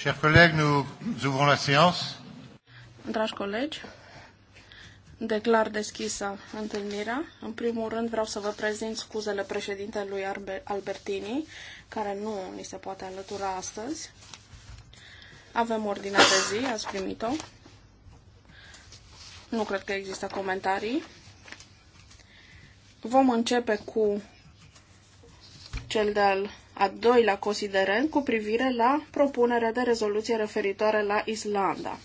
Chers collègues, nous ouvrons la séance. Dragi colegi, declar deschisă întâlnirea. În primul rând vreau să vă prezint scuzele președintelui Albertini, care nu ni se poate alătura astăzi. Avem ordinea de zi, ați primit-o. Nu cred că există comentarii. Vom începe cu cel de-al a doilea considerent cu privire la propunerea de rezoluție referitoare la Islanda.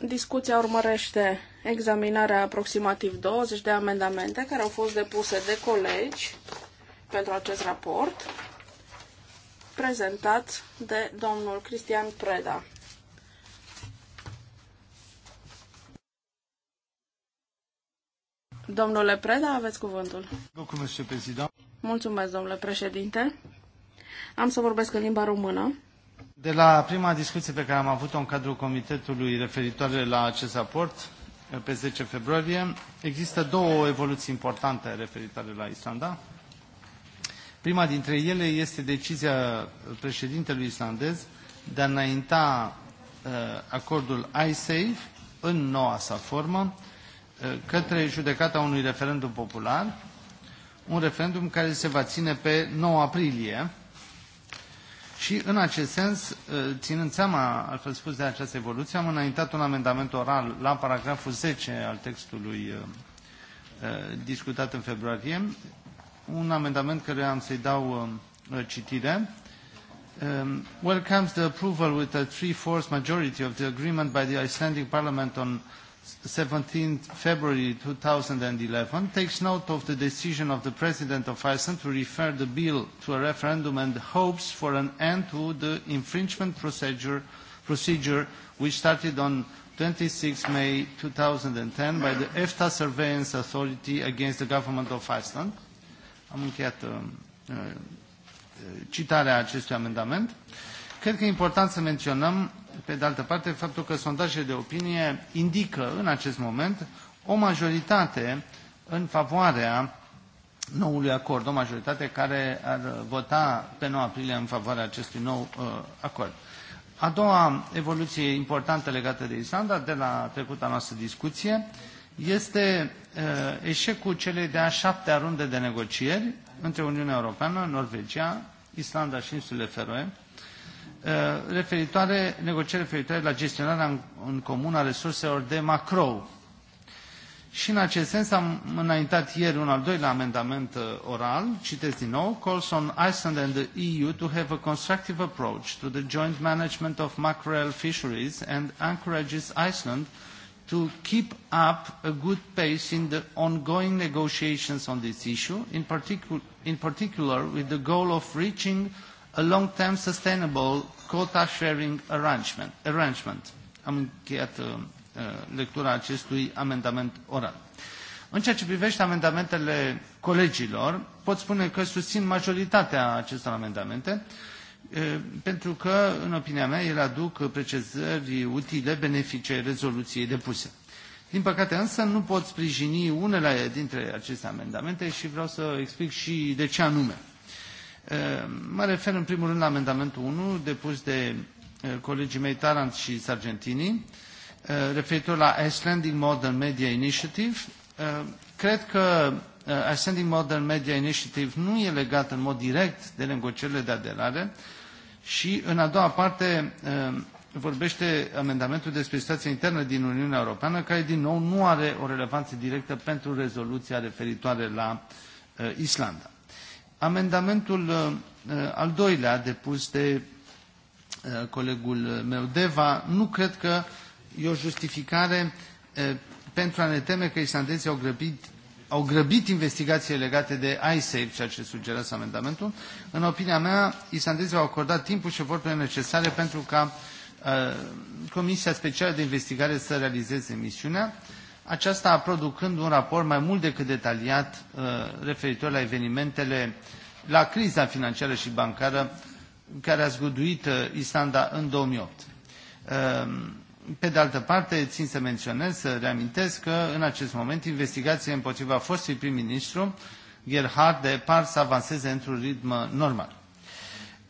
Discuția urmărește examinarea aproximativ 20 de amendamente care au fost depuse de colegi pentru acest raport, prezentat de domnul Cristian Preda. Domnule Preda, aveți cuvântul. domnule președinte. Mulțumesc, domnule președinte. Am să vorbesc în limba română. De la prima discuție pe care am avut-o în cadrul comitetului referitoare la acest raport, pe 10 februarie, există două evoluții importante referitoare la Islanda. Prima dintre ele este decizia președintelui islandez de a înainta uh, acordul ISAFE în noua sa formă uh, către judecata unui referendum popular un referendum care se va ține pe 9 aprilie. Și în acest sens, uh, ținând seama, altfel spus, de această evoluție, am înaintat un amendament oral la paragraful 10 al textului uh, uh, discutat în februarie, un amendament care am să-i dau citire. Um, welcomes the approval with a three-fourths majority of the agreement by the Icelandic Parliament on 17 February 2011 takes note of the decision of the President of Iceland to refer the bill to a referendum and hopes for an end to the infringement procedure, procedure which started on 26 May 2010 by the EFTA Surveillance Authority against the Government of Iceland. Am încheiat um, uh, uh, citarea acestui amendament. Cred că e important să menționăm pe de altă parte, faptul că sondajele de opinie indică în acest moment o majoritate în favoarea noului acord, o majoritate care ar vota pe 9 aprilie în favoarea acestui nou uh, acord. A doua evoluție importantă legată de Islanda, de la trecuta noastră discuție, este uh, eșecul celei de-a șaptea runde de negocieri între Uniunea Europeană, Norvegia, Islanda și insulele Feroe, uh, Uh, referitoare, negocieri referitoare la gestionarea în, în comun a resurselor de macro. Și în acest sens am înaintat ieri un al doilea amendament uh, oral, citesc din nou, calls on Iceland and the EU to have a constructive approach to the joint management of mackerel fisheries and encourages Iceland to keep up a good pace in the ongoing negotiations on this issue, in, particu in particular with the goal of reaching a long-term sustainable quota sharing arrangement. arrangement. Am încheiat uh, uh, lectura acestui amendament oral. În ceea ce privește amendamentele colegilor, pot spune că susțin majoritatea acestor amendamente, pentru că, în opinia mea, ele aduc precizări utile, benefice rezoluției depuse. Din păcate însă nu pot sprijini unele dintre aceste amendamente și vreau să explic și de ce anume. Ehm, mă refer în primul rând la amendamentul 1 depus de eh, colegii mei Tarant și Sargentini eh, referitor la Icelandic Modern Media Initiative. Ehm, cred că eh, Icelandic Modern Media Initiative nu e legat în mod direct de negocierile de aderare și în a doua parte ehm, vorbește amendamentul despre situația internă din Uniunea Europeană, care din nou nu are o relevanță directă pentru rezoluția referitoare la Islanda. Amendamentul uh, uh, al doilea depus de uh, colegul meu Deva, nu cred că e o justificare pentru a ne teme că islandezii au grăbit, au grăbit investigațiile legate de ISAFE, ceea ce sugerează amendamentul. În opinia mea, islandezii au acordat timpul și eforturile necesare pentru ca Comisia Specială de Investigare să realizeze misiunea aceasta producând un raport mai mult decât detaliat uh, referitor la evenimentele, la criza financiară și bancară care a zguduit uh, Islanda în 2008. Uh, pe de altă parte, țin să menționez, să reamintesc că în acest moment investigația împotriva fostului prim-ministru Gerhard de par să avanseze într-un ritm normal.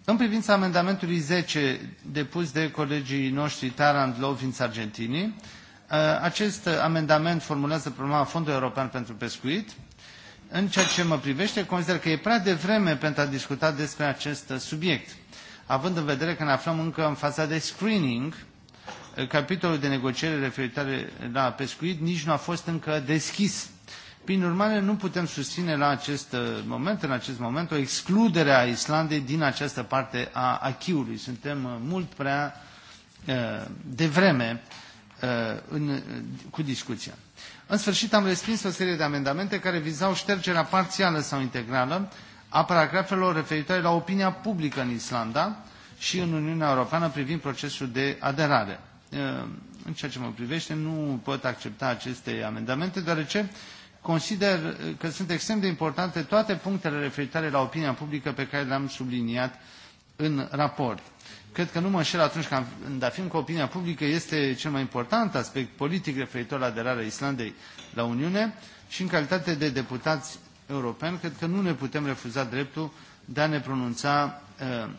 În privința amendamentului 10 depus de colegii noștri Tarand Lovins Argentinii, Uh, acest amendament formulează problema Fondului European pentru Pescuit. În ceea ce mă privește, consider că e prea devreme pentru a discuta despre acest subiect, având în vedere că ne aflăm încă în faza de screening, uh, capitolul de negociere referitoare la pescuit nici nu a fost încă deschis. Prin urmare, nu putem susține la acest uh, moment, în acest moment, o excludere a Islandei din această parte a achiului. Suntem mult prea devreme Uh, în, uh, cu discuția. În sfârșit, am respins o serie de amendamente care vizau ștergerea parțială sau integrală a paragrafelor referitoare la opinia publică în Islanda și în Uniunea Europeană privind procesul de aderare. Uh, în ceea ce mă privește, nu pot accepta aceste amendamente, deoarece consider că sunt extrem de importante toate punctele referitoare la opinia publică pe care le-am subliniat în raport cred că nu mă înșel atunci când afirm că opinia publică este cel mai important aspect politic referitor la aderarea Islandei la Uniune și în calitate de deputați europeni, cred că nu ne putem refuza dreptul de a ne pronunța uh,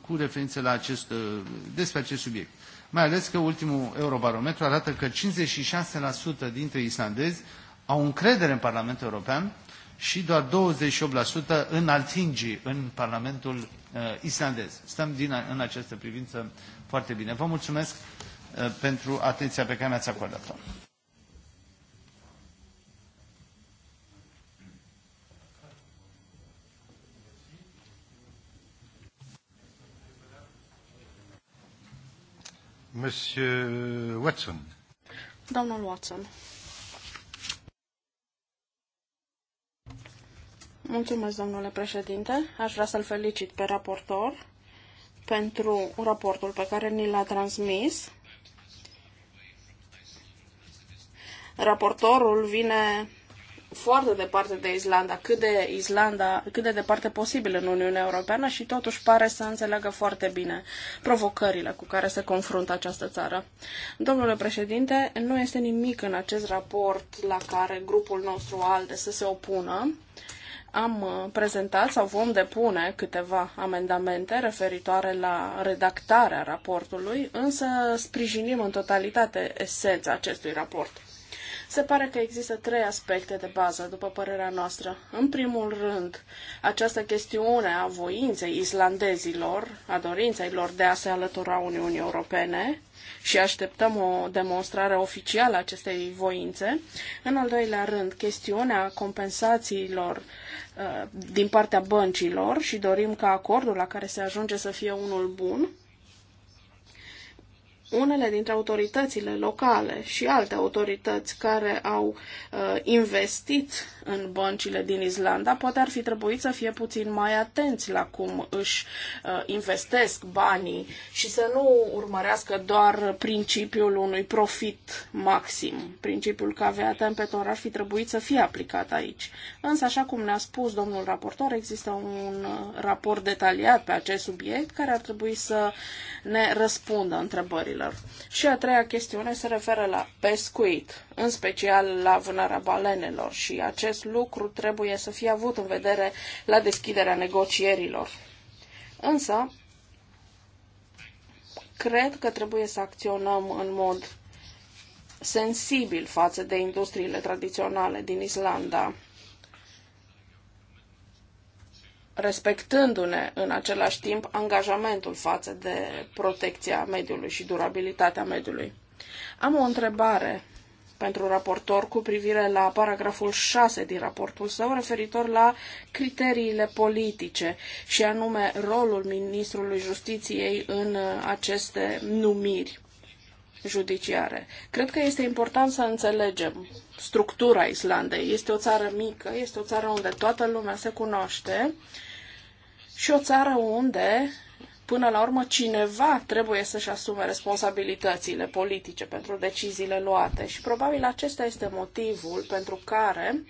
cu referință la acest, uh, despre acest subiect. Mai ales că ultimul eurobarometru arată că 56% dintre islandezi au încredere în Parlamentul European și doar 28% în Althingi, în Parlamentul uh, islandez. Stăm din, în această privință foarte bine. Vă mulțumesc uh, pentru atenția pe care mi-ați acordat-o. Monsieur Watson. Donald Watson. Mulțumesc, domnule președinte. Aș vrea să-l felicit pe raportor pentru raportul pe care ni l-a transmis. Raportorul vine foarte departe de Islanda, cât de, Islanda, cât de departe posibil în Uniunea Europeană și totuși pare să înțeleagă foarte bine provocările cu care se confruntă această țară. Domnule președinte, nu este nimic în acest raport la care grupul nostru ALDE să se opună. Uh, am uh, prezentat sau vom depune câteva amendamente referitoare la redactarea raportului, însă sprijinim în totalitate esența acestui raport. Se pare că există trei aspecte de bază, după părerea noastră. În primul rând, această chestiune a voinței islandezilor, a dorinței lor de a se alătura Uniunii Europene și așteptăm o demonstrare oficială a acestei voințe. În al doilea rând, chestiunea compensațiilor uh, din partea băncilor și dorim ca acordul la care se ajunge să fie unul bun unele dintre autoritățile locale și alte autorități care au uh, investit în băncile din Islanda, poate ar fi trebuit să fie puțin mai atenți la cum își uh, investesc banii și să nu urmărească doar principiul unui profit maxim. Principiul că avea tempetor ar fi trebuit să fie aplicat aici. Însă, așa cum ne-a spus domnul raportor, există un uh, raport detaliat pe acest subiect care ar trebui să ne răspundă întrebărilor. Și a treia chestiune se referă la pescuit, în special la vânarea balenelor și acest acest lucru trebuie să fie avut în vedere la deschiderea negocierilor. Însă, cred că trebuie să acționăm în mod sensibil față de industriile tradiționale din Islanda, respectându-ne în același timp angajamentul față de protecția mediului și durabilitatea mediului. Am o întrebare pentru raportor cu privire la paragraful 6 din raportul său referitor la criteriile politice și anume rolul ministrului justiției în uh, aceste numiri judiciare. Cred că este important să înțelegem structura Islandei. Este o țară mică, este o țară unde toată lumea se cunoaște și o țară unde până la urmă cineva trebuie să-și asume responsabilitățile politice pentru deciziile luate și probabil acesta este motivul pentru care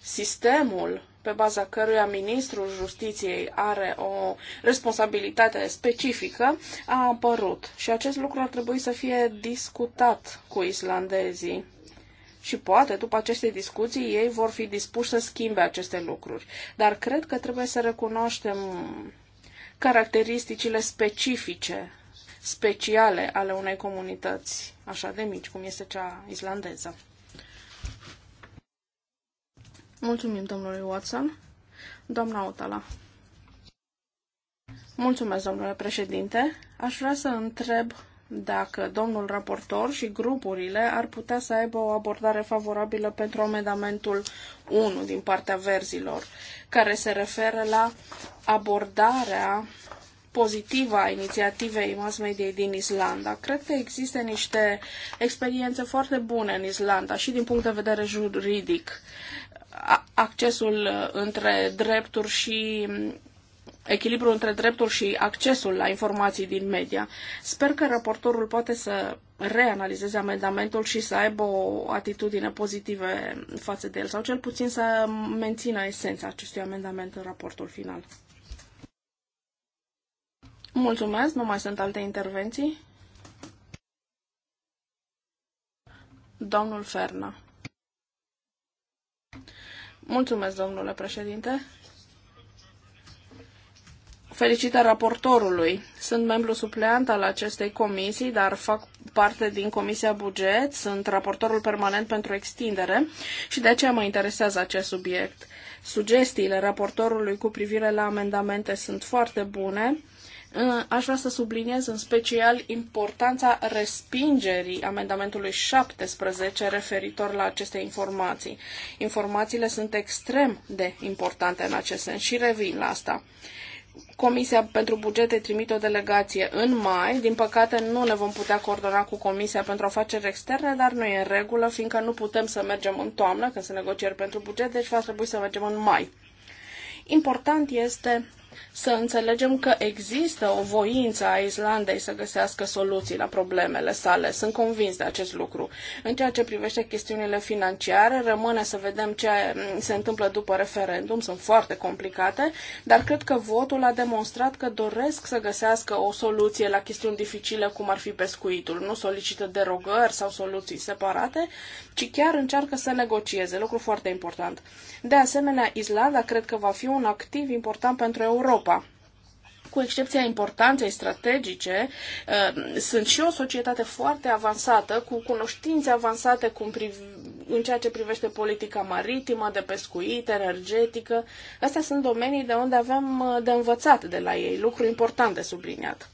sistemul pe baza căruia ministrul justiției are o responsabilitate specifică a apărut și acest lucru ar trebui să fie discutat cu islandezii și poate după aceste discuții ei vor fi dispuși să schimbe aceste lucruri. Dar cred că trebuie să recunoaștem caracteristicile specifice, speciale ale unei comunități așa de mici, cum este cea islandeză. Mulțumim domnului Watson. Doamna Otala. Mulțumesc, domnule președinte. Aș vrea să întreb dacă domnul raportor și grupurile ar putea să aibă o abordare favorabilă pentru amendamentul 1 din partea verzilor, care se referă la abordarea pozitivă a inițiativei mass media din Islanda. Cred că există niște experiențe foarte bune în Islanda și din punct de vedere juridic. Accesul uh, între drepturi și mm, echilibru între dreptul și accesul la informații din media. Sper că raportorul poate să reanalizeze amendamentul și să aibă o atitudine pozitivă față de el, sau cel puțin să mențină esența acestui amendament în raportul final. Mulțumesc, nu mai sunt alte intervenții. Domnul Ferna. Mulțumesc, domnule președinte. Felicitări raportorului. Sunt membru supleant al acestei comisii, dar fac parte din Comisia Buget, sunt raportorul permanent pentru extindere și de aceea mă interesează acest subiect. Sugestiile raportorului cu privire la amendamente sunt foarte bune. Aș vrea să subliniez în special importanța respingerii amendamentului 17 referitor la aceste informații. Informațiile sunt extrem de importante în acest sens și revin la asta. Comisia pentru bugete trimite o delegație în mai. Din păcate, nu ne vom putea coordona cu Comisia pentru afaceri externe, dar nu e în regulă, fiindcă nu putem să mergem în toamnă, când se negocieri pentru buget, deci va trebui să mergem în mai. Important este să înțelegem că există o voință a Islandei să găsească soluții la problemele sale. Sunt convins de acest lucru. În ceea ce privește chestiunile financiare, rămâne să vedem ce se întâmplă după referendum. Sunt foarte complicate, dar cred că votul a demonstrat că doresc să găsească o soluție la chestiuni dificile, cum ar fi pescuitul. Nu solicită derogări sau soluții separate, ci chiar încearcă să negocieze. Lucru foarte important. De asemenea, Islanda cred că va fi un activ important pentru Europa Europa cu excepția importanței strategice, uh, sunt și o societate foarte avansată, cu cunoștințe avansate cu în ceea ce privește politica maritimă, de pescuit, energetică. Astea sunt domenii de unde avem uh, de învățat de la ei, lucru important de subliniat.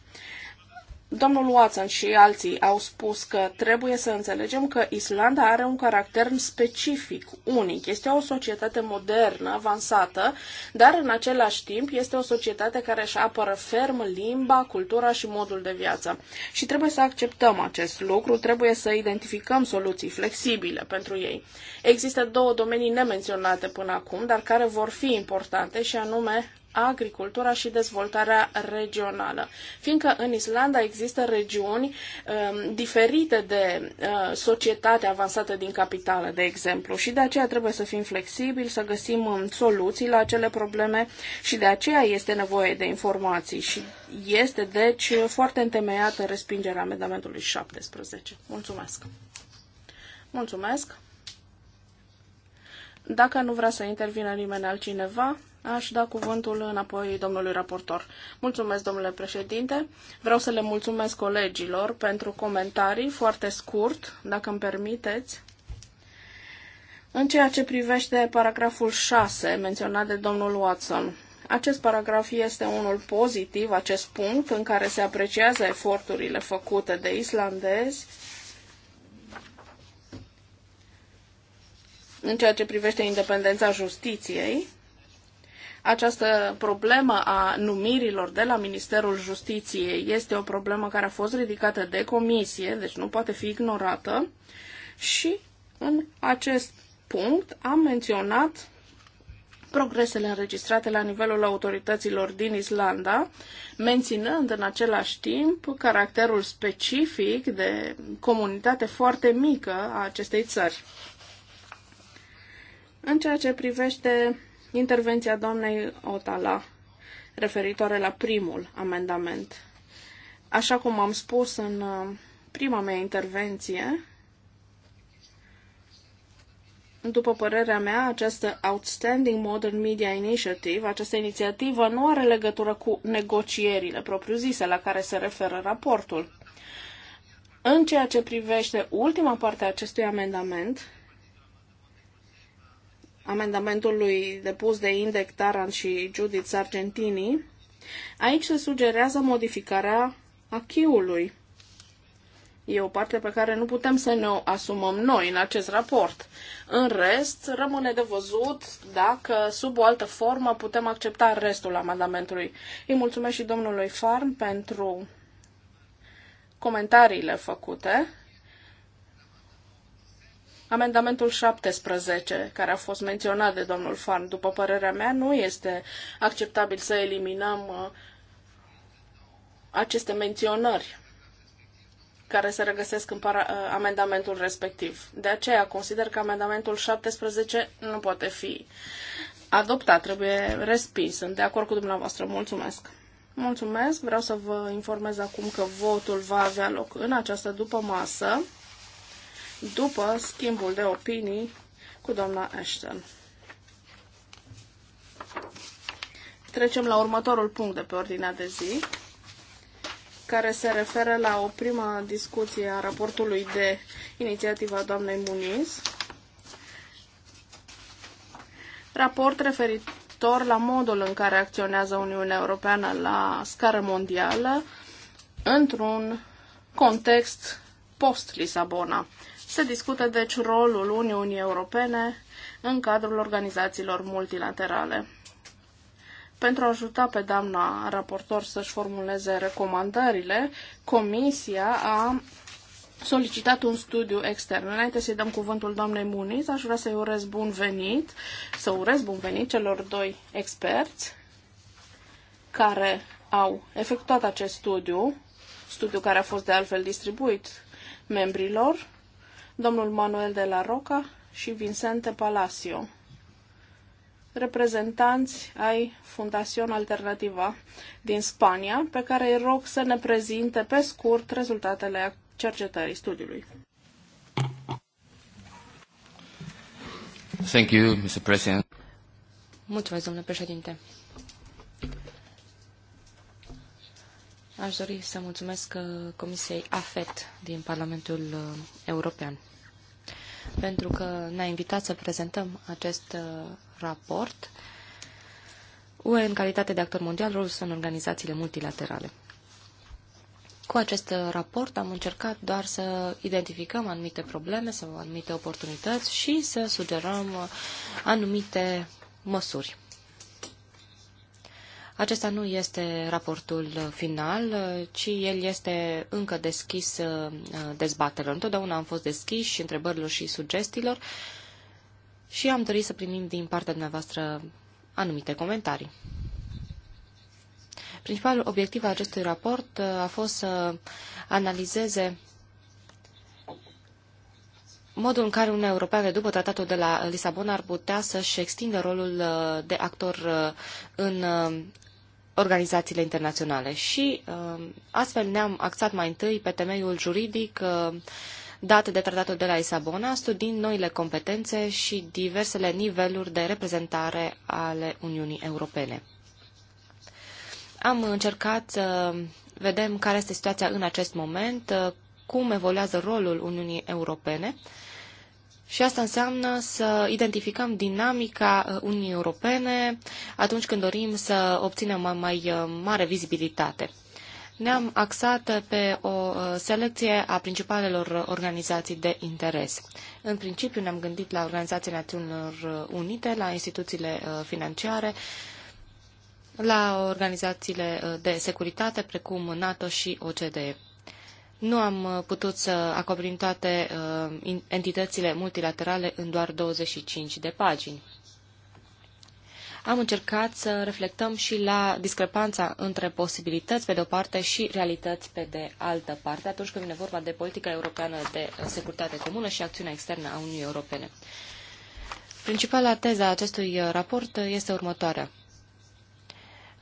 Domnul Watson și alții au spus că trebuie să înțelegem că Islanda are un caracter specific, unic. Este o societate modernă, avansată, dar în același timp este o societate care își apără ferm limba, cultura și modul de viață. Și trebuie să acceptăm acest lucru, trebuie să identificăm soluții flexibile pentru ei. Există două domenii nemenționate până acum, dar care vor fi importante și anume agricultura și dezvoltarea regională. Fiindcă în Islanda există regiuni um, diferite de uh, societate avansată din capitală, de exemplu, și de aceea trebuie să fim flexibili, să găsim um, soluții la acele probleme și de aceea este nevoie de informații și este, deci, foarte întemeiată respingerea amendamentului 17. Mulțumesc! Mulțumesc! Dacă nu vrea să intervină nimeni altcineva, Aș da cuvântul înapoi domnului raportor. Mulțumesc, domnule președinte. Vreau să le mulțumesc colegilor pentru comentarii foarte scurt, dacă îmi permiteți. În ceea ce privește paragraful 6 menționat de domnul Watson, acest paragraf este unul pozitiv, acest punct în care se apreciază eforturile făcute de islandezi în ceea ce privește independența justiției, această problemă a numirilor de la Ministerul Justiției este o problemă care a fost ridicată de comisie, deci nu poate fi ignorată. Și în acest punct am menționat progresele înregistrate la nivelul autorităților din Islanda, menținând în același timp caracterul specific de comunitate foarte mică a acestei țări. În ceea ce privește intervenția doamnei Otala referitoare la primul amendament. Așa cum am spus în uh, prima mea intervenție, după părerea mea, această Outstanding Modern Media Initiative, această inițiativă nu are legătură cu negocierile propriu-zise la care se referă raportul. În ceea ce privește ultima parte a acestui amendament, amendamentului depus de Indec Taran și Judith Sargentini, aici se sugerează modificarea achiului. E o parte pe care nu putem să ne o asumăm noi în acest raport. În rest, rămâne de văzut dacă, sub o altă formă, putem accepta restul amendamentului. Îi mulțumesc și domnului Farm pentru comentariile făcute Amendamentul 17, care a fost menționat de domnul Fan, după părerea mea, nu este acceptabil să eliminăm uh, aceste menționări care se regăsesc în uh, amendamentul respectiv. De aceea consider că amendamentul 17 nu poate fi adoptat, trebuie respins. Sunt de acord cu dumneavoastră. Mulțumesc! Mulțumesc! Vreau să vă informez acum că votul va avea loc în această după masă după schimbul de opinii cu doamna Ashton. Trecem la următorul punct de pe ordinea de zi, care se referă la o prima discuție a raportului de inițiativa doamnei Muniz. Raport referitor la modul în care acționează Uniunea Europeană la scară mondială într-un context post-Lisabona se discută deci rolul Uniunii Europene în cadrul organizațiilor multilaterale. Pentru a ajuta pe doamna raportor să-și formuleze recomandările, Comisia a solicitat un studiu extern. Înainte să-i dăm cuvântul doamnei Muniz, aș vrea să-i urez bun venit, să urez bun venit celor doi experți care au efectuat acest studiu, studiu care a fost de altfel distribuit membrilor domnul Manuel de la Roca și Vincente Palacio, reprezentanți ai Fundación Alternativa din Spania, pe care îi rog să ne prezinte pe scurt rezultatele cercetării studiului. Thank you, Mr. President. Mulțumesc, domnule președinte. Aș dori să mulțumesc uh, Comisiei AFET din Parlamentul uh, European pentru că ne-a invitat să prezentăm acest uh, raport UE în calitate de actor mondial, rolul său în organizațiile multilaterale. Cu acest raport am încercat doar să identificăm anumite probleme sau anumite oportunități și să sugerăm anumite măsuri. Acesta nu este raportul final, ci el este încă deschis uh, dezbaterilor. Întotdeauna am fost deschiși întrebărilor și sugestiilor și am dorit să primim din partea dumneavoastră anumite comentarii. Principalul obiectiv al acestui raport uh, a fost să analizeze modul în care Uniunea Europeană, după tratatul de la Lisabona, ar putea să-și extindă rolul uh, de actor în organizațiile internaționale și um, astfel ne-am axat mai întâi pe temeiul juridic uh, dat de tratatul de la Lisabona, studiind noile competențe și diversele niveluri de reprezentare ale Uniunii Europene. Am încercat să vedem care este situația în acest moment, uh, cum evoluează rolul Uniunii Europene și asta înseamnă să identificăm dinamica uh, Uniunii Europene atunci când dorim să obținem mai, mai uh, mare vizibilitate. Ne-am axat pe o uh, selecție a principalelor organizații de interes. În principiu ne-am gândit la Organizația Națiunilor Unite, la instituțiile financiare, la organizațiile de securitate precum NATO și OCDE. Nu am uh, putut să acoperim toate uh, entitățile multilaterale în doar 25 de pagini. Am încercat să reflectăm și la discrepanța între posibilități pe de o parte și realități pe de altă parte, atunci când vine vorba de politica europeană de uh, securitate comună și acțiunea externă a Uniunii Europene. Principala teza acestui raport este următoarea.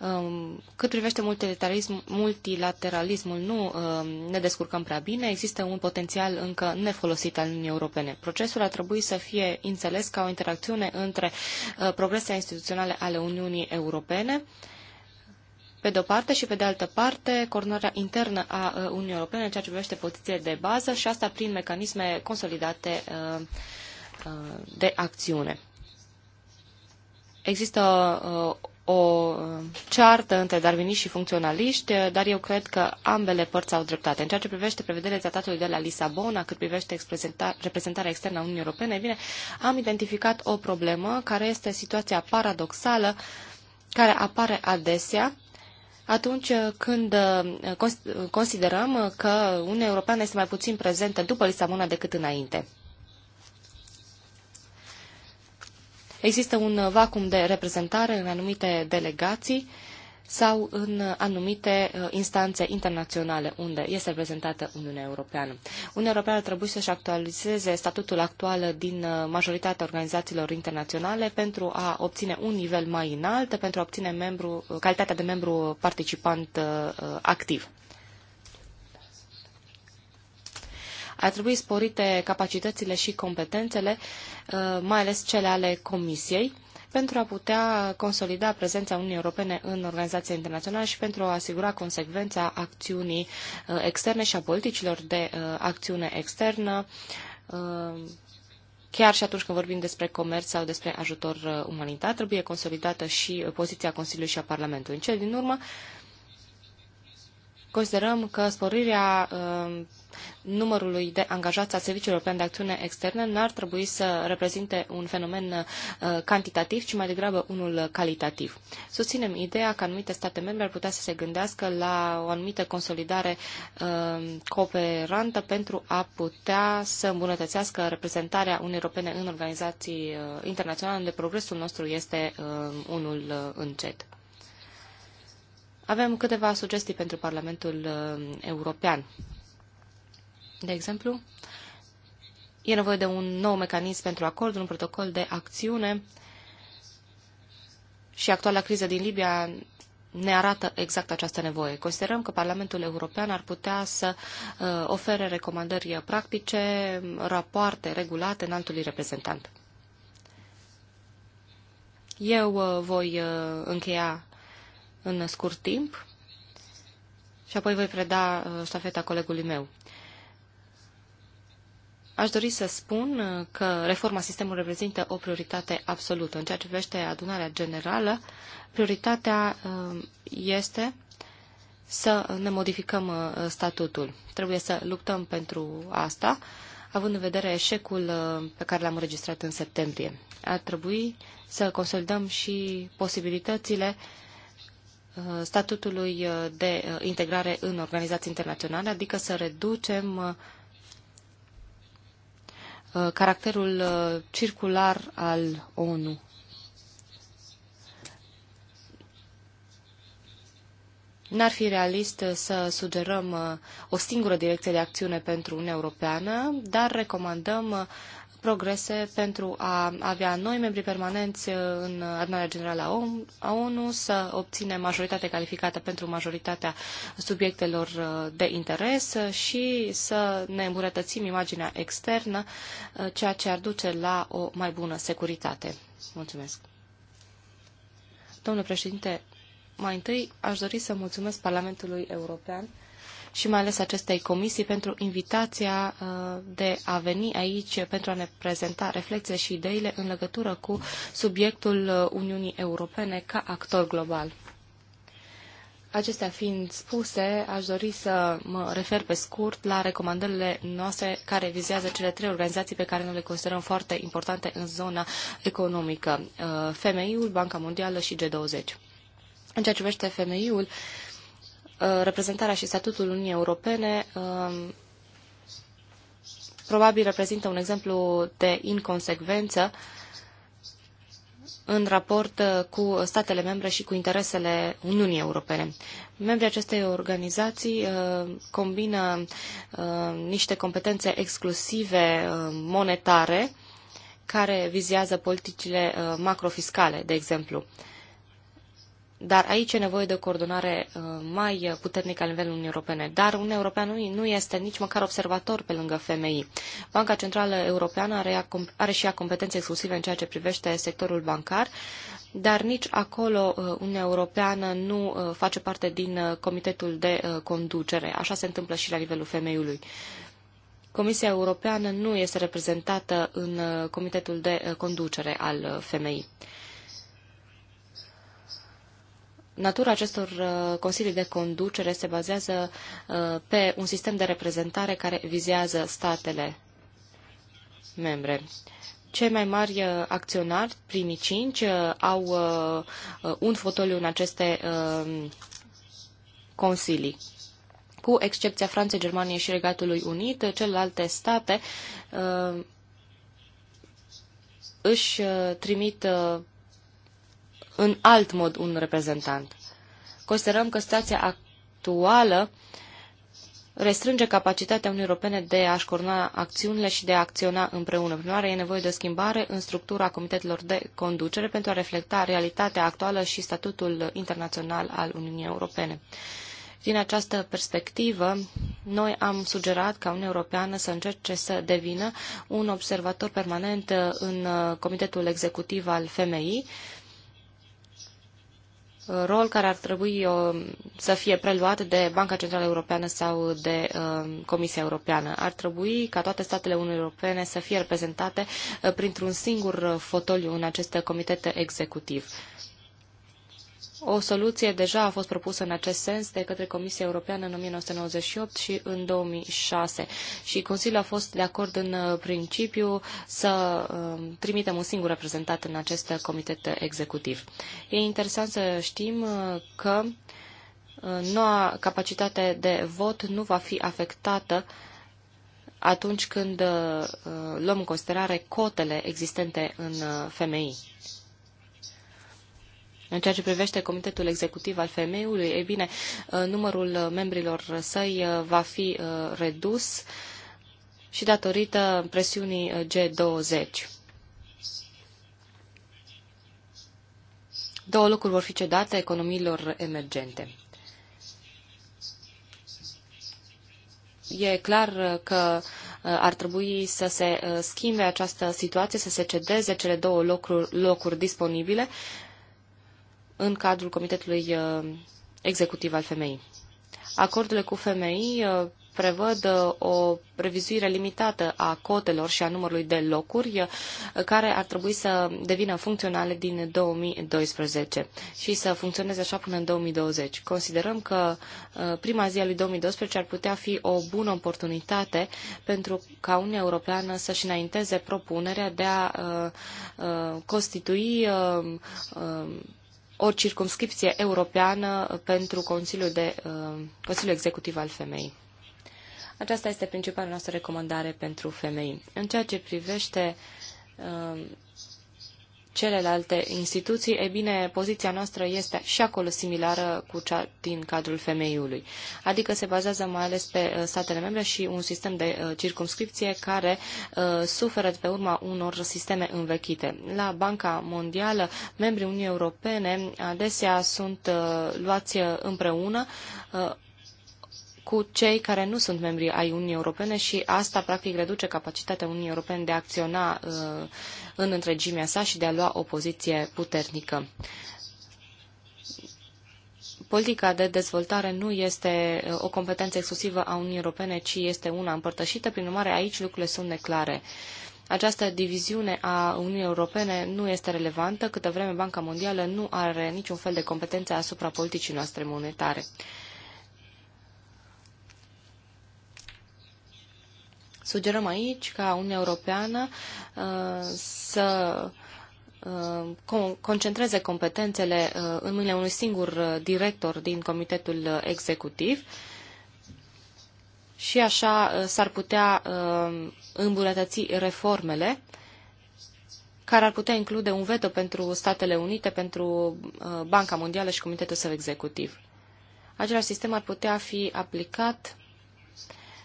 Um, cât privește multilateralism, multilateralismul, nu um, ne descurcăm prea bine, există un potențial încă nefolosit al Uniunii Europene. Procesul ar trebui să fie înțeles ca o interacțiune între uh, progresele instituționale ale Uniunii Europene, pe de-o parte și pe de altă parte coordonarea internă a uh, Uniunii Europene în ceea ce privește poziție de bază și asta prin mecanisme consolidate uh, de acțiune. Există o ceartă între darwiniști și funcționaliști, dar eu cred că ambele părți au dreptate. În ceea ce privește prevederile tratatului de la Lisabona, cât privește reprezentarea externă a Uniunii Europene, bine, am identificat o problemă care este situația paradoxală care apare adesea atunci când eh, considerăm că Uniunea Europeană este mai puțin prezentă după Lisabona decât înainte. Există un uh, vacum de reprezentare în anumite delegații sau în uh, anumite uh, instanțe internaționale unde este reprezentată Uniunea Europeană. Uniunea Europeană trebuie să-și actualizeze statutul actual din majoritatea organizațiilor internaționale pentru a obține un nivel mai înalt, pentru a obține membru, calitatea de membru participant activ. Ar trebui sporite capacitățile și competențele, uh, mai ales cele ale Comisiei, pentru a putea consolida prezența Uniunii Europene în organizația internațională și pentru a asigura consecvența acțiunii uh, externe și a politicilor de uh, acțiune externă, chiar și atunci când vorbim despre comerț sau despre ajutor umanitar, trebuie consolidată și poziția Consiliului și a Parlamentului. În cel din urmă, considerăm că sporirea numărului de angajați a serviciilor plan de Acțiune Externă n-ar trebui să reprezinte un fenomen uh, cantitativ, ci mai degrabă unul calitativ. Susținem ideea că anumite state membre ar putea să se gândească la o anumită consolidare uh, cooperantă pentru a putea să îmbunătățească reprezentarea Uniunii Europene în organizații uh, internaționale unde progresul nostru este unul încet. Avem câteva sugestii pentru Parlamentul European. De exemplu, e nevoie de un nou mecanism pentru acord, un protocol de acțiune și actuala criză din Libia ne arată exact această nevoie. Considerăm că Parlamentul European ar putea să uh, ofere recomandări practice, rapoarte regulate în altului reprezentant. Eu uh, voi uh, încheia în scurt timp și apoi voi preda uh, ștafeta colegului meu. Aș dori să spun uh, că reforma sistemului reprezintă o prioritate absolută. În ceea ce privește adunarea generală, prioritatea um, este să ne modificăm uh, statutul. Trebuie să luptăm pentru asta, având în vedere eșecul uh, pe care l-am înregistrat în septembrie. Ar trebui să consolidăm și posibilitățile statutului de integrare în organizații internaționale, adică să reducem Uh, caracterul uh, circular al ONU. N-ar fi realist uh, să sugerăm o singură direcție de acțiune pentru Uniunea Europeană, dar recomandăm progrese pentru a avea noi membri permanenți uh, în adunarea generală a ONU, să obținem majoritate calificată pentru majoritatea subiectelor uh, de interes și să ne îmbunătățim imaginea externă, uh, ceea ce ar duce la o mai bună securitate. Mulțumesc. Domnule președinte, mai întâi aș dori să mulțumesc Parlamentului European și mai ales acestei comisii pentru invitația uh, de a veni aici pentru a ne prezenta reflexe și ideile în legătură cu subiectul uh, Uniunii Europene ca actor global. Acestea fiind spuse, aș dori să mă refer pe scurt la recomandările noastre care vizează cele trei organizații pe care noi le considerăm foarte importante în zona economică, uh, FMI-ul, Banca Mondială și G20. În ceea ce privește FMI-ul, uh, Uh, reprezentarea și statutul Uniunii Europene uh, probabil reprezintă un exemplu de inconsecvență în raport uh, cu statele membre și cu interesele Uniunii Europene. Membrii acestei organizații combină niște competențe exclusive monetare care vizează politicile macrofiscale, de exemplu. Dar aici e nevoie de o coordonare uh, mai puternică la nivelul Uniunii Europene. Dar Uniunea Europeană nu este nici măcar observator pe lângă FMI. Banca Centrală Europeană are, are și ea competențe exclusive în ceea ce privește sectorul bancar, dar nici acolo uh, Uniunea Europeană nu uh, face parte din comitetul de conducere. Așa se întâmplă și la nivelul femeiului. Comisia Europeană nu este reprezentată în comitetul de conducere al femeii. Natura acestor uh, consilii de conducere se bazează uh, pe un sistem de reprezentare care vizează statele membre cei mai mari uh, acționari, primii cinci, au un fotoliu în aceste consilii. Cu excepția Franței, Germaniei și Regatului Unit, celelalte state își trimit în alt mod un reprezentant. Considerăm că situația actuală restrânge capacitatea Uniunii Europene de a-și coordona acțiunile și de a acționa împreună. Prin urmare, e nevoie de o schimbare în structura comitetelor de conducere pentru a reflecta realitatea actuală și statutul internațional al Uniunii Europene. Din această perspectivă, noi am sugerat ca Uniunea Europeană să încerce să devină un observator permanent în uh, Comitetul Executiv al FMI rol care ar trebui uh, să fie preluat de Banca Centrală Europeană sau de uh, Comisia Europeană. Ar trebui ca toate statele Uniunii Europene să fie reprezentate uh, printr-un singur fotoliu în acest comitet executiv. O soluție deja a fost propusă în acest sens de către Comisia Europeană în 1998 și în 2006 și Consiliul a fost de acord în uh, principiu să um, trimitem un singur reprezentat în acest comitet executiv. E interesant să știm uh, că uh, noua capacitate de vot nu va fi afectată atunci când luăm în considerare cotele existente în femei. În ceea ce privește Comitetul Executiv al Femeiului, e bine, uh, numărul uh, membrilor săi uh, va fi redus și datorită presiunii G20. Două lucruri vor fi cedate economiilor emergente. E clar că ar trebui să se schimbe această situație, să se cedeze cele două locuri, locuri disponibile în cadrul Comitetului uh, Executiv al Femeii. Acordurile cu femei uh, prevăd uh, o revizuire limitată a cotelor și a numărului de locuri care ar trebui să devină funcționale din 2012 și să funcționeze așa până în 2020. Considerăm că prima zi a lui 2012 ar putea fi o bună oportunitate pentru ca Uniunea Europeană să-și înainteze propunerea de a constitui o circumscripție europeană pentru Consiliul, de, uh, Consiliul Executiv al Femeii. Aceasta este principala noastră recomandare pentru femei. În ceea ce privește uh, celelalte instituții, e bine, poziția noastră este și acolo similară cu cea din cadrul femeiului. Adică se bazează mai ales pe uh, statele membre și un sistem de uh, circumscripție care uh, suferă de pe urma unor sisteme învechite. La Banca Mondială, membrii Uniunii Europene adesea sunt luați împreună cu cei care nu sunt membri ai Uniunii Europene și asta practic reduce capacitatea Uniunii Europene de a acționa uh, în întregimea sa și de a lua o poziție puternică. Politica de dezvoltare nu este uh, o competență exclusivă a Uniunii Europene, ci este una împărtășită, prin urmare aici lucrurile sunt neclare. Această diviziune a Uniunii Europene nu este relevantă, câtă vreme Banca Mondială nu are niciun fel de competență asupra politicii noastre monetare. Sugerăm aici ca Uniunea Europeană uh, să uh, concentreze competențele uh, în mâinile unui singur director din comitetul executiv și așa s-ar putea îmbunătăți reformele care ar putea include un veto pentru Statele Unite, pentru Banca Mondială și Comitetul său executiv. Același sistem ar putea fi aplicat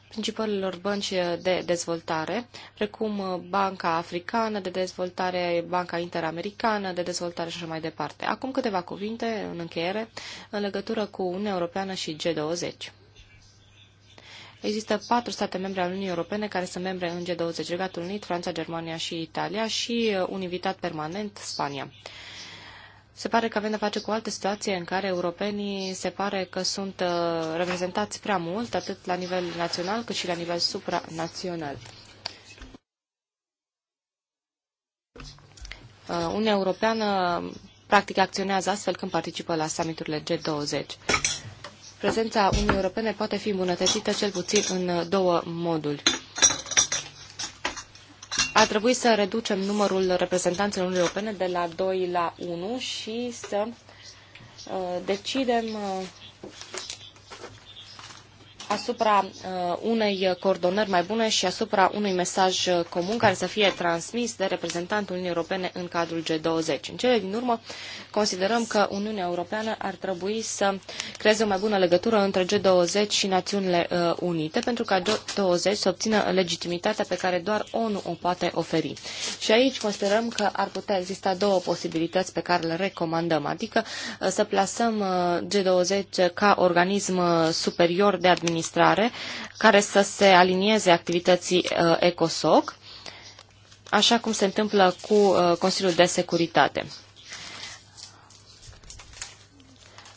principalelor bănci de dezvoltare, precum uh, Banca Africană de Dezvoltare, Banca Interamericană de Dezvoltare și așa mai departe. Acum câteva cuvinte în încheiere în legătură cu Uniunea Europeană și G20. Există patru state membre ale Uniunii Europene care sunt membre în G20, Regatul Unit, Franța, Germania și Italia și uh, un invitat permanent, Spania. Se pare că avem de face cu o altă situație în care europenii se pare că sunt uh, reprezentați prea mult, atât la nivel național cât și la nivel supranațional. Uh, Uniunea Europeană practic acționează astfel când participă la summiturile G20. Prezența Uniunii Europene poate fi îmbunătățită cel puțin în două moduri ar trebui să reducem numărul reprezentanților Uniunii Europene de la 2 la 1 și să uh, decidem uh, asupra uh, unei coordonări mai bune și asupra unui mesaj uh, comun care să fie transmis de reprezentantul Uniunii Europene în cadrul G20. În cele din urmă, considerăm că Uniunea Europeană ar trebui să creeze o mai bună legătură între G20 și Națiunile uh, Unite, pentru ca G20 să obțină legitimitatea pe care doar ONU o poate oferi. Și aici considerăm că ar putea exista două posibilități pe care le recomandăm, adică să plasăm G20 ca organism superior de administrație administrare care să se alinieze activității uh, ECOSOC, așa cum se întâmplă cu uh, Consiliul de Securitate.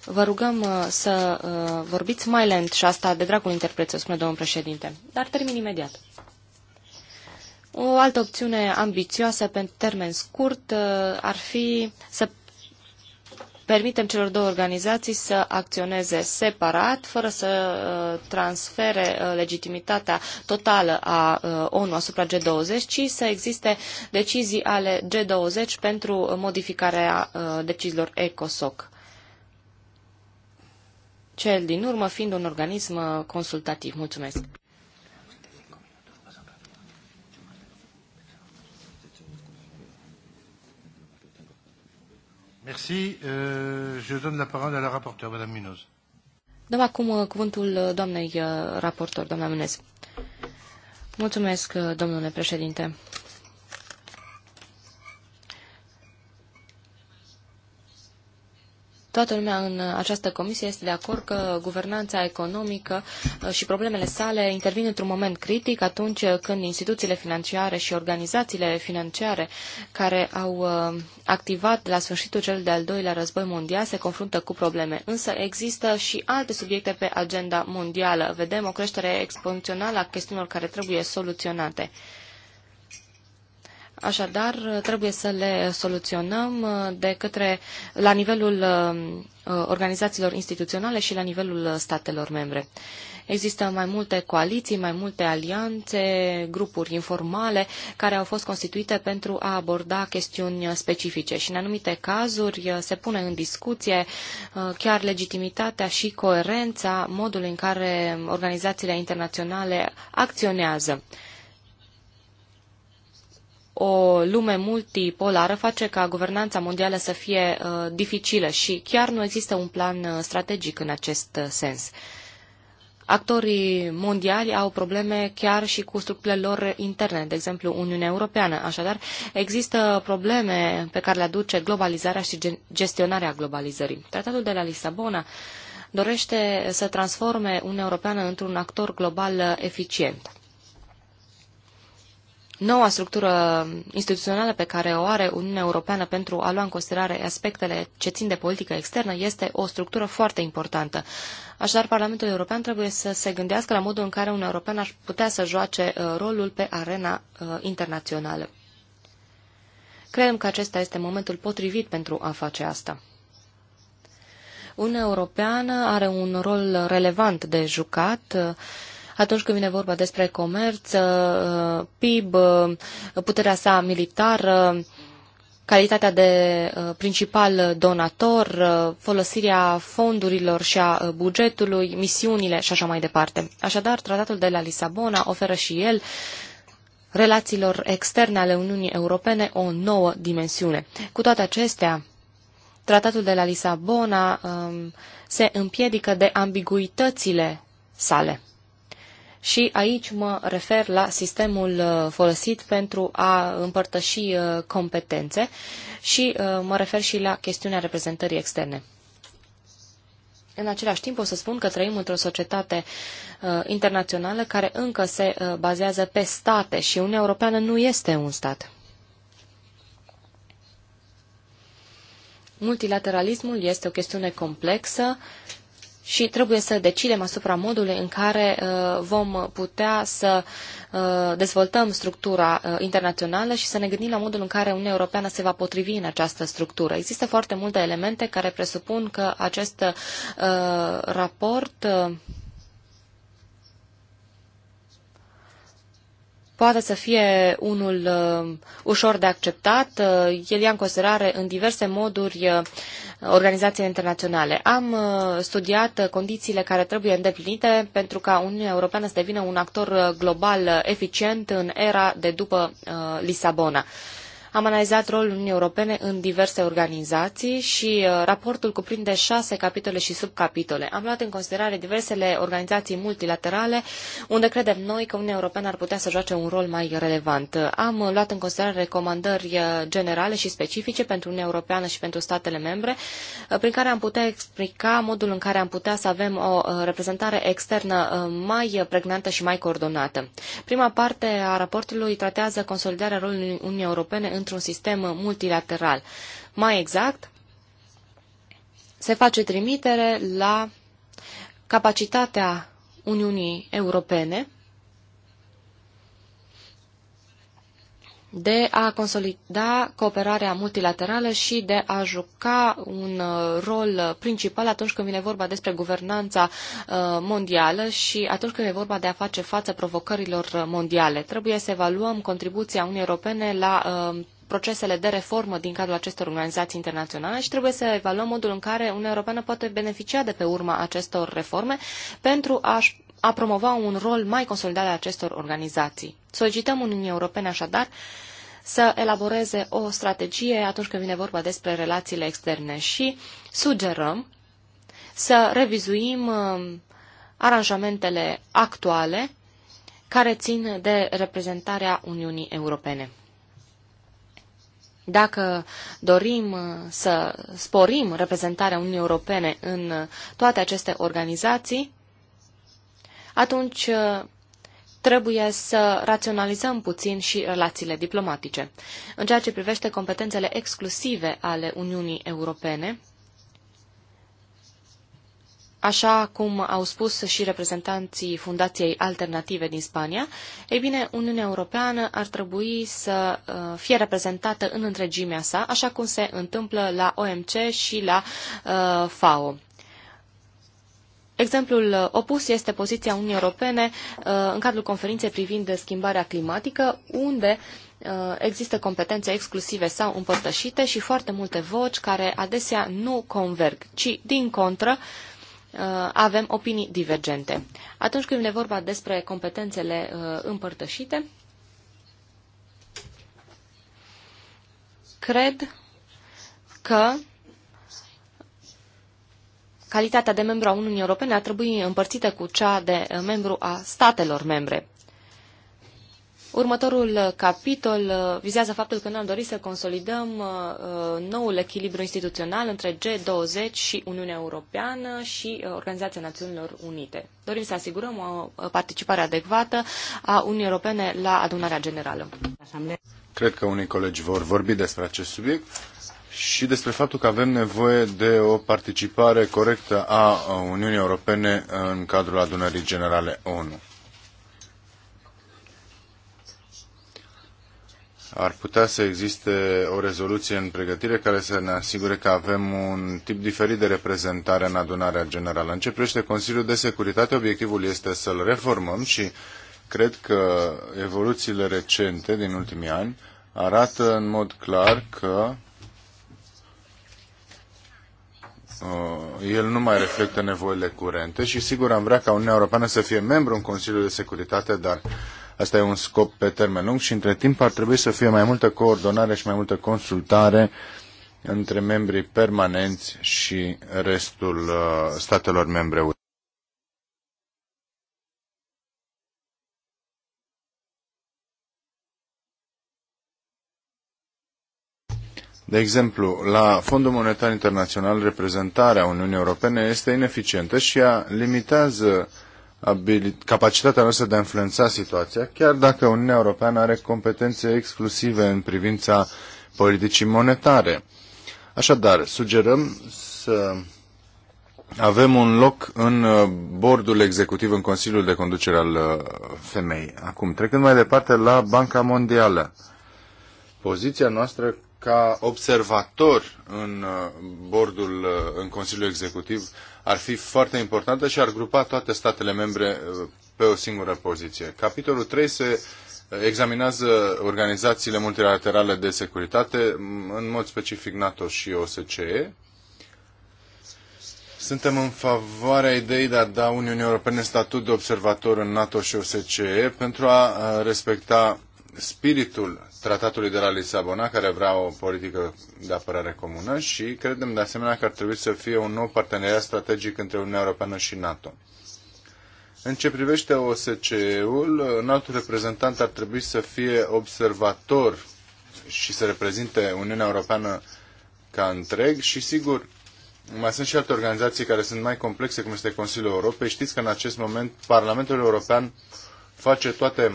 Vă rugăm uh, să vorbiți mai lent și asta de dragul interpreță, spune domnul președinte, dar termin imediat. O altă opțiune ambițioasă pentru termen scurt ar fi să permitem celor două organizații să acționeze separat, fără să uh, transfere uh, legitimitatea totală a uh, ONU asupra G20, ci să existe decizii ale G20 pentru modificarea deciziilor ECOSOC cel din urmă fiind un organism consultativ. Mulțumesc! Merci. Euh, je donne la parole à la rapporteure, Madame Munoz. Dăm acum uh, cuvântul uh, doamnei uh, raportor, doamna Munez. Mulțumesc, domnule președinte. Toată lumea în această comisie este de acord că guvernanța economică uh, și problemele sale intervin într-un moment critic atunci uh, când instituțiile financiare și organizațiile financiare care au uh, activat la sfârșitul cel de-al doilea război mondial se confruntă cu probleme. Însă există și alte subiecte pe agenda mondială. Vedem o creștere exponențială a chestiunilor care trebuie soluționate. Așadar, trebuie să le soluționăm uh, de către, la nivelul uh, uh, organizațiilor instituționale și la nivelul statelor membre. Există mai multe coaliții, mai multe alianțe, grupuri informale care au fost constituite pentru a aborda chestiuni specifice și în anumite cazuri se pune în discuție chiar legitimitatea și coerența modului în care organizațiile internaționale acționează o lume multipolară face ca guvernanța mondială să fie uh, dificilă și chiar nu există un plan uh, strategic în acest uh, sens. Actorii mondiali au probleme chiar și cu structurile lor interne, de exemplu Uniunea Europeană. Așadar, există probleme pe care le aduce globalizarea și gestionarea globalizării. Tratatul de la Lisabona dorește să transforme Uniunea Europeană într-un actor global uh, eficient noua structură instituțională pe care o are Uniunea Europeană pentru a lua în considerare aspectele ce țin de politică externă este o structură foarte importantă. Așadar, Parlamentul European trebuie să se gândească la modul în care Uniunea Europeană ar putea să joace uh, rolul pe arena uh, internațională. Credem că acesta este momentul potrivit pentru a face asta. Uniunea Europeană are un rol relevant de jucat uh, atunci când vine vorba despre comerț, uh, PIB, uh, puterea sa militară, calitatea de uh, principal donator, folosirea fondurilor și a bugetului, misiunile și așa mai departe. Așadar, tratatul de la Lisabona oferă și el relațiilor externe ale Uniunii Europene o nouă dimensiune. Cu toate acestea, tratatul de la Lisabona um, se împiedică de ambiguitățile sale. Și aici mă refer la sistemul uh, folosit pentru a împărtăși uh, competențe și uh, mă refer și la chestiunea reprezentării externe. În același timp o să spun că trăim într-o societate uh, internațională care încă se uh, bazează pe state și Uniunea Europeană nu este un stat. Multilateralismul este o chestiune complexă și trebuie să decidem asupra modului în care uh, vom putea să uh, dezvoltăm structura uh, internațională și să ne gândim la modul în care Uniunea Europeană se va potrivi în această structură. Există foarte multe elemente care presupun că acest raport poate să fie unul uh, ușor de acceptat. Uh, el ia în considerare în diverse moduri uh, organizațiile internaționale. Am studiat condițiile care trebuie îndeplinite pentru ca Uniunea Europeană să devină un actor global eficient în era de după Lisabona. Am analizat rolul Uniunii Europene în diverse organizații și uh, raportul cuprinde șase capitole și subcapitole. Am luat în considerare diversele organizații multilaterale unde credem noi că Uniunea Europeană ar putea să joace un rol mai relevant. Am luat în considerare recomandări uh, generale și specifice pentru Uniunea Europeană și pentru statele membre, uh, prin care am putea explica modul în care am putea să avem o reprezentare externă mai pregnantă și mai coordonată. Prima parte a raportului tratează consolidarea rolului Uniunii Europene într-un sistem multilateral. Mai exact, se face trimitere la capacitatea Uniunii Europene de a consolida cooperarea multilaterală și de a juca un uh, rol principal atunci când vine vorba despre guvernanța uh, mondială și atunci când e vorba de a face față provocărilor uh, mondiale. Trebuie să evaluăm contribuția Uniunii Europene la procesele de reformă din cadrul acestor organizații internaționale și trebuie să evaluăm modul în care Uniunea Europeană poate beneficia de pe urma acestor reforme pentru a-și a promova un rol mai consolidat al acestor organizații. Solicităm Uniunii Europene așadar să elaboreze o strategie atunci când vine vorba despre relațiile externe și sugerăm să revizuim um, aranjamentele actuale care țin de reprezentarea Uniunii Europene. Dacă dorim uh, să sporim reprezentarea Uniunii Europene în toate aceste organizații, atunci uh, trebuie să raționalizăm puțin și relațiile diplomatice. În ceea ce privește competențele exclusive ale Uniunii Europene, așa cum au spus și reprezentanții Fundației Alternative din Spania, ei bine, Uniunea Europeană ar trebui să uh, fie reprezentată în întregimea sa, așa cum se întâmplă la OMC și la uh, FAO. Exemplul uh, opus este poziția Uniunii Europene uh, în cadrul conferinței privind schimbarea climatică, unde uh, există competențe exclusive sau împărtășite și foarte multe voci care adesea nu converg, ci, din contră, avem opinii divergente. Atunci când e vorba despre competențele împărtășite, cred că calitatea de membru a Uniunii Europene ar trebui împărțită cu cea de membru a statelor membre. Următorul capitol uh, vizează faptul că ne-am dorit să consolidăm uh, uh, noul echilibru instituțional între G20 și Uniunea Europeană și Organizația Națiunilor Unite. Dorim să asigurăm o participare adecvată a Uniunii Europene la adunarea generală. Cred că unii colegi vor vorbi despre acest subiect și despre faptul că avem nevoie de o participare corectă a Uniunii Europene în cadrul adunării generale ONU. Ar putea să existe o rezoluție în pregătire care să ne asigure că avem un tip diferit de reprezentare în adunarea generală. În ce privește Consiliul de Securitate, obiectivul este să-l reformăm și cred că evoluțiile recente din ultimii ani arată în mod clar că Uh, el nu mai reflectă nevoile curente și sigur am vrea ca Uniunea Europeană să fie membru în Consiliul de Securitate, dar asta e un scop pe termen lung și între timp ar trebui să fie mai multă coordonare și mai multă consultare între membrii permanenți și restul uh, statelor membre. De exemplu, la Fondul Monetar Internațional, reprezentarea Uniunii Europene este ineficientă și ea limitează capacitatea noastră de a influența situația, chiar dacă Uniunea Europeană are competențe exclusive în privința politicii monetare. Așadar, sugerăm să avem un loc în uh, bordul executiv, în Consiliul de Conducere al uh, Femei. Acum, trecând mai departe la Banca Mondială. Poziția noastră ca observator în uh, bordul, uh, în Consiliul Executiv ar fi foarte importantă și ar grupa toate statele membre uh, pe o singură poziție. Capitolul 3 se examinează organizațiile multilaterale de securitate, în mod specific NATO și OSCE. Suntem în favoarea ideii de a da Uniunii Europene statut de observator în NATO și OSCE pentru a respecta spiritul tratatului de la Lisabona, care vrea o politică de apărare comună și credem de asemenea că ar trebui să fie un nou parteneriat strategic între Uniunea Europeană și NATO. În ce privește OSCE-ul, un alt reprezentant ar trebui să fie observator și să reprezinte Uniunea Europeană ca întreg și, sigur, mai sunt și alte organizații care sunt mai complexe, cum este Consiliul Europei. Știți că în acest moment Parlamentul European face toate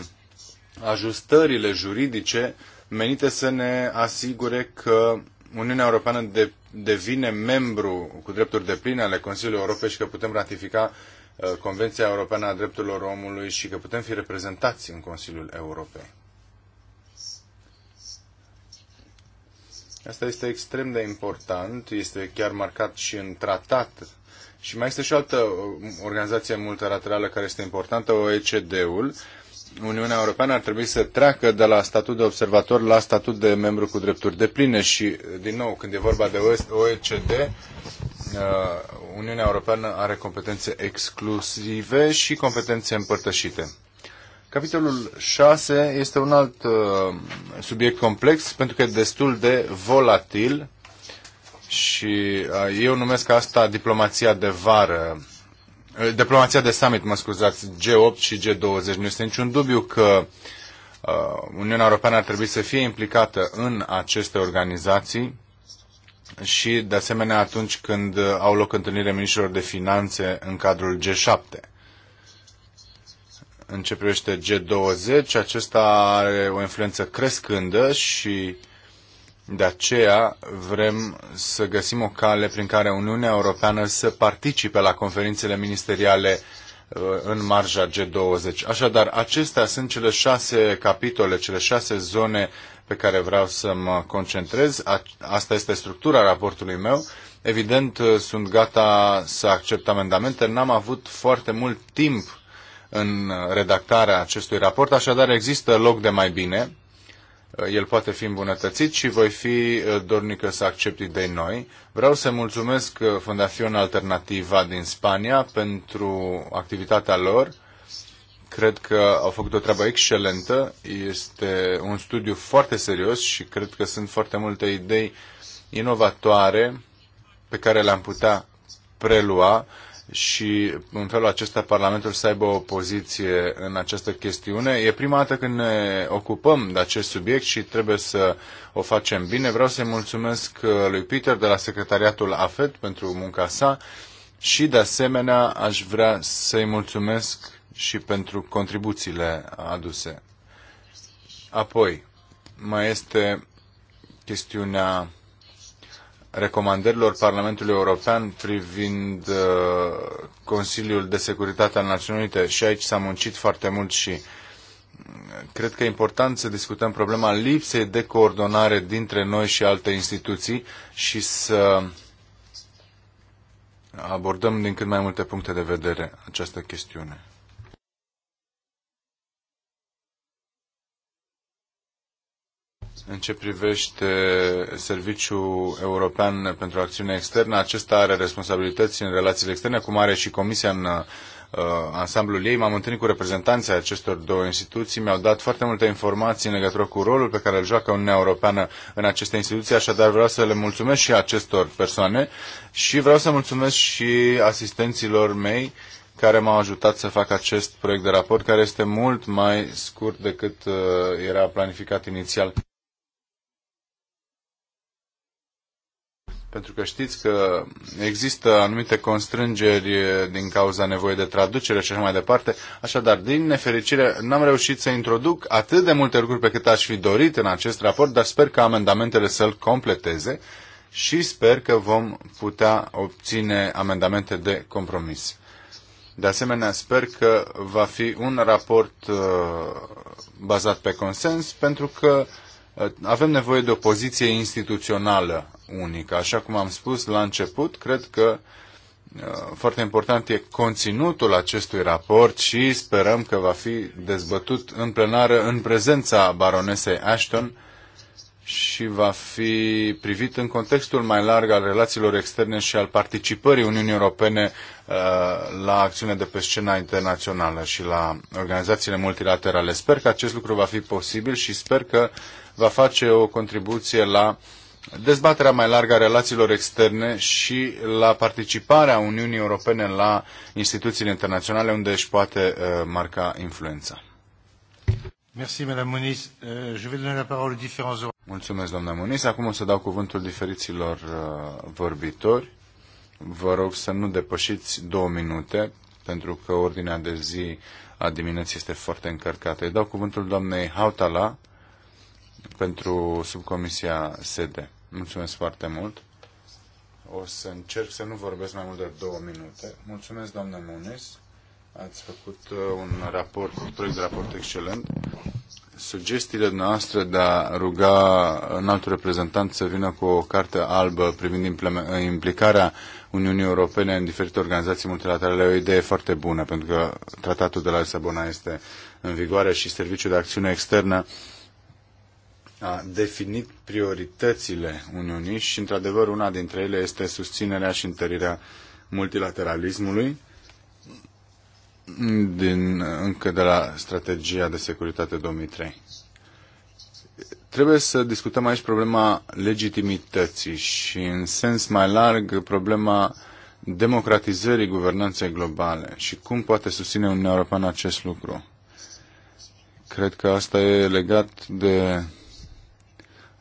ajustările juridice menite să ne asigure că Uniunea Europeană de, devine membru cu drepturi de ale Consiliului Europei și că putem ratifica uh, Convenția Europeană a Drepturilor Omului și că putem fi reprezentați în Consiliul Europei. Asta este extrem de important, este chiar marcat și în tratat. Și mai este și o altă uh, organizație multilaterală care este importantă, OECD-ul, Uniunea Europeană ar trebui să treacă de la statut de observator la statut de membru cu drepturi depline și, din nou, când e vorba de OECD, uh, Uniunea Europeană are competențe exclusive și competențe împărtășite. Capitolul 6 este un alt uh, subiect complex pentru că e destul de volatil și uh, eu numesc asta diplomația de vară Eh, diplomația de summit, mă scuzați, G8 și G20. Nu este niciun dubiu că uh, Uniunea Europeană ar trebui să fie implicată în aceste organizații și, de asemenea, atunci când au loc întâlnirile ministrilor de finanțe în cadrul G7. În ce privește G20, acesta are o influență crescândă și uh, de aceea vrem să găsim o cale prin care Uniunea Europeană să participe la conferințele ministeriale uh, în marja G20. Așadar, acestea sunt cele șase capitole, cele șase zone pe care vreau să mă concentrez. Asta este structura raportului meu. Evident, uh, sunt gata să accept amendamente. N-am avut foarte mult timp în redactarea acestui raport, așadar există loc de mai bine el poate fi îmbunătățit și voi fi uh, dornică să accept idei noi. Vreau să mulțumesc uh, Fundación Alternativa din Spania pentru activitatea lor. Cred că au făcut o treabă excelentă. Este un studiu foarte serios și cred că sunt foarte multe idei inovatoare pe care le-am putea prelua și în felul acesta Parlamentul să aibă o poziție în această chestiune. E prima dată când ne ocupăm de acest subiect și trebuie să o facem bine. Vreau să-i mulțumesc uh, lui Peter de la Secretariatul AFET pentru munca sa și de asemenea aș vrea să-i mulțumesc și pentru contribuțiile aduse. Apoi, mai este chestiunea recomandărilor Parlamentului European privind uh, Consiliul de Securitate al Națiunilor Unite și aici s-a muncit foarte mult și mm, cred că e important să discutăm problema lipsei de coordonare dintre noi și alte instituții și să abordăm din cât mai multe puncte de vedere această chestiune. În ce privește Serviciul European pentru Acțiune Externă, acesta are responsabilități în relațiile externe, cum are și Comisia în uh, ansamblul ei. M-am întâlnit cu reprezentanții acestor două instituții, mi-au dat foarte multe informații în legătură cu rolul pe care îl joacă Uniunea Europeană în aceste instituții, așadar vreau să le mulțumesc și acestor persoane și vreau să mulțumesc și asistenților mei care m-au ajutat să fac acest proiect de raport, care este mult mai scurt decât uh, era planificat inițial. pentru că știți că există anumite constrângeri din cauza nevoii de traducere și așa mai departe. Așadar, din nefericire, n-am reușit să introduc atât de multe lucruri pe cât aș fi dorit în acest raport, dar sper că amendamentele să-l completeze și sper că vom putea obține amendamente de compromis. De asemenea, sper că va fi un raport uh, bazat pe consens, pentru că uh, avem nevoie de o poziție instituțională unică. Așa cum am spus la început, cred că uh, foarte important e conținutul acestui raport și sperăm că va fi dezbătut în plenară în prezența baronesei Ashton și va fi privit în contextul mai larg al relațiilor externe și al participării Uniunii Europene uh, la acțiune de pe scena internațională și la organizațiile multilaterale. Sper că acest lucru va fi posibil și sper că va face o contribuție la dezbaterea mai largă a relațiilor externe și la participarea Uniunii Europene la instituțiile internaționale unde își poate uh, marca influența. Euh, Mulțumesc, doamna Muniz. Acum o să dau cuvântul diferiților uh, vorbitori. Vă rog să nu depășiți două minute, pentru că ordinea de zi a dimineții este foarte încărcată. Îi dau cuvântul doamnei Hautala pentru subcomisia SEDE. Mulțumesc foarte mult. O să încerc să nu vorbesc mai mult de două minute. Mulțumesc, doamnă Muniz. Ați făcut uh, un raport, un proiect de raport excelent. Sugestiile noastre de a ruga în altul reprezentant să vină cu o carte albă privind implicarea Uniunii Europene în diferite organizații multilaterale e o idee foarte bună, pentru că tratatul de la Lisabona este în vigoare și Serviciul de Acțiune Externă uh, a definit prioritățile Uniunii și, într-adevăr, una dintre ele este susținerea și întărirea multilateralismului din, încă de la strategia de securitate 2003. Trebuie să discutăm aici problema legitimității și, în sens mai larg, problema democratizării guvernanței globale și cum poate susține Uniunea Europeană acest lucru. Cred că asta e legat de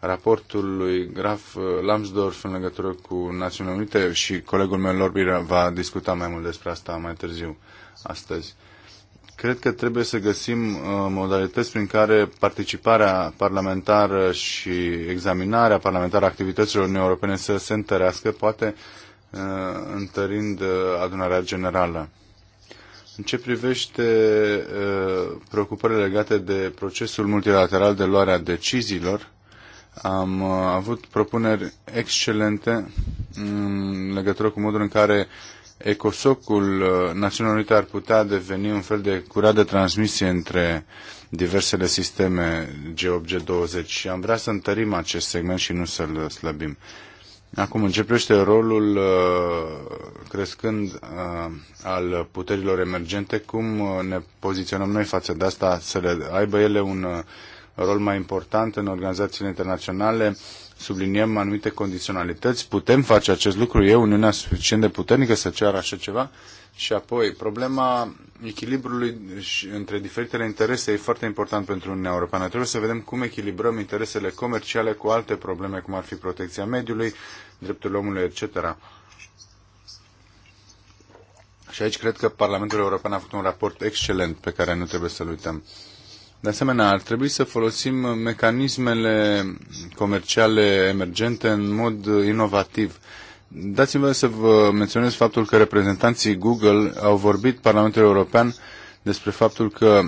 raportul lui Graf uh, Lambsdorff în legătură cu Națiunile Unite și colegul meu Lorbir va discuta mai mult despre asta mai târziu astăzi. Cred că trebuie să găsim uh, modalități prin care participarea parlamentară și examinarea parlamentară a activităților Uniunii Europene să se întărească, poate uh, întărind adunarea generală. În ce privește preocupările legate de procesul multilateral de luare a deciziilor, am uh, avut propuneri excelente în legătură cu modul în care ecosocul uh, Națiunilor Unite ar putea deveni un fel de curat de transmisie între diversele sisteme g 20 și am vrea să întărim acest segment și nu să-l slăbim. Acum începește rolul uh, crescând al puterilor emergente, cum ne poziționăm noi față de asta, să le aibă ele un rol mai important în organizațiile internaționale, subliniem anumite condiționalități, putem face acest lucru, e Uniunea suficient de puternică să ceară așa ceva? Și apoi, problema echilibrului între diferitele interese e foarte important pentru Uniunea Europeană. Trebuie să vedem cum echilibrăm interesele comerciale cu alte probleme, cum ar fi protecția mediului, drepturile omului, etc. Și aici cred că Parlamentul European a făcut un raport excelent pe care nu trebuie să-l uităm. De asemenea, ar trebui să folosim mecanismele comerciale emergente în mod inovativ. Dați-mi să vă menționez faptul că reprezentanții Google au vorbit Parlamentul European despre faptul că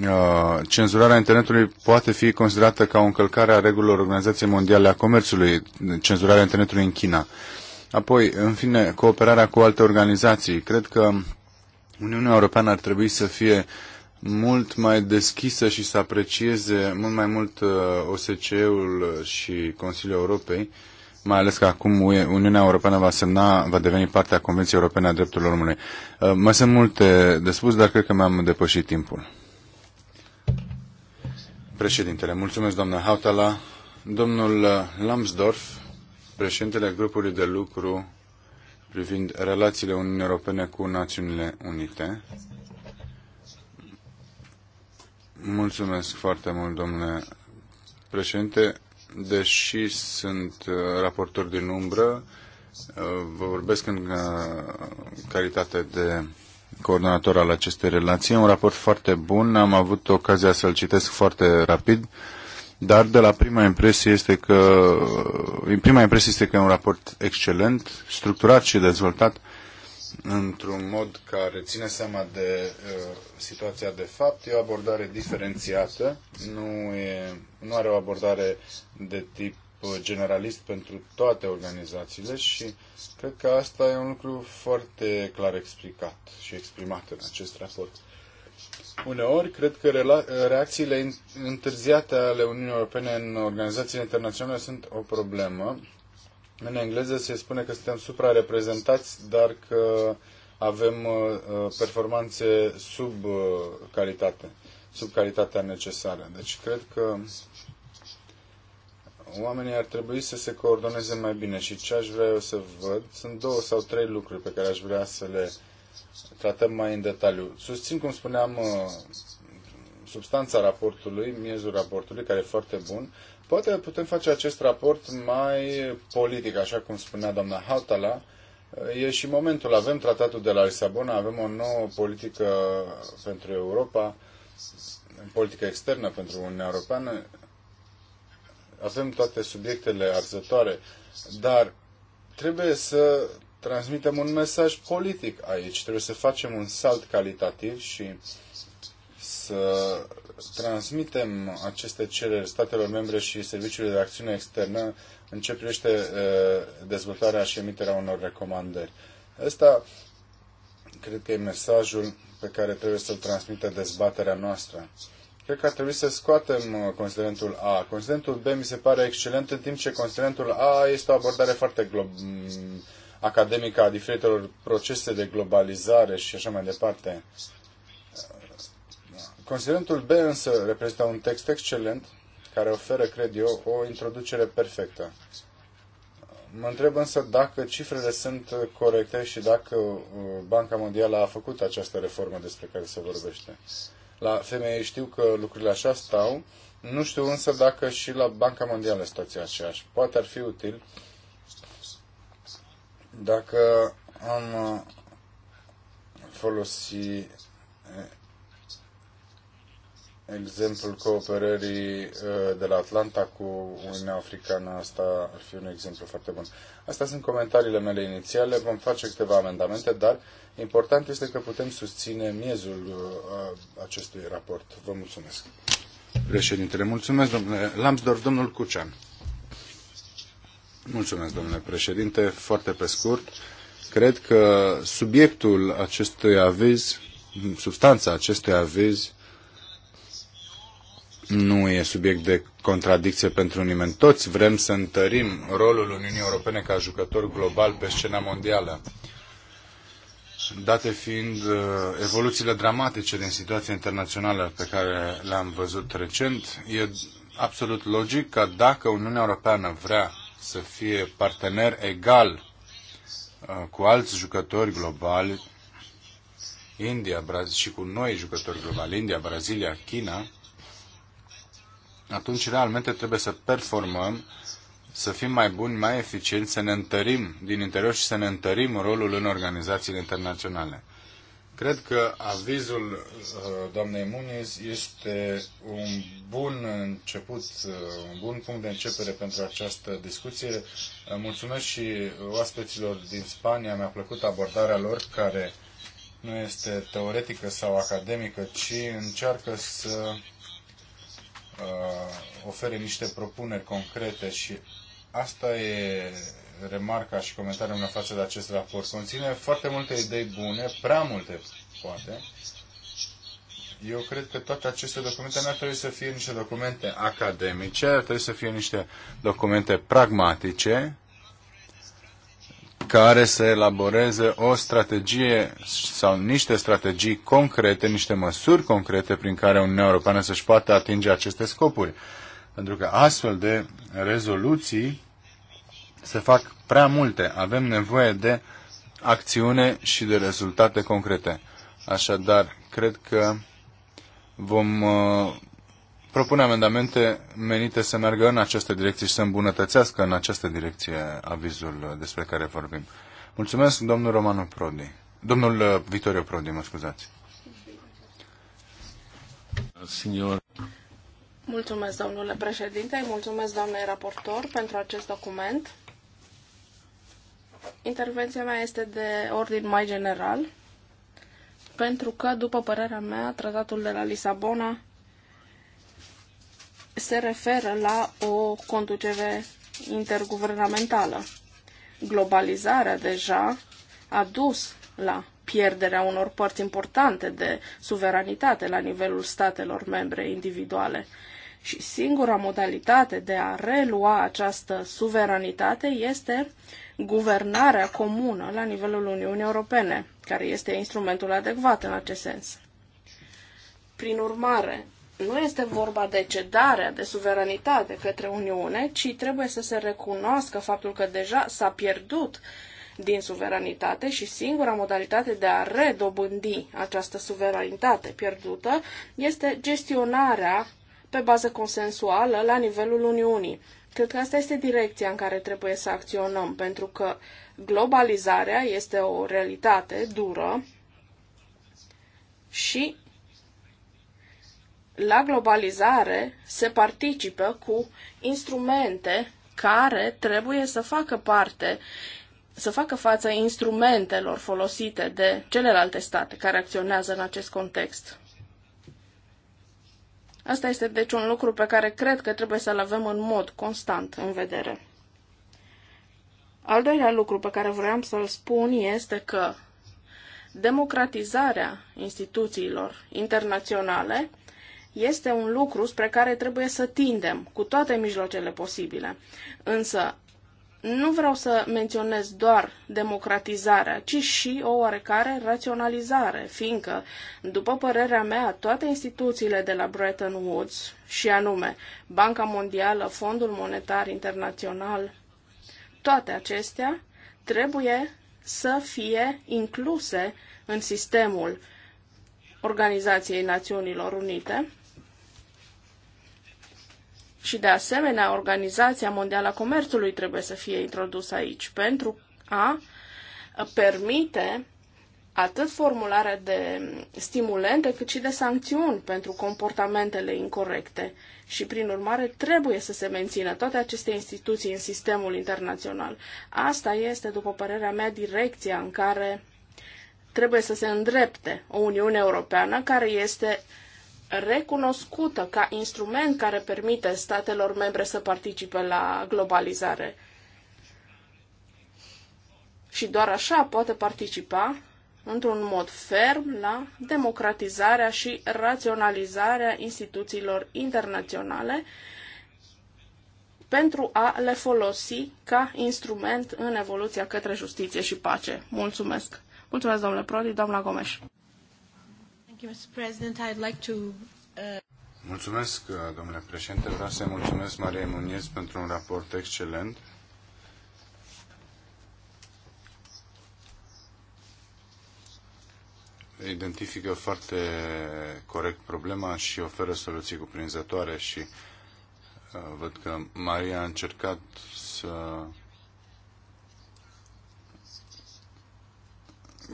uh, cenzurarea internetului poate fi considerată ca o încălcare a regulilor Organizației Mondiale a Comerțului, cenzurarea internetului în China. Apoi, în fine, cooperarea cu alte organizații. Cred că Uniunea Europeană ar trebui să fie uh, mult mai deschisă și să aprecieze mult mai mult uh, OSCE-ul și Consiliul Europei, mai ales că acum Uniunea Europeană va semna, va deveni parte a Convenției Europene a Drepturilor Omului. Uh, mai sunt multe de spus, dar cred că mi-am depășit timpul. Președintele, mulțumesc doamna Hautala. Domnul uh, Lambsdorff, președintele grupului de lucru privind relațiile Uniunii Europene cu Națiunile Unite. Mulțumesc foarte mult, domnule președinte. Deși sunt uh, raportor din umbră, uh, vă vorbesc în uh, calitate de coordonator al acestei relații. un raport foarte bun, am avut ocazia să-l citesc foarte rapid, dar de la prima impresie este că prima impresie este că e un raport excelent, structurat și dezvoltat într-un mod care ține seama de uh, situația de fapt, e o abordare diferențiată, nu, e, nu are o abordare de tip uh, generalist pentru toate organizațiile și cred că asta e un lucru foarte clar explicat și exprimat în acest raport. Uneori, cred că reacțiile întârziate ale Uniunii Europene în organizațiile internaționale sunt o problemă în engleză se spune că suntem suprareprezentați, dar că avem uh, uh, performanțe sub uh, calitate, sub calitatea necesară. Deci cred că oamenii ar trebui să se coordoneze mai bine și ce aș vrea eu să văd sunt două sau trei lucruri pe care aș vrea să le tratăm mai în detaliu. Susțin, cum spuneam, substanța raportului, miezul raportului, care e foarte bun, Poate putem face acest raport mai politic, așa cum spunea doamna Hautala. E și momentul. Avem tratatul de la Lisabona, avem o nouă politică pentru Europa, politică externă pentru Uniunea Europeană. Avem toate subiectele arzătoare, dar trebuie să transmitem un mesaj politic aici. Trebuie să facem un salt calitativ și să transmitem aceste cereri statelor membre și serviciului de acțiune externă în ce privește uh, dezvoltarea și emiterea unor recomandări. Ăsta cred că e mesajul pe care trebuie să-l transmită dezbaterea noastră. Cred că ar trebui să scoatem uh, considerentul A. Considerentul B mi se pare excelent, în timp ce considerentul A este o abordare foarte glob- academică a diferitelor procese de globalizare și așa mai departe. Considerentul B însă reprezintă un text excelent care oferă, cred eu, o introducere perfectă. Mă întreb însă dacă cifrele sunt corecte și dacă uh, Banca Mondială a făcut această reformă despre care se vorbește. La femeie știu că lucrurile așa stau, nu știu însă dacă și la Banca Mondială situația aceeași. Poate ar fi util dacă am uh, folosi exemplul cooperării uh, de la Atlanta cu Uniunea Africană, asta ar fi un exemplu foarte bun. Astea sunt comentariile mele inițiale, vom face câteva amendamente, dar important este că putem susține miezul uh, acestui raport. Vă mulțumesc. Președintele, mulțumesc, domnule Lambsdorff, domnul Cucean. Mulțumesc, domnule președinte, foarte pe scurt. Cred că subiectul acestui aviz, substanța acestui aviz, nu e subiect de contradicție pentru nimeni. Toți vrem să întărim rolul Uniunii Europene ca jucător global pe scena mondială. Date fiind uh, evoluțiile dramatice din situația internațională pe care le-am văzut recent, e absolut logic că dacă Uniunea Europeană vrea să fie partener egal uh, cu alți jucători globali, India Braz- și cu noi jucători globali, India, Brazilia, China, atunci realmente trebuie să performăm, să fim mai buni, mai eficienți, să ne întărim din interior și să ne întărim rolul în organizațiile internaționale. Cred că avizul uh, doamnei Muniz este un bun început, uh, un bun punct de începere pentru această discuție. Uh, mulțumesc și oaspeților din Spania, mi-a plăcut abordarea lor care nu este teoretică sau academică, ci încearcă să Uh, ofere niște propuneri concrete și asta e remarca și comentariul meu față de acest raport. Conține foarte multe idei bune, prea multe, poate. Eu cred că toate aceste documente nu ar trebui să fie niște documente academice, ar trebui să fie niște documente pragmatice, care să elaboreze o strategie sau niște strategii concrete, niște măsuri concrete prin care Uniunea Europeană să-și poată atinge aceste scopuri. Pentru că astfel de rezoluții se fac prea multe. Avem nevoie de acțiune și de rezultate concrete. Așadar, cred că vom uh, propune amendamente menite să meargă în această direcție și să îmbunătățească în această direcție avizul despre care vorbim. Mulțumesc, domnul Romanu Prodi. Domnul uh, Vitorio Prodi, mă scuzați. Signor. Mulțumesc, domnule președinte, mulțumesc, doamnei raportor, pentru acest document. Intervenția mea este de ordin mai general, pentru că, după părerea mea, tratatul de la Lisabona se referă la o conducere interguvernamentală. Globalizarea deja a dus la pierderea unor părți importante de suveranitate la nivelul statelor membre individuale. Și singura modalitate de a relua această suveranitate este guvernarea comună la nivelul Uniunii Europene, care este instrumentul adecvat în acest sens. Prin urmare, nu este vorba de cedarea de suveranitate către Uniune, ci trebuie să se recunoască faptul că deja s-a pierdut din suveranitate și singura modalitate de a redobândi această suveranitate pierdută este gestionarea pe bază consensuală la nivelul Uniunii. Cred că asta este direcția în care trebuie să acționăm, pentru că globalizarea este o realitate dură și la globalizare se participă cu instrumente care trebuie să facă parte, să facă față instrumentelor folosite de celelalte state care acționează în acest context. Asta este deci un lucru pe care cred că trebuie să-l avem în mod constant în vedere. Al doilea lucru pe care vreau să-l spun este că democratizarea instituțiilor internaționale este un lucru spre care trebuie să tindem cu toate mijloacele posibile. Însă, nu vreau să menționez doar democratizarea, ci și o oarecare raționalizare, fiindcă, după părerea mea, toate instituțiile de la Bretton Woods, și anume Banca Mondială, Fondul Monetar Internațional, toate acestea trebuie să fie incluse în sistemul Organizației Națiunilor Unite, și de asemenea, Organizația Mondială a Comerțului trebuie să fie introdusă aici pentru a permite atât formularea de stimulente cât și de sancțiuni pentru comportamentele incorrecte și, prin urmare, trebuie să se mențină toate aceste instituții în sistemul internațional. Asta este, după părerea mea, direcția în care trebuie să se îndrepte o Uniune Europeană care este recunoscută ca instrument care permite statelor membre să participe la globalizare. Și doar așa poate participa într-un mod ferm la democratizarea și raționalizarea instituțiilor internaționale pentru a le folosi ca instrument în evoluția către justiție și pace. Mulțumesc! Mulțumesc, domnule Prodi, doamna Gomes. Uh, mulțumesc, uh, domnule președinte. Vreau să mulțumesc Mariei Muniz pentru un raport excelent. Identifică foarte corect problema și oferă soluții cuprinzătoare și uh, văd că Maria a încercat să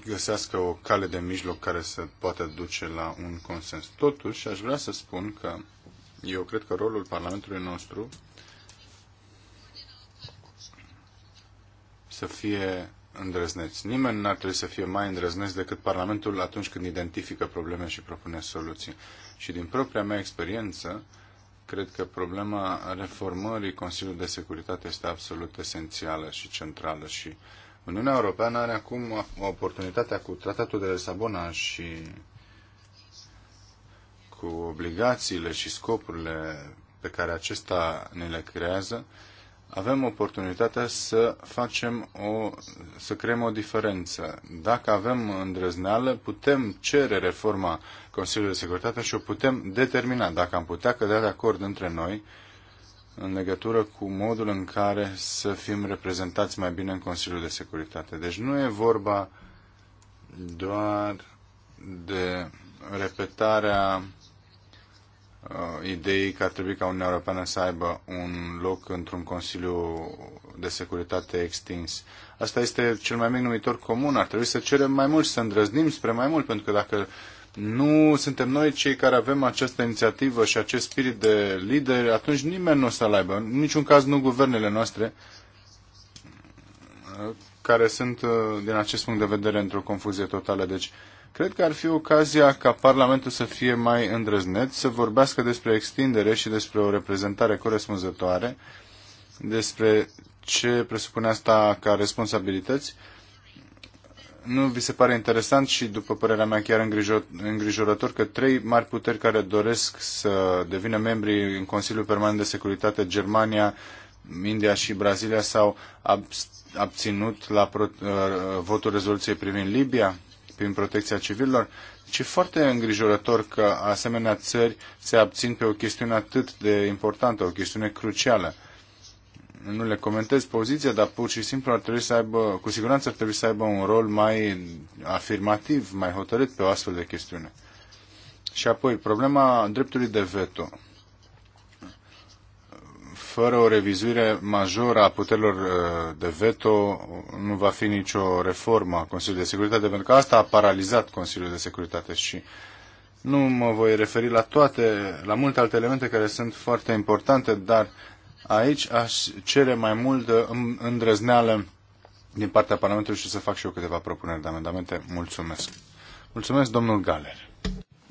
găsească o cale de mijloc care să poată duce la un consens. Totuși, aș vrea să spun că eu cred că rolul Parlamentului nostru să fie îndrăzneț. Nimeni n-ar trebui să fie mai îndrăzneț decât Parlamentul atunci când identifică probleme și propune soluții. Și din propria mea experiență, cred că problema reformării Consiliului de Securitate este absolut esențială și centrală și uh, Uniunea Europeană are acum oportunitatea cu Tratatul de Lisabona și cu obligațiile și scopurile pe care acesta ne le creează, avem oportunitatea să facem o, să creăm o diferență. Dacă avem îndrăzneală, putem cere reforma Consiliului de Securitate și o putem determina. Dacă am putea cădea de acord între noi, în legătură cu modul în care să fim reprezentați mai bine în Consiliul de Securitate. Deci nu e vorba doar de repetarea uh, ideii că ar trebui ca Uniunea Europeană să aibă un loc într-un Consiliu de Securitate extins. Asta este cel mai mic numitor comun. Ar trebui să cerem mai mult, să îndrăznim spre mai mult, pentru că dacă nu suntem noi cei care avem această inițiativă și acest spirit de lider. atunci nimeni nu o să-l aibă. În niciun caz nu guvernele noastre, care sunt, uh, din acest punct de vedere, într-o confuzie totală. Deci, cred că ar fi ocazia ca Parlamentul să fie mai îndrăzneț, să vorbească despre extindere și despre o reprezentare corespunzătoare, despre ce presupune asta ca responsabilități nu vi se pare interesant și, după părerea mea, chiar îngrijorător că trei mari puteri care doresc să devină membri în Consiliul Permanent de Securitate, Germania, India și Brazilia, s-au abținut la uh, votul rezoluției privind Libia, prin protecția civililor? Deci e foarte îngrijorător că asemenea țări se abțin pe o chestiune atât de importantă, o chestiune crucială nu le comentez poziția, dar pur și simplu ar trebui să aibă, cu siguranță ar trebui să aibă un rol mai afirmativ, mai hotărât pe o astfel de chestiune. Și apoi, problema dreptului de veto. Fără o revizuire majoră a puterilor uh, de veto, nu va fi nicio reformă a Consiliului de Securitate, pentru că asta a paralizat Consiliul de Securitate și nu mă voi referi la toate, la multe alte elemente care sunt foarte importante, dar Aici aș cere mai multă uh, îndrăzneală din partea Parlamentului și să fac și eu câteva propuneri de amendamente. Mulțumesc. Mulțumesc, domnul Galer.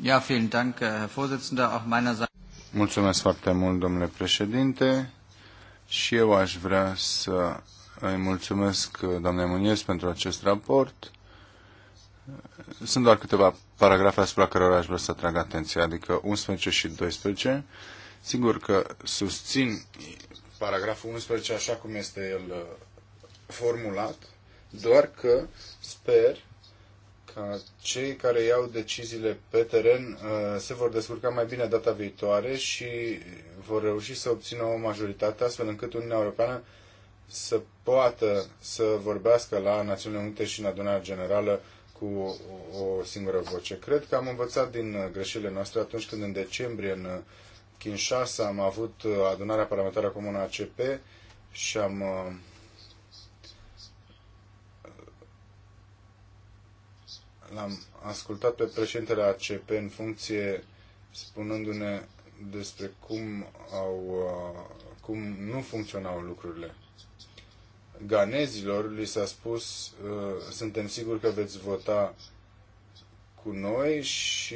Ja, vielen Dank, Herr Vorsitzender, auch Mulțumesc foarte mult, domnule președinte. Și eu aș vrea să îi mulțumesc, uh, doamne Muniez, pentru acest raport. Sunt doar câteva paragrafe asupra cărora aș vrea să atrag atenția, adică 11 și 12. Sigur că susțin paragraful 11 așa cum este el uh, formulat, doar că sper ca cei care iau deciziile pe teren uh, se vor descurca mai bine data viitoare și vor reuși să obțină o majoritate astfel încât Uniunea Europeană să poată să vorbească la Națiunile Unite și în adunarea generală cu o singură voce. Cred că am învățat din uh, greșelile noastre atunci când în decembrie în Kinshasa am avut uh, adunarea parlamentară comună ACP și am uh, l-am ascultat pe președintele ACP în funcție spunându-ne despre cum au uh, cum nu funcționau lucrurile. Ganezilor li s-a spus suntem siguri că veți vota cu noi și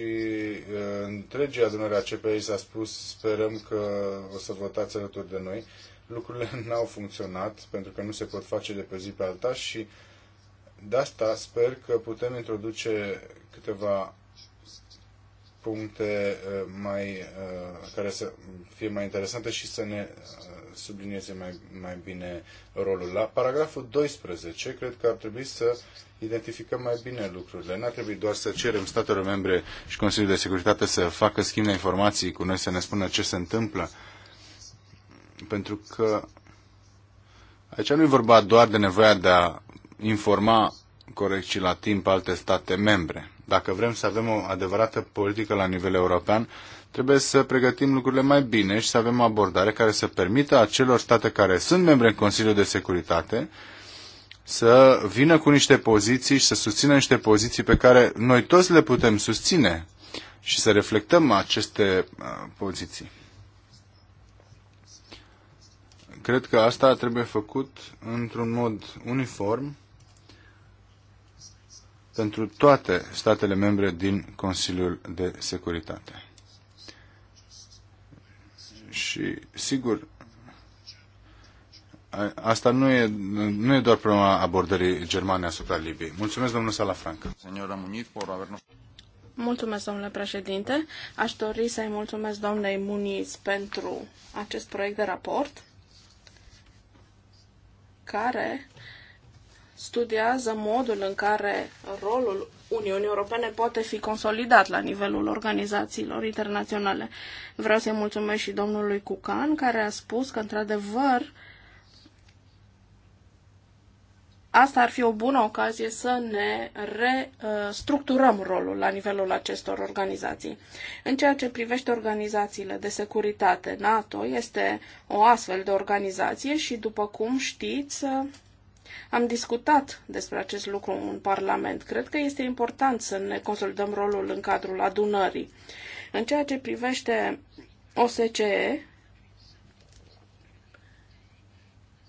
uh, întregii adunări a CPI s-a spus sperăm că o să votați alături de noi. Lucrurile n-au funcționat pentru că nu se pot face de pe zi pe alta și de asta sper că putem introduce câteva puncte uh, mai, uh, care să fie mai interesante și să ne uh, sublinieze mai, mai bine rolul. La paragraful 12, cred că ar trebui să identificăm mai bine lucrurile. Nu ar trebui doar să cerem statelor membre și Consiliul de Securitate să facă schimb de informații cu noi, să ne spună ce se întâmplă, pentru că aici nu e vorba doar de nevoia de a informa corect și la timp alte state membre. Dacă vrem să avem o adevărată politică la nivel european, trebuie să pregătim lucrurile mai bine și să avem o abordare care să permită acelor state care sunt membre în Consiliul de Securitate să vină cu niște poziții și să susțină niște poziții pe care noi toți le putem susține și să reflectăm aceste uh, poziții. Cred că asta trebuie făcut într-un mod uniform pentru toate statele membre din Consiliul de Securitate. Și, sigur, asta nu e, nu e doar problema abordării germane asupra Libiei. Mulțumesc, domnul Salafranca. Mulțumesc, domnule președinte. Aș dori să-i mulțumesc doamnei Muniz pentru acest proiect de raport care uh, studiază modul în care rolul Uniunii Europene poate fi consolidat la nivelul organizațiilor internaționale. Vreau să-i mulțumesc și domnului Cucan, care a spus că, într-adevăr, asta ar fi o bună ocazie să ne restructurăm rolul la nivelul acestor organizații. În ceea ce privește organizațiile de securitate, NATO este o astfel de organizație și, după cum știți, am discutat despre acest lucru în Parlament. Cred că este important să ne consolidăm rolul în cadrul adunării. În ceea ce privește OSCE,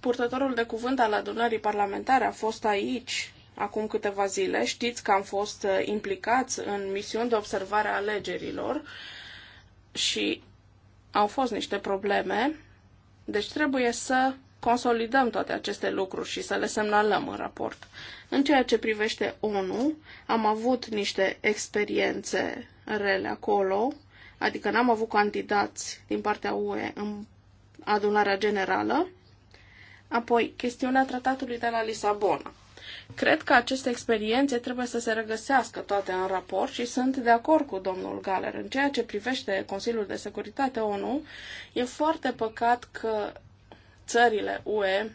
purtătorul de cuvânt al adunării parlamentare a fost aici acum câteva zile. Știți că am fost uh, implicați în misiuni de observare a alegerilor și au fost niște probleme. Deci trebuie să consolidăm toate aceste lucruri și să le semnalăm în raport. În ceea ce privește ONU, am avut niște experiențe rele acolo, adică n-am avut candidați din partea UE în adunarea generală. Apoi, chestiunea tratatului de la Lisabona. Cred că aceste experiențe trebuie să se regăsească toate în raport și sunt de acord cu domnul Galer. În ceea ce privește Consiliul de Securitate ONU, e foarte păcat că țările UE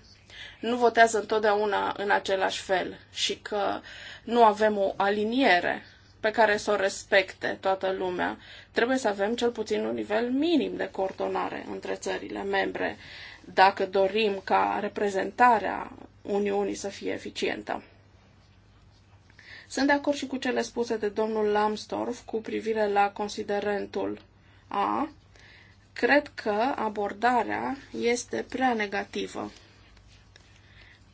nu votează întotdeauna în același fel și că nu avem o aliniere pe care să o respecte toată lumea. Trebuie să avem cel puțin un nivel minim de coordonare între țările membre dacă dorim ca reprezentarea Uniunii să fie eficientă. Sunt de acord și cu cele spuse de domnul Lambsdorff cu privire la considerentul A, Cred că abordarea este prea negativă.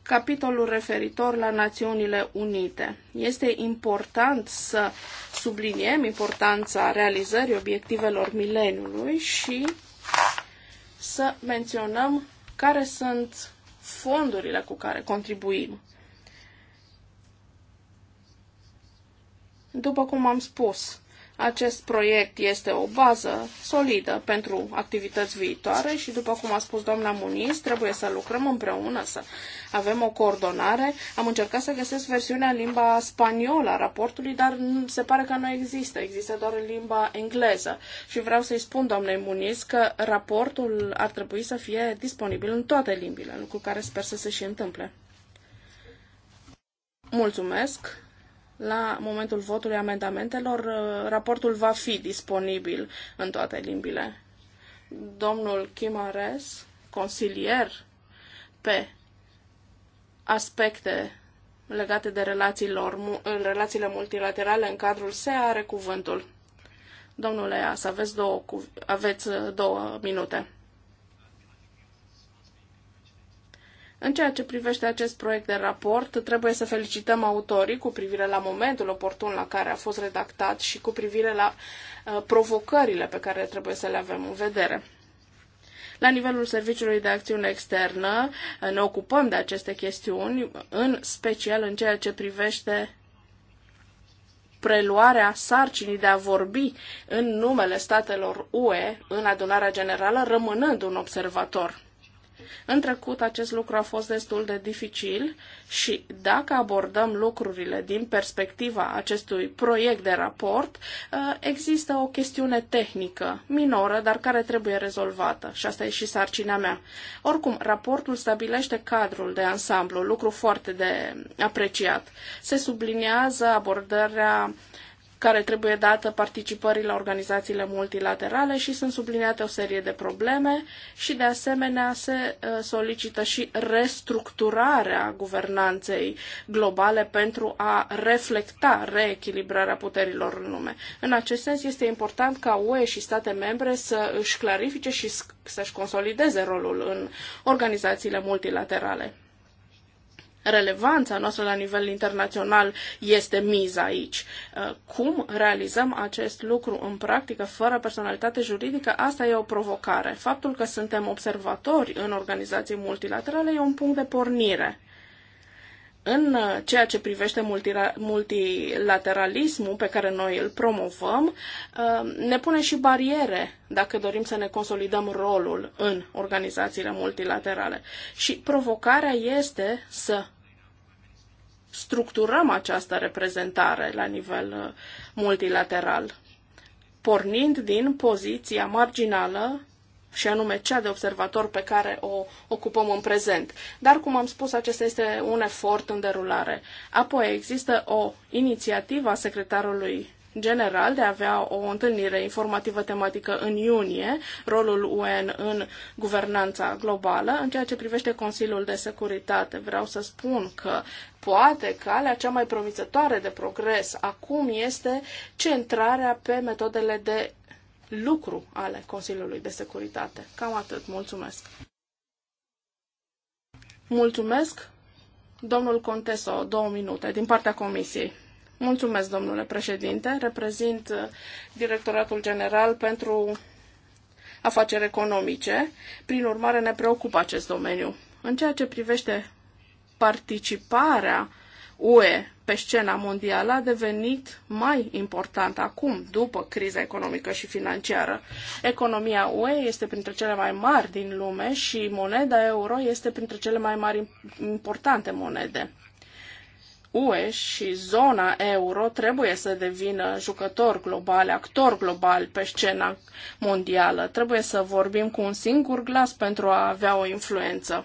Capitolul referitor la Națiunile Unite. Este important să subliniem importanța realizării obiectivelor mileniului și să menționăm care sunt fondurile cu care contribuim. După cum am spus, acest proiect este o bază solidă pentru activități viitoare și, după cum a spus doamna Muniz, trebuie să lucrăm împreună, să avem o coordonare. Am încercat să găsesc versiunea în limba spaniolă a raportului, dar se pare că nu există. Există doar în limba engleză. Și vreau să-i spun doamnei Muniz că raportul ar trebui să fie disponibil în toate limbile, lucru care sper să se și întâmple. Mulțumesc! la momentul votului amendamentelor, uh, raportul va fi disponibil în toate limbile. Domnul Chimares, consilier pe aspecte legate de relațiilor, relațiile multilaterale în cadrul SE are cuvântul. Domnule As, aveți două, aveți uh, două minute. În ceea ce privește acest proiect de raport, trebuie să felicităm autorii cu privire la momentul oportun la care a fost redactat și cu privire la uh, provocările pe care trebuie să le avem în vedere. La nivelul Serviciului de Acțiune Externă uh, ne ocupăm de aceste chestiuni, în special în ceea ce privește preluarea sarcinii de a vorbi în numele statelor UE în adunarea generală, rămânând un observator. În trecut acest lucru a fost destul de dificil și dacă abordăm lucrurile din perspectiva acestui proiect de raport, uh, există o chestiune tehnică, minoră, dar care trebuie rezolvată și asta e și sarcina mea. Oricum, raportul stabilește cadrul de ansamblu, lucru foarte de apreciat. Se subliniază abordarea care trebuie dată participării la organizațiile multilaterale și sunt subliniate o serie de probleme și de asemenea se uh, solicită și restructurarea guvernanței globale pentru a reflecta reechilibrarea puterilor în lume. În acest sens este important ca UE și state membre să își clarifice și să-și consolideze rolul în organizațiile multilaterale relevanța noastră la nivel internațional este miza aici. Uh, cum realizăm acest lucru în practică fără personalitate juridică, asta e o provocare. Faptul că suntem observatori în organizații multilaterale e un punct de pornire. În uh, ceea ce privește multilateralismul pe care noi îl promovăm, uh, ne pune și bariere dacă dorim să ne consolidăm rolul în organizațiile multilaterale. Și provocarea este să structurăm această reprezentare la nivel uh, multilateral, pornind din poziția marginală și anume cea de observator pe care o ocupăm în prezent. Dar, cum am spus, acesta este un efort în derulare. Apoi există o inițiativă a secretarului general de a avea o întâlnire informativă tematică în iunie, rolul UN în guvernanța globală. În ceea ce privește Consiliul de Securitate, vreau să spun că poate calea cea mai promițătoare de progres acum este centrarea pe metodele de lucru ale Consiliului de Securitate. Cam atât. Mulțumesc. Mulțumesc. Domnul Conteso, două minute, din partea Comisiei. Mulțumesc, domnule președinte. Reprezint uh, Directoratul General pentru Afaceri Economice. Prin urmare, ne preocupă acest domeniu. În ceea ce privește participarea UE pe scena mondială a devenit mai important acum, după criza economică și financiară. Economia UE este printre cele mai mari din lume și moneda euro este printre cele mai mari importante monede. UE și zona euro trebuie să devină jucători globali, actori globali pe scena mondială. Trebuie să vorbim cu un singur glas pentru a avea o influență.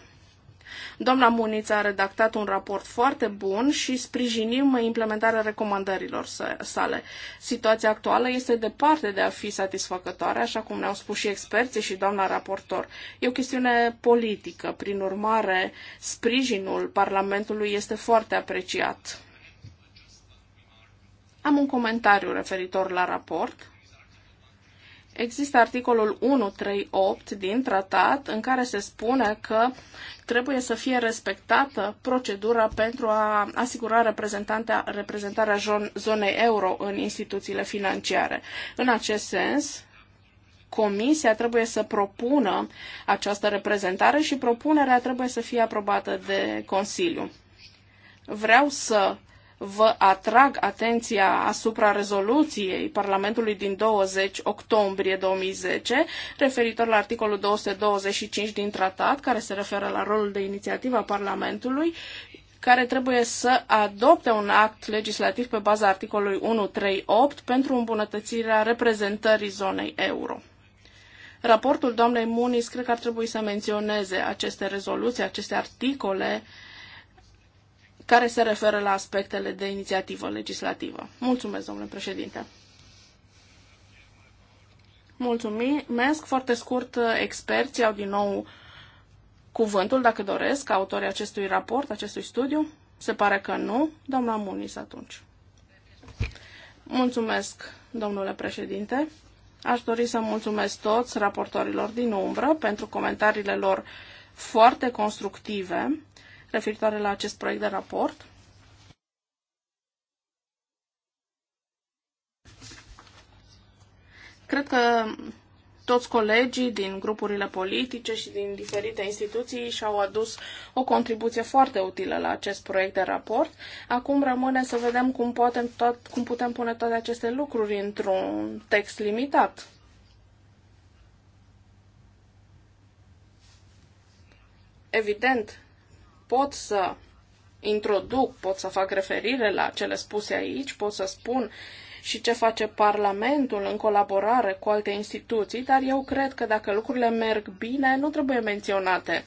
Doamna Muniță a redactat un raport foarte bun și sprijinim implementarea recomandărilor sale. Situația actuală este departe de a fi satisfăcătoare, așa cum ne-au spus și experții și doamna raportor. E o chestiune politică, prin urmare, sprijinul Parlamentului este foarte apreciat. Am un comentariu referitor la raport. Există articolul 138 din tratat în care se spune că trebuie să fie respectată procedura pentru a asigura reprezentarea zonei euro în instituțiile financiare. În acest sens, Comisia trebuie să propună această reprezentare și propunerea trebuie să fie aprobată de Consiliu. Vreau să vă atrag atenția asupra rezoluției Parlamentului din 20 octombrie 2010 referitor la articolul 225 din tratat care se referă la rolul de inițiativă a Parlamentului care trebuie să adopte un act legislativ pe baza articolului 138 pentru îmbunătățirea reprezentării zonei euro. Raportul doamnei Muniz cred că ar trebui să menționeze aceste rezoluții, aceste articole uh, care se referă la aspectele de inițiativă legislativă. Mulțumesc, domnule președinte. Mulțumesc. Foarte scurt, experții au din nou cuvântul, dacă doresc, autorii acestui raport, acestui studiu. Se pare că nu. Doamna Munis, atunci. Mulțumesc, domnule președinte. Aș dori să mulțumesc toți raportorilor din umbră pentru comentariile lor foarte constructive referitoare la acest proiect de raport. Cred că toți colegii din grupurile politice și din diferite instituții și-au adus o contribuție foarte utilă la acest proiect de raport. Acum rămâne să vedem cum, potem tot, cum putem pune toate aceste lucruri într-un text limitat. Evident, pot să introduc, pot să fac referire la cele spuse aici, pot să spun și ce face Parlamentul în colaborare cu alte instituții, dar eu cred că dacă lucrurile merg bine, nu trebuie menționate.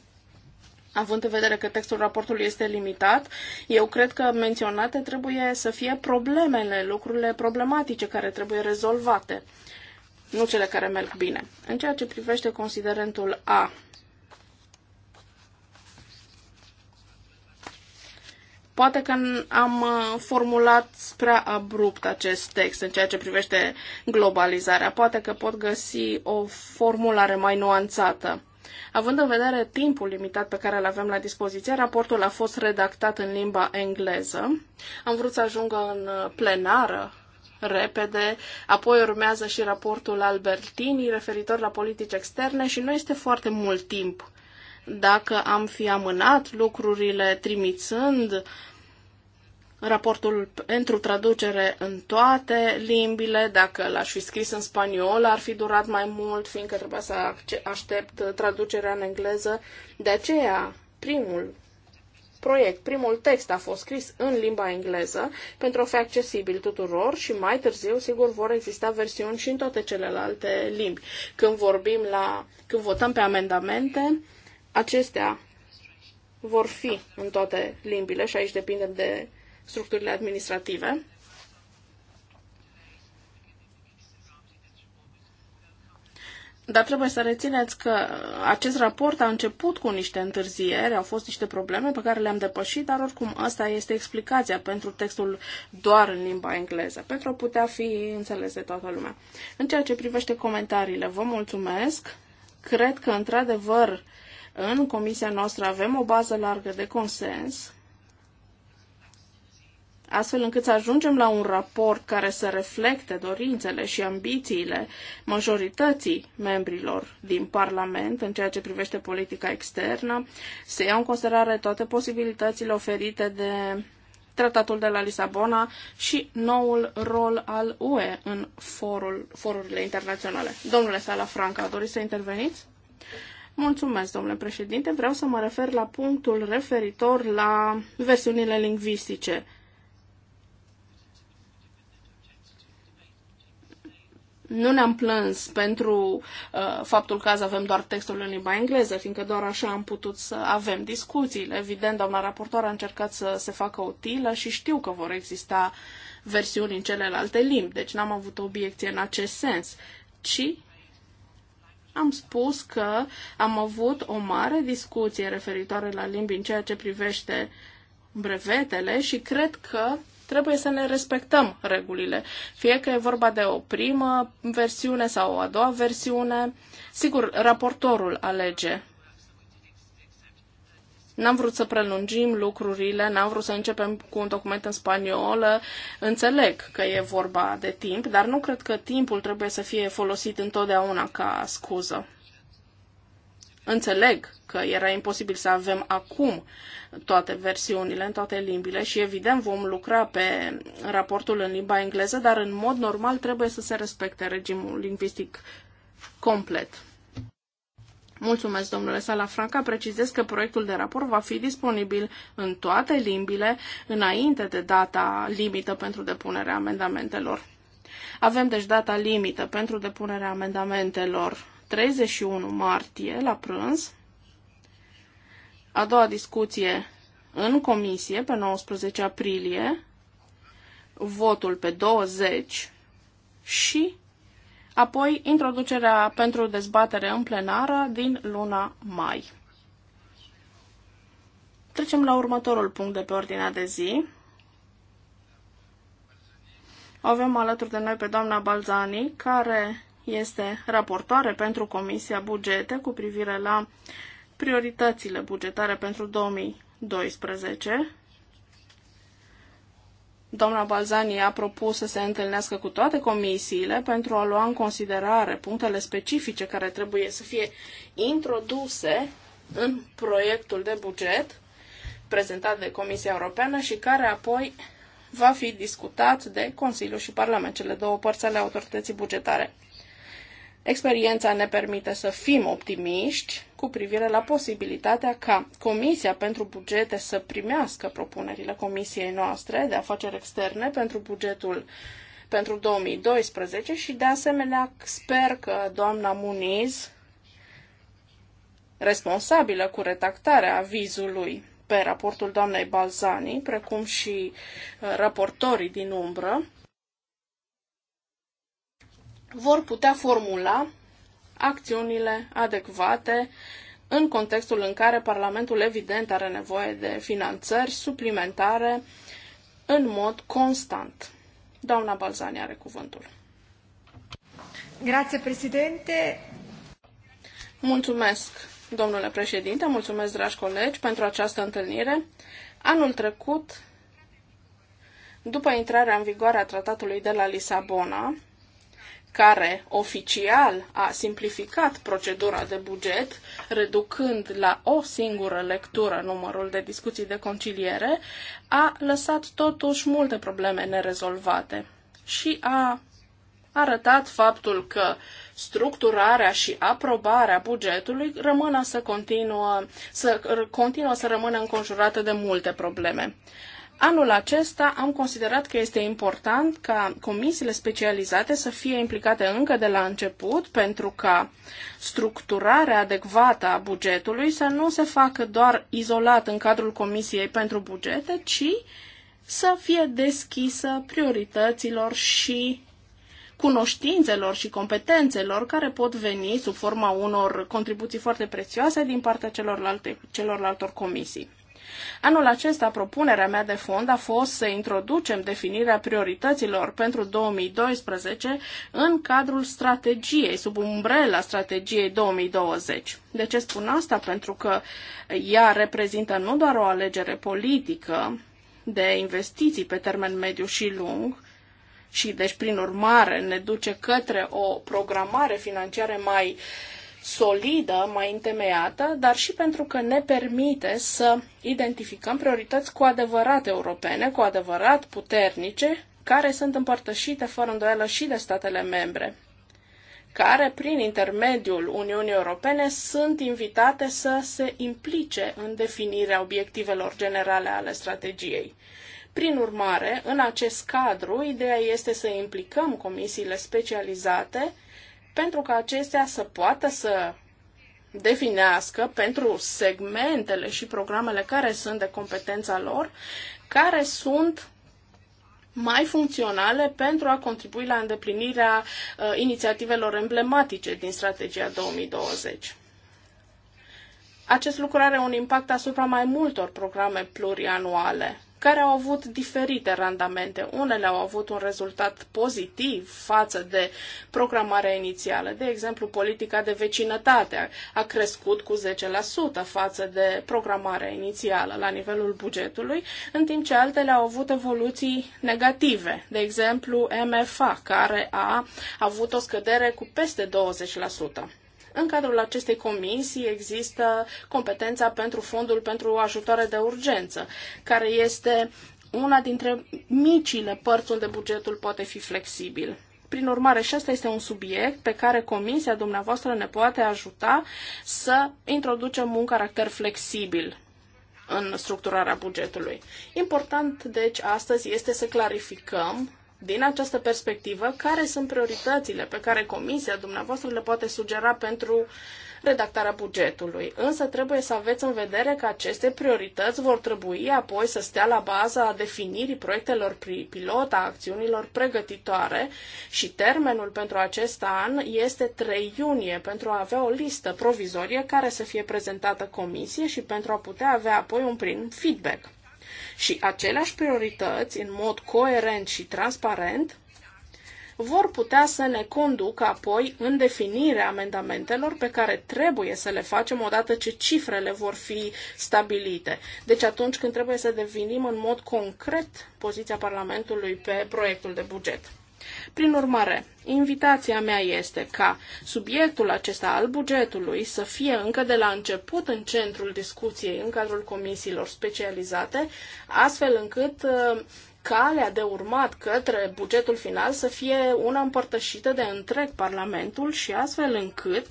Având în vedere că textul raportului este limitat, eu cred că menționate trebuie să fie problemele, lucrurile problematice care trebuie rezolvate, nu cele care merg bine. În ceea ce privește considerentul A, Poate că am uh, formulat prea abrupt acest text în ceea ce privește globalizarea. Poate că pot găsi o formulare mai nuanțată. Având în vedere timpul limitat pe care îl avem la dispoziție, raportul a fost redactat în limba engleză. Am vrut să ajungă în uh, plenară repede, apoi urmează și raportul Albertini referitor la politici externe și nu este foarte mult timp dacă am fi amânat lucrurile trimițând raportul pentru traducere în toate limbile. Dacă l-aș fi scris în spaniolă, ar fi durat mai mult, fiindcă trebuia să aștept traducerea în engleză. De aceea, primul proiect, primul text a fost scris în limba engleză pentru a fi accesibil tuturor și mai târziu, sigur, vor exista versiuni și în toate celelalte limbi. Când vorbim la, când votăm pe amendamente, Acestea vor fi în toate limbile și aici depindem de structurile administrative. Dar trebuie să rețineți că acest raport a început cu niște întârzieri, au fost niște probleme pe care le-am depășit, dar oricum asta este explicația pentru textul doar în limba engleză, pentru a putea fi înțeles de toată lumea. În ceea ce privește comentariile, vă mulțumesc. Cred că, într-adevăr, în comisia noastră avem o bază largă de consens, astfel încât să ajungem la un raport care să reflecte dorințele și ambițiile majorității membrilor din Parlament în ceea ce privește politica externă, să iau în considerare toate posibilitățile oferite de Tratatul de la Lisabona și noul rol al UE în forul, forurile internaționale. Domnule Sala Franca, doriți să interveniți? Mulțumesc, domnule președinte. Vreau să mă refer la punctul referitor la versiunile lingvistice. nu ne-am plâns pentru uh, faptul că azi avem doar textul în limba engleză, fiindcă doar așa am putut să avem discuțiile. Evident, doamna raportoare a încercat să se facă utilă și știu că vor exista versiuni în celelalte limbi, deci n-am avut obiecție în acest sens, ci am spus că am avut o mare discuție referitoare la limbi în ceea ce privește brevetele și cred că trebuie să ne respectăm regulile. Fie că e vorba de o primă versiune sau o a doua versiune, sigur, raportorul alege N-am vrut să prelungim lucrurile, n-am vrut să începem cu un document în spaniolă. Înțeleg că e vorba de timp, dar nu cred că timpul trebuie să fie folosit întotdeauna ca scuză. Înțeleg că era imposibil să avem acum toate versiunile în toate limbile și evident vom lucra pe raportul în limba engleză, dar în mod normal trebuie să se respecte regimul lingvistic complet. Mulțumesc, domnule Salafranca. Precizez că proiectul de raport va fi disponibil în toate limbile înainte de data limită pentru depunerea amendamentelor. Avem deci data limită pentru depunerea amendamentelor 31 martie la prânz. A doua discuție în comisie pe 19 aprilie, votul pe 20 și apoi introducerea pentru dezbatere în plenară din luna mai. Trecem la următorul punct de pe ordinea de zi. Avem alături de noi pe doamna Balzani, care este raportoare pentru Comisia Bugete cu privire la prioritățile bugetare pentru 2012. Doamna Balzani a propus să se întâlnească cu toate comisiile pentru a lua în considerare punctele specifice care trebuie să fie introduse în proiectul de buget prezentat de Comisia Europeană și care apoi va fi discutat de Consiliu și Parlament, cele două părți ale autorității bugetare. Experiența ne permite să fim optimiști cu privire la posibilitatea ca Comisia pentru Bugete să primească propunerile Comisiei noastre de afaceri externe pentru bugetul pentru 2012 și de asemenea sper că doamna Muniz, responsabilă cu retactarea avizului pe raportul doamnei Balzani, precum și uh, raportorii din umbră, vor putea formula acțiunile adecvate în contextul în care Parlamentul evident are nevoie de finanțări suplimentare în mod constant. Doamna Balzani are cuvântul. Grazie, președinte. Mulțumesc, domnule președinte, mulțumesc, dragi colegi, pentru această întâlnire. Anul trecut, după intrarea în vigoare a tratatului de la Lisabona, care oficial a simplificat procedura de buget, reducând la o singură lectură numărul de discuții de conciliere, a lăsat totuși multe probleme nerezolvate și a arătat faptul că structurarea și aprobarea bugetului rămână să continuă să, continuă să rămână înconjurată de multe probleme. Anul acesta am considerat că este important ca comisiile specializate să fie implicate încă de la început pentru ca structurarea adecvată a bugetului să nu se facă doar izolat în cadrul Comisiei pentru Bugete, ci să fie deschisă priorităților și cunoștințelor și competențelor care pot veni sub forma unor contribuții foarte prețioase din partea celorlalte, celorlaltor comisii. Anul acesta, propunerea mea de fond a fost să introducem definirea priorităților pentru 2012 în cadrul strategiei, sub umbrela strategiei 2020. De ce spun asta? Pentru că ea reprezintă nu doar o alegere politică de investiții pe termen mediu și lung, și deci prin urmare ne duce către o programare financiară mai uh, solidă, mai întemeiată, dar și pentru că ne permite să identificăm priorități cu adevărat europene, cu adevărat puternice, care sunt împărtășite fără îndoială și de statele membre, care, prin intermediul Uniunii Europene, sunt invitate să se implice în definirea obiectivelor generale ale strategiei. Prin urmare, în acest cadru, ideea este să implicăm comisiile specializate pentru ca acestea să poată să definească pentru segmentele și programele care sunt de competența lor, care sunt mai funcționale pentru a contribui la îndeplinirea uh, inițiativelor emblematice din strategia 2020. Acest lucru are un impact asupra mai multor programe plurianuale care au avut diferite randamente. Unele au avut un rezultat pozitiv față de programarea inițială. De exemplu, politica de vecinătate a crescut cu 10% față de programarea inițială la nivelul bugetului, în timp ce altele au avut evoluții negative. De exemplu, MFA, care a avut o scădere cu peste 20%. În cadrul acestei comisii există competența pentru fondul pentru ajutoare de urgență, care este una dintre micile părți unde bugetul poate fi flexibil. Prin urmare, și asta este un subiect pe care comisia dumneavoastră ne poate ajuta să introducem un caracter flexibil în structurarea bugetului. Important, deci, astăzi este să clarificăm din această perspectivă, care sunt prioritățile pe care Comisia dumneavoastră le poate sugera pentru redactarea bugetului? Însă trebuie să aveți în vedere că aceste priorități vor trebui apoi să stea la baza definirii proiectelor pilot, a acțiunilor pregătitoare și termenul pentru acest an este 3 iunie pentru a avea o listă provizorie care să fie prezentată Comisie și pentru a putea avea apoi un prim feedback și aceleași priorități, în mod coerent și transparent, vor putea să ne conducă apoi în definirea amendamentelor pe care trebuie să le facem odată ce cifrele vor fi stabilite. Deci atunci când trebuie să devinim în mod concret poziția Parlamentului pe proiectul de buget. Prin urmare, invitația mea este ca subiectul acesta al bugetului să fie încă de la început în centrul discuției în cadrul comisiilor specializate, astfel încât uh, calea de urmat către bugetul final să fie una împărtășită de întreg Parlamentul și astfel încât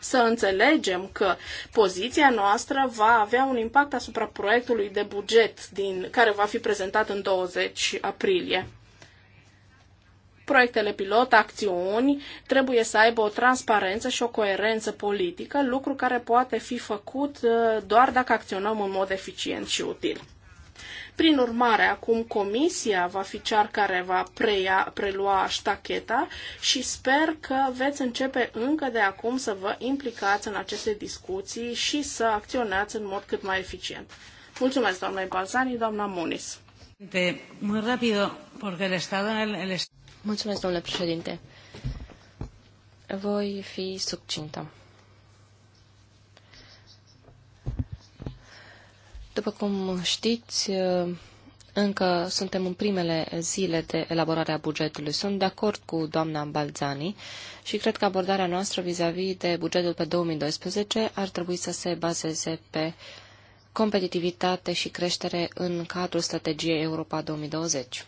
să înțelegem că poziția noastră va avea un impact asupra proiectului de buget din, care va fi prezentat în 20 aprilie proiectele pilot, acțiuni, trebuie să aibă o transparență și o coerență politică, lucru care poate fi făcut uh, doar dacă acționăm în mod eficient și util. Prin urmare, acum comisia va fi cea care va preia, prelua ștacheta și sper că veți începe încă de acum să vă implicați în aceste discuții și să acționați în mod cât mai eficient. Mulțumesc, doamnei Balzani, doamna Munis. Mulțumesc, domnule președinte. Voi fi succintă. După cum știți, încă suntem în primele zile de elaborare a bugetului. Sunt de acord cu doamna Balzani și cred că abordarea noastră vis-a-vis -vis de bugetul pe 2012 ar trebui să se bazeze pe competitivitate și creștere în cadrul strategiei Europa 2020.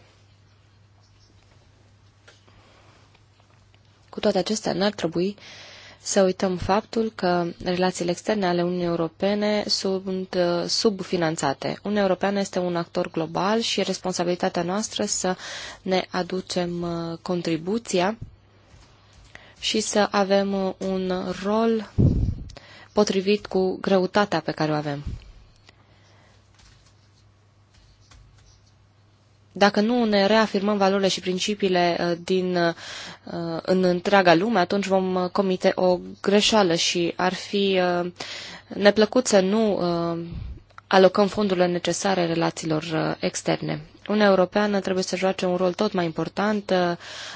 Cu toate acestea, n-ar trebui uh, să uităm faptul că relațiile externe ale Uniunii Europene sunt uh, subfinanțate. Uniunea Europeană este un actor global și e responsabilitatea noastră să ne aducem uh, contribuția și să avem uh, un rol potrivit cu greutatea pe care o avem. dacă nu ne reafirmăm valorile și principiile uh, din, uh, în întreaga lume, atunci vom uh, comite o greșeală și ar fi neplăcut să nu alocăm fondurile necesare relațiilor uh, externe. Uniunea Europeană trebuie să joace un rol tot mai important, uh,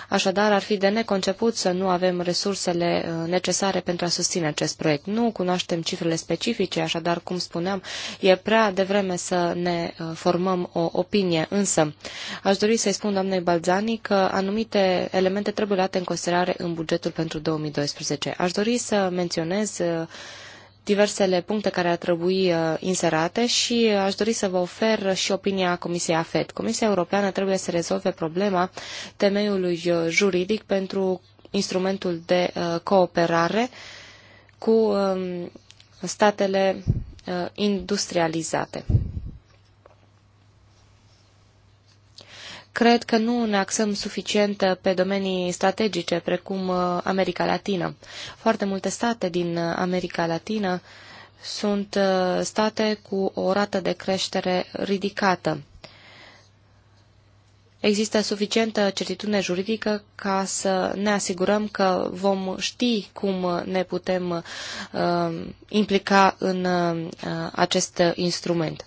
așadar ar fi de neconceput să nu avem resursele uh, necesare pentru a susține acest proiect. Nu cunoaștem cifrele specifice, așadar, cum spuneam, e prea devreme să ne formăm o opinie, însă aș dori să-i spun doamnei Balzani că anumite elemente trebuie luate în considerare în bugetul pentru 2012. Aș dori să menționez diversele puncte care ar trebui uh, inserate și uh, aș dori să vă ofer și opinia Comisiei AFET. Comisia Europeană trebuie să rezolve problema temeiului uh, juridic pentru instrumentul de cooperare cu um, statele industrializate. cred că nu ne axăm suficient pe domenii strategice, precum uh, America Latină. Foarte multe state din uh, America Latină sunt uh, state cu o rată de creștere ridicată. Există suficientă certitudine juridică ca să ne asigurăm că vom ști cum ne putem uh, implica în uh, acest instrument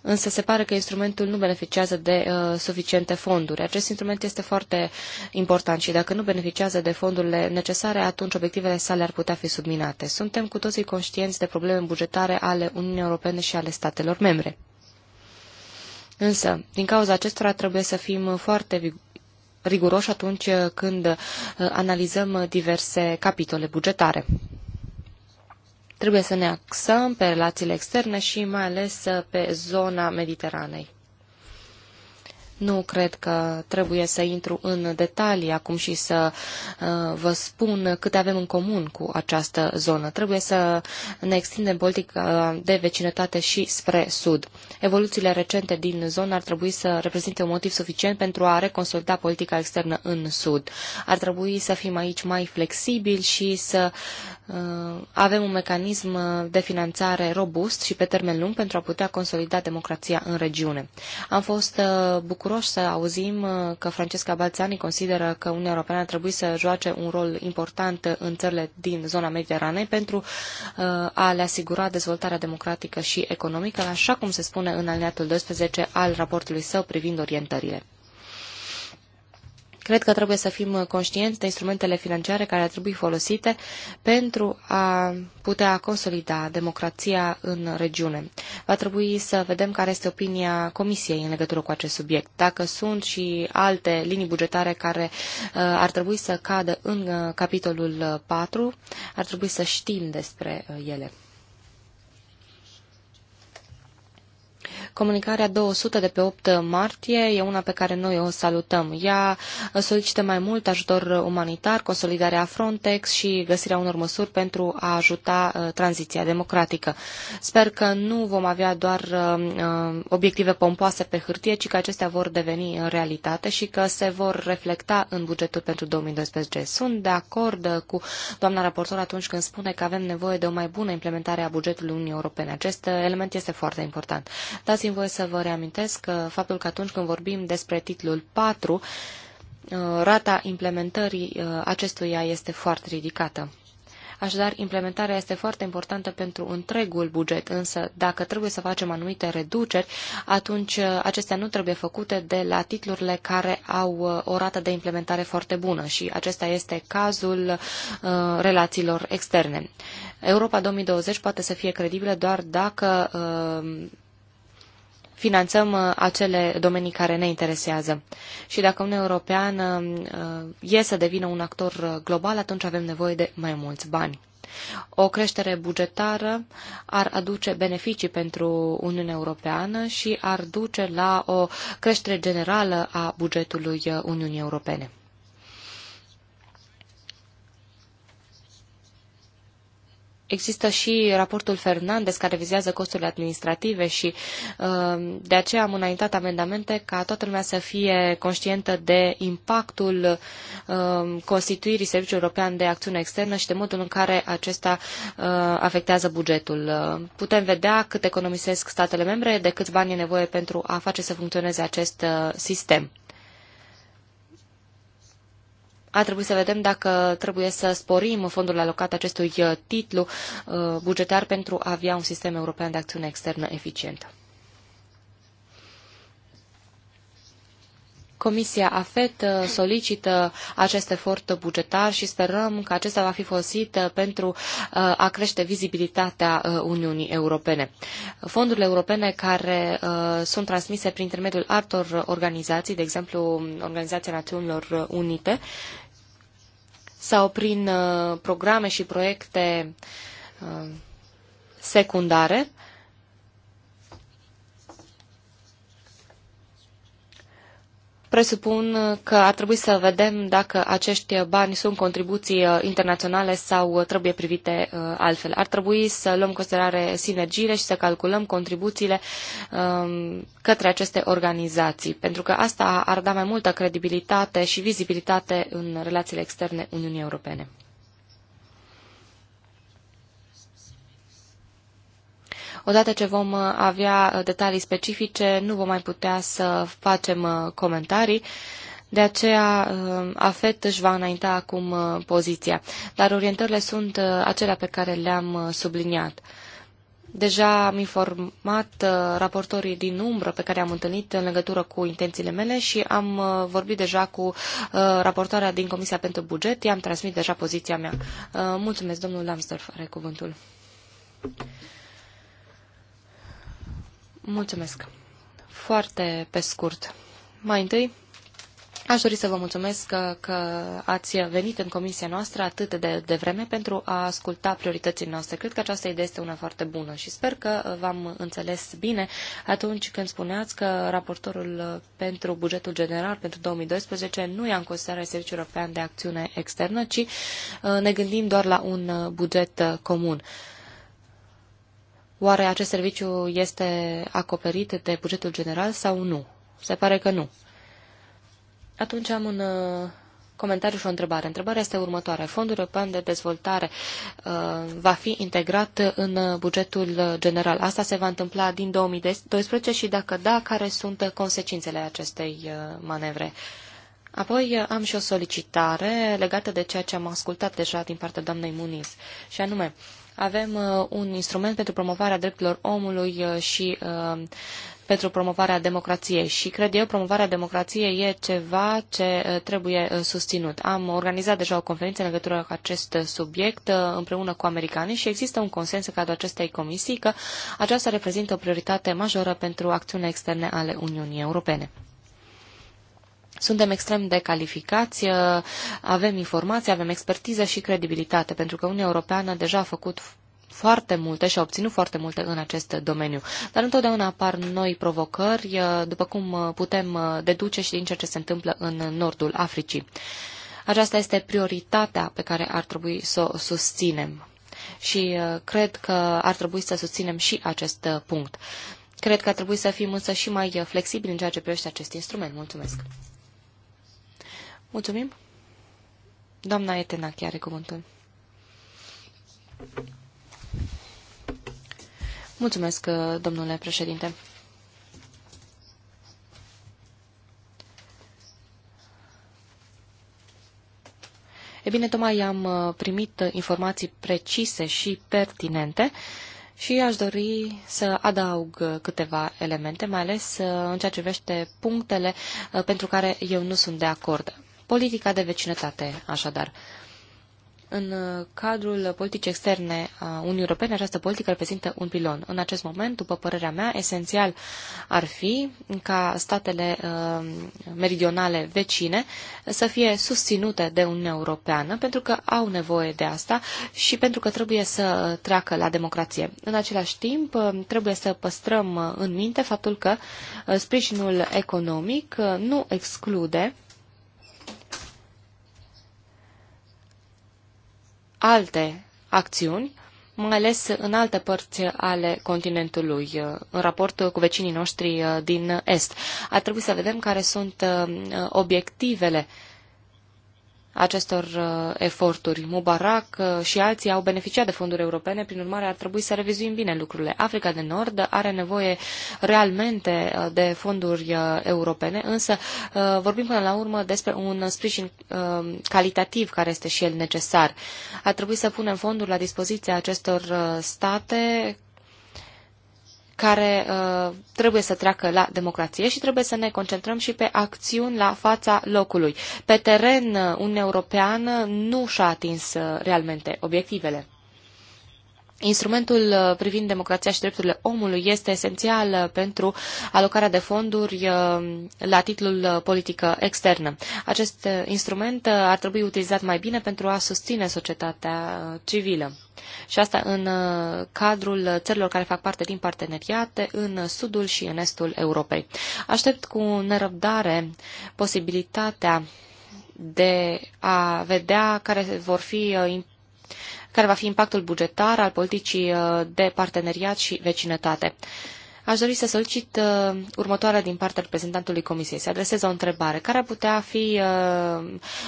însă se pare că instrumentul nu beneficiază de uh, suficiente fonduri. Acest instrument este foarte important și dacă nu beneficiază de fondurile necesare, atunci obiectivele sale ar putea fi subminate. Suntem cu toții conștienți de probleme bugetare ale Uniunii Europene și ale statelor membre. Însă, din cauza acestora trebuie să fim foarte riguroși atunci când uh, analizăm diverse capitole bugetare. Trebuie să ne axăm pe relațiile externe și mai ales pe zona Mediteranei. Nu cred că trebuie să intru în detalii acum și să uh, vă spun cât avem în comun cu această zonă. Trebuie să ne extindem politica de vecinătate și spre sud. Evoluțiile recente din zonă ar trebui să reprezinte un motiv suficient pentru a reconsolida politica externă în sud. Ar trebui să fim aici mai flexibili și să uh, avem un mecanism de finanțare robust și pe termen lung pentru a putea consolida democrația în regiune. Am fost uh, bucuros bucuroși să auzim uh, că Francesca Balțani consideră că Uniunea Europeană ar trebui să joace un rol important în țările din zona Mediteranei pentru uh, a le asigura dezvoltarea democratică și economică, așa cum se spune în alineatul 12 al raportului său privind orientările. Cred că trebuie să fim conștienți de instrumentele financiare care ar trebui folosite pentru a putea consolida democrația în regiune. Va trebui să vedem care este opinia Comisiei în legătură cu acest subiect. Dacă sunt și alte linii bugetare care uh, ar trebui să cadă în uh, capitolul 4, uh, ar trebui să știm despre ele. Comunicarea 200 de pe 8 martie e una pe care noi o salutăm. Ea solicită mai mult ajutor umanitar, consolidarea Frontex și găsirea unor măsuri pentru a ajuta uh, tranziția democratică. Sper că nu vom avea doar uh, uh, obiective pompoase pe hârtie, ci că acestea vor deveni realitate și că se vor reflecta în bugetul pentru 2012. Sunt de acord cu doamna raportor atunci când spune că avem nevoie de o mai bună implementare a bugetului Uniunii Europene. Acest element este foarte important. Dați Dați-mi să vă reamintesc că faptul că atunci când vorbim despre titlul 4, uh, rata implementării uh, acestuia este foarte ridicată. Așadar, implementarea este foarte importantă pentru întregul buget, însă dacă trebuie să facem anumite reduceri, atunci uh, acestea nu trebuie făcute de la titlurile care au o rată de implementare foarte bună și acesta este cazul uh, relațiilor externe. Europa 2020 poate să fie credibilă doar dacă uh, finanțăm uh, acele domenii care ne interesează. Și dacă Uniunea Europeană uh, uh, e să devină un actor global, atunci avem nevoie de mai mulți bani. O creștere bugetară ar aduce beneficii pentru Uniunea Europeană și ar duce la o creștere generală a bugetului Uniunii Europene. Există și raportul Fernandez care vizează costurile administrative și uh, de aceea am înaintat amendamente ca toată lumea să fie conștientă de impactul uh, constituirii Serviciului European de Acțiune Externă și de modul în care acesta uh, afectează bugetul. Putem vedea cât economisesc statele membre, de câți bani e nevoie pentru a face să funcționeze acest sistem a trebuit să vedem dacă trebuie să sporim fondul alocat acestui uh, titlu uh, bugetar pentru a avea un sistem european de acțiune externă eficient. Comisia AFET uh, solicită acest efort bugetar și sperăm că acesta va fi folosit uh, pentru uh, a crește vizibilitatea Uniunii Europene. Fondurile europene care sunt transmise prin intermediul altor organizații, de exemplu Organizația Națiunilor Unite, sau prin programe și proiecte secundare, presupun că ar trebui să vedem dacă acești bani sunt contribuții uh, internaționale sau uh, trebuie privite uh, altfel. Ar trebui să luăm în considerare sinergiile și să calculăm contribuțiile um, către aceste organizații, pentru că asta ar da mai multă credibilitate și vizibilitate în relațiile externe Uniunii Europene. Odată ce vom uh, avea uh, detalii specifice, nu vom mai putea să facem uh, comentarii. De aceea, AFET își va înainta acum poziția. Dar orientările sunt acelea pe care le-am subliniat. Deja am informat raportorii din umbră pe care am întâlnit în legătură cu intențiile mele și am vorbit deja cu raportoarea din Comisia pentru Buget. I-am transmis deja poziția mea. Mulțumesc, domnul Lambsdorff, are cuvântul. Mulțumesc. Foarte pe scurt. Mai întâi, Aș dori să vă mulțumesc că, că ați venit în comisia noastră atât de devreme pentru a asculta prioritățile noastre. Cred că această idee este una foarte bună și sper că v-am înțeles bine atunci când spuneați că raportorul pentru bugetul general pentru 2012 nu ia în considerare Serviciul European de Acțiune Externă, ci uh, ne gândim doar la un uh, buget uh, comun. Oare acest serviciu este acoperit de bugetul general sau nu? Se pare că nu. Atunci am un uh, comentariu și o întrebare. Întrebarea este următoarea. Fondul European de Dezvoltare uh, va fi integrat în bugetul general. Asta se va întâmpla din 2012 și dacă da, care sunt consecințele acestei uh, manevre? Apoi uh, am și o solicitare legată de ceea ce am ascultat deja din partea doamnei Muniz, și anume, uh, avem uh, un instrument pentru promovarea drepturilor omului uh, și uh, pentru promovarea democrației și, cred eu, promovarea democrației e ceva ce trebuie susținut. Am organizat deja o conferință în legătură cu acest subiect împreună cu americanii și există un consens în cadrul acestei comisii că aceasta reprezintă o prioritate majoră pentru acțiunile externe ale Uniunii Europene. Suntem extrem de calificați, uh, avem informații, avem expertiză și credibilitate, pentru că Uniunea Europeană deja a făcut foarte multe și a obținut foarte multe în acest domeniu. Dar întotdeauna apar noi provocări, uh, după cum uh, putem deduce și din ceea ce se întâmplă în nordul Africii. Aceasta este prioritatea pe care ar trebui să o susținem și cred că ar trebui să susținem și acest punct. Cred că ar trebui să fim însă și mai flexibili în ceea ce privește acest instrument. Mulțumesc! Mulțumim. Doamna Etena, chiar are cuvântul. Mulțumesc, uh, domnule președinte. E bine, tocmai am uh, primit informații precise și pertinente și aș dori să adaug uh, câteva elemente, mai ales în ceea ce privește punctele pentru care eu nu sunt de acord politica de vecinătate, așadar. În uh, cadrul politicii externe a Uniunii Europene, această politică reprezintă un pilon. În acest moment, după părerea mea, esențial ar fi ca statele uh, meridionale vecine să fie susținute de Uniunea Europeană, pentru că au nevoie de asta și pentru că trebuie să treacă la democrație. În același timp, uh, trebuie să păstrăm în minte faptul că sprijinul economic nu exclude alte acțiuni, mai ales în alte părți ale continentului, uh, în raport cu vecinii noștri uh, din Est. Ar trebui să vedem care sunt uh, obiectivele acestor uh, eforturi. Mubarak uh, și alții au beneficiat de fonduri europene, prin urmare ar trebui să revizuim bine lucrurile. Africa de Nord are nevoie realmente uh, de fonduri europene, însă vorbim până la urmă despre un sprijin calitativ care este și el necesar. Ar trebui să punem fonduri la dispoziția acestor state care uh, trebuie să treacă la democrație și trebuie să ne concentrăm și pe acțiuni la fața locului. Pe teren, uh, Uniunea Europeană nu și-a atins uh, realmente obiectivele. Instrumentul uh, privind democrația și drepturile omului este esențial uh, pentru alocarea de fonduri uh, la titlul politică externă. Acest instrument ar trebui utilizat mai bine pentru a susține societatea civilă. Și asta în cadrul țărilor care fac parte din parteneriate în sudul și în estul Europei. Aștept cu nerăbdare posibilitatea de a vedea care vor fi care va fi impactul bugetar al politicii uh, de parteneriat și vecinătate. Aș dori să solicit uh, următoarea din partea reprezentantului Comisiei. Să adresez o întrebare. Care ar putea fi uh,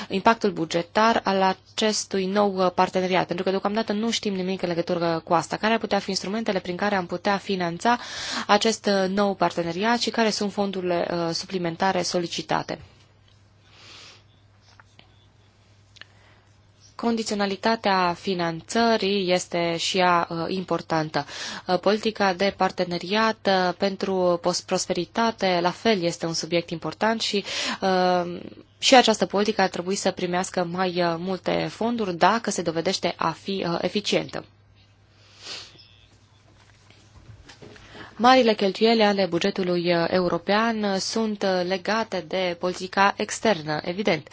impactul bugetar al acestui nou uh, parteneriat? Pentru că deocamdată nu știm nimic în legătură cu asta. Care ar putea fi instrumentele prin care am putea finanța acest uh, nou parteneriat și care sunt fondurile uh, suplimentare solicitate? Condiționalitatea finanțării este și ea uh, importantă. Uh, politica de parteneriat uh, pentru prosperitate, la fel, este un subiect important și și această politică ar trebui să primească mai multe fonduri dacă se dovedește a fi eficientă. Marile cheltuieli ale bugetului european sunt legate de politica externă, evident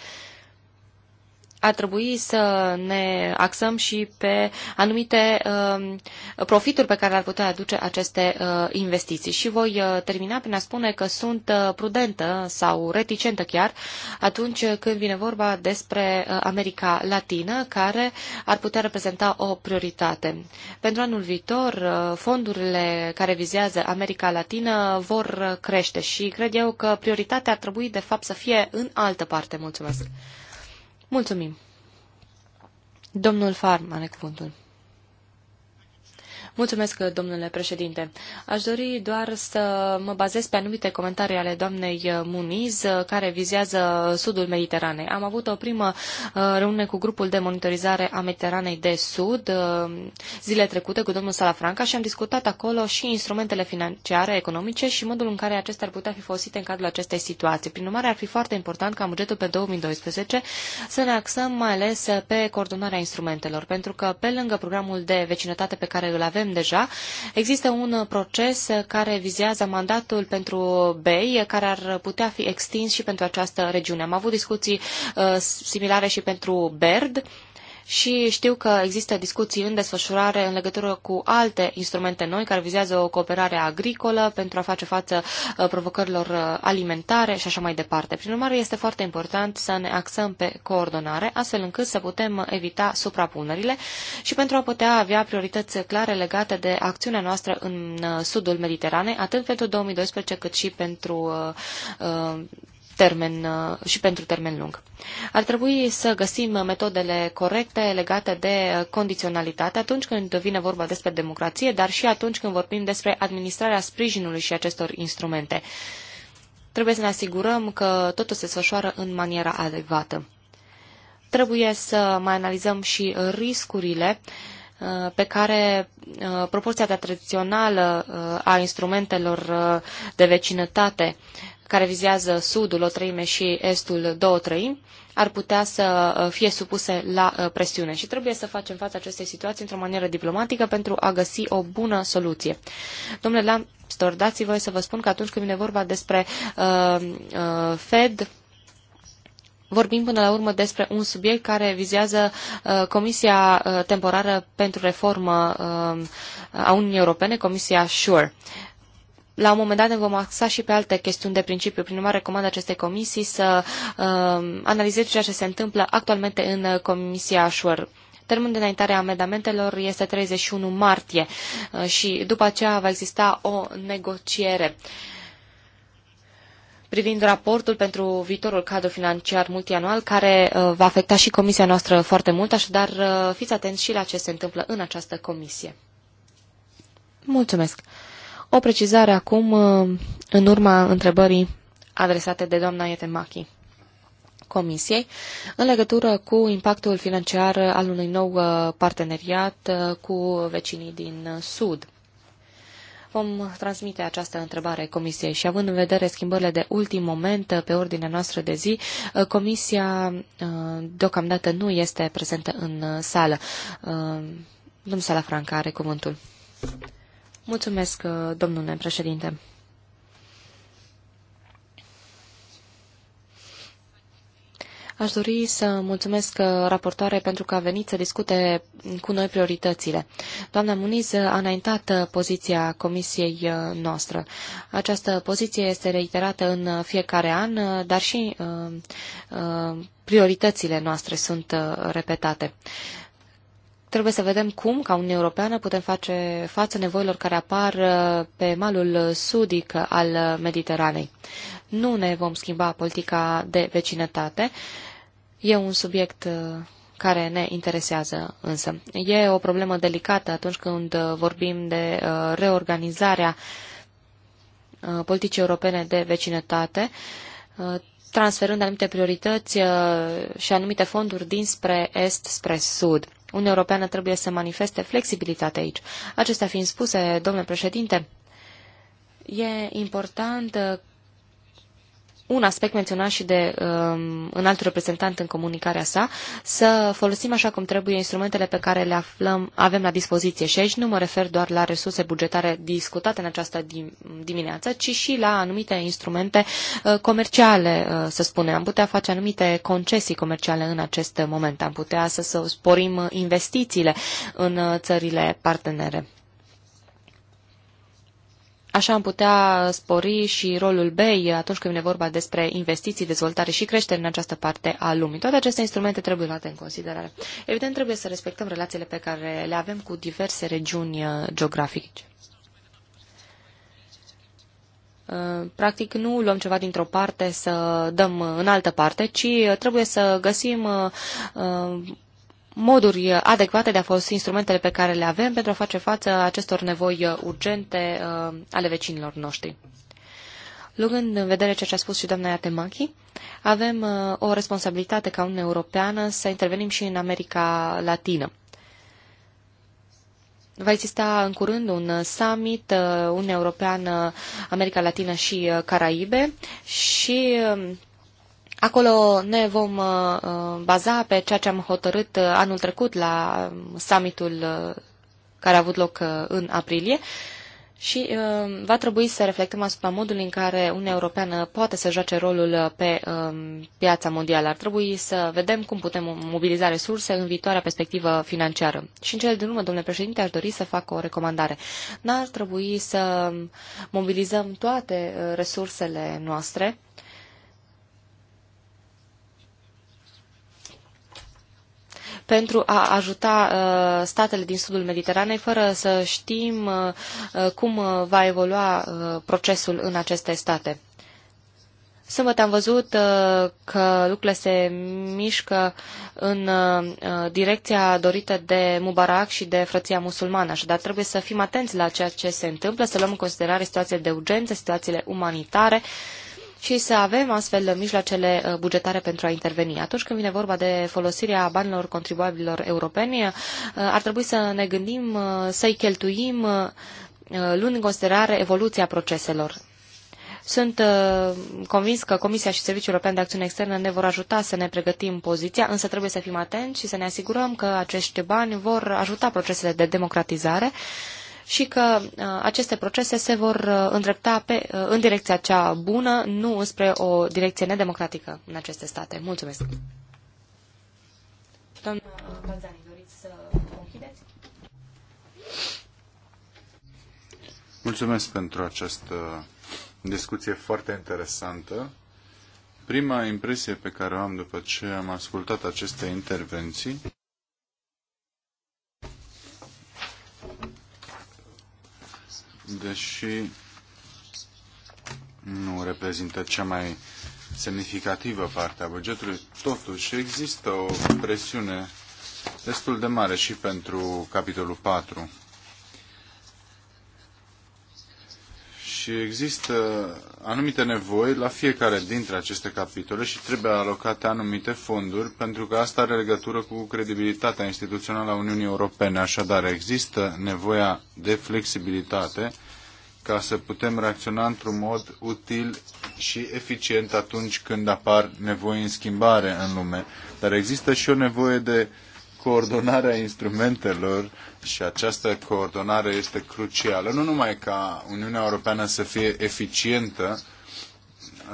ar trebui să ne axăm și pe anumite um, profituri pe care ar putea aduce aceste uh, investiții. Și voi uh, termina prin a spune că sunt uh, prudentă sau reticentă chiar atunci când vine vorba despre America Latină, care ar putea reprezenta o prioritate. Pentru anul viitor, fondurile care vizează America Latină vor crește și cred eu că prioritatea ar trebui de fapt să fie în altă parte. Mulțumesc! Mulțumim. Domnul Farm are cuvântul. Mulțumesc, domnule președinte. Aș dori doar să mă bazez pe anumite comentarii ale doamnei Muniz, care vizează sudul Mediteranei. Am avut o primă uh, reuniune cu grupul de monitorizare a Mediteranei de Sud uh, zile trecute cu domnul Salafranca și am discutat acolo și instrumentele financiare, economice și modul în care acestea ar putea fi folosite în cadrul acestei situații. Prin urmare, ar fi foarte important ca bugetul pe 2012 să ne axăm mai ales pe coordonarea instrumentelor, pentru că pe lângă programul de vecinătate pe care îl avem, avem deja. Există un proces care vizează mandatul pentru BEI, care ar putea fi extins și pentru această regiune. Am avut discuții uh, similare și pentru BERD și știu că există discuții în desfășurare în legătură cu alte instrumente noi care vizează o cooperare agricolă pentru a face față uh, provocărilor uh, alimentare și așa mai departe. Prin urmare, este foarte important să ne axăm pe coordonare, astfel încât să putem evita suprapunerile și pentru a putea avea priorități clare legate de acțiunea noastră în uh, sudul Mediteranei, atât pentru 2012 cât și pentru uh, termen, uh, și pentru termen lung. Ar trebui să găsim metodele corecte legate de condiționalitate atunci când vine vorba despre democrație, dar și atunci când vorbim despre administrarea sprijinului și acestor instrumente. Trebuie să ne asigurăm că totul se sfășoară în maniera adecvată. Trebuie să mai analizăm și riscurile uh, pe care uh, proporția tradițională a instrumentelor de vecinătate care vizează sudul o treime și estul două treimi, ar putea să uh, fie supuse la uh, presiune și trebuie să facem față acestei situații într-o manieră diplomatică pentru a găsi o bună soluție. Domnule Lambstor, dați voi să vă spun că atunci când vine vorba despre uh, uh, Fed, Vorbim până la urmă despre un subiect care vizează uh, Comisia uh, Temporară pentru Reformă uh, a Uniunii Europene, Comisia SURE la un moment dat ne vom axa și pe alte chestiuni de principiu. Prin urmare, recomand acestei comisii să uh, analizeze ceea ce se întâmplă actualmente în Comisia Sure. Termenul de înaintare a amendamentelor este 31 martie uh, și după aceea va exista o negociere privind raportul pentru viitorul cadru financiar multianual, care uh, va afecta și comisia noastră foarte mult, așadar uh, fiți atenți și la ce se întâmplă în această comisie. Mulțumesc! O precizare acum uh, în urma întrebării adresate de doamna Ietemachi. Comisiei în legătură cu impactul financiar al unui nou uh, parteneriat uh, cu vecinii din Sud. Vom transmite această întrebare Comisiei și având în vedere schimbările de ultim moment pe ordinea noastră de zi, Comisia deocamdată nu este prezentă în sală. Domnul Sala Franca are cuvântul. Mulțumesc, uh, domnule președinte. Aș dori să mulțumesc uh, raportoare pentru că a venit să discute cu noi prioritățile. Doamna Muniz a înaintat uh, poziția comisiei noastră. Această poziție este reiterată în fiecare an, dar și prioritățile noastre sunt repetate. Trebuie să vedem cum, ca Uniunea Europeană, putem face față nevoilor care apar uh, pe malul sudic al Mediteranei. Nu ne vom schimba politica de vecinătate. E un subiect uh, care ne interesează însă. E o problemă delicată atunci când vorbim de uh, reorganizarea politicii europene de vecinătate, transferând anumite priorități și anumite fonduri dinspre est spre sud. Uniunea Europeană trebuie să manifeste flexibilitate aici. Acestea fiind spuse, domnule președinte, e important un aspect menționat și de um, un alt reprezentant în comunicarea sa, să folosim așa cum trebuie instrumentele pe care le aflăm, avem la dispoziție și aici nu mă refer doar la resurse bugetare discutate în această dimineață, ci și la anumite instrumente uh, comerciale, uh, să spunem. Am putea face anumite concesii comerciale în acest moment, am putea să, să sporim investițiile în uh, țările partenere. Așa am putea spori și rolul BEI atunci când vine vorba despre investiții, dezvoltare și creștere în această parte a lumii. Toate aceste instrumente trebuie luate în considerare. Evident, trebuie să respectăm relațiile pe care le avem cu diverse regiuni uh, geografice. Uh, practic nu luăm ceva dintr-o parte să dăm în altă parte, ci uh, trebuie să găsim moduri uh, adecvate de a folosi instrumentele pe care le avem pentru a face față acestor nevoi uh, urgente uh, ale vecinilor noștri. Lugând în vedere ceea ce a spus și doamna Iatemachi, avem o responsabilitate ca Uniunea Europeană să intervenim și în America Latină. Va exista în curând un summit Uniunea Europeană, America Latină și Caraibe și um, Acolo ne vom uh, uh, baza pe ceea ce am hotărât uh, anul trecut la um, summitul care a avut loc în aprilie și va trebui să reflectăm asupra modului în care Uniunea Europeană poate să joace rolul pe um, piața mondială. Ar trebui să vedem cum putem mobiliza resurse în viitoarea perspectivă financiară. Și în cele din urmă, domnule președinte, aș dori să fac o recomandare. N-ar trebui să um, mobilizăm toate resursele noastre pentru a ajuta uh, statele din sudul Mediteranei, fără să știm uh, uh, cum va evolua procesul în aceste state. Sâmbătă am văzut că lucrurile se mișcă în direcția dorită de Mubarak și de frăția musulmană, așadar trebuie să fim atenți la ceea ce se întâmplă, să luăm în considerare situațiile de urgență, situațiile umanitare, și să avem astfel mijloacele uh, bugetare pentru a interveni. Atunci când vine vorba de folosirea banilor contribuabililor europeni, uh, ar trebui să ne gândim uh, să-i cheltuim luând în considerare evoluția proceselor. Sunt convins că Comisia și Serviciul European de Acțiune Externă ne vor ajuta să ne pregătim poziția, însă trebuie să fim atenți și să ne asigurăm că acești bani vor ajuta procesele de democratizare și că uh, aceste procese se vor uh, îndrepta pe, uh, în direcția cea bună, nu spre o direcție nedemocratică în aceste state. Mulțumesc! Doamna Balzani, doriți să conchideți? Mulțumesc pentru această discuție foarte interesantă. Prima impresie pe care o am după ce am ascultat aceste intervenții deși nu reprezintă cea mai semnificativă parte a bugetului, totuși există o presiune destul de mare și pentru capitolul 4. Și deci există anumite nevoi la fiecare dintre aceste capitole și trebuie alocate anumite fonduri, pentru că asta are legătură cu credibilitatea instituțională a Uniunii Europene. Așadar, există nevoia de flexibilitate ca să putem reacționa într-un mod util și eficient atunci când apar nevoi în schimbare în lume. Dar există și o nevoie de coordonarea instrumentelor și această coordonare este crucială, nu numai ca Uniunea Europeană să fie eficientă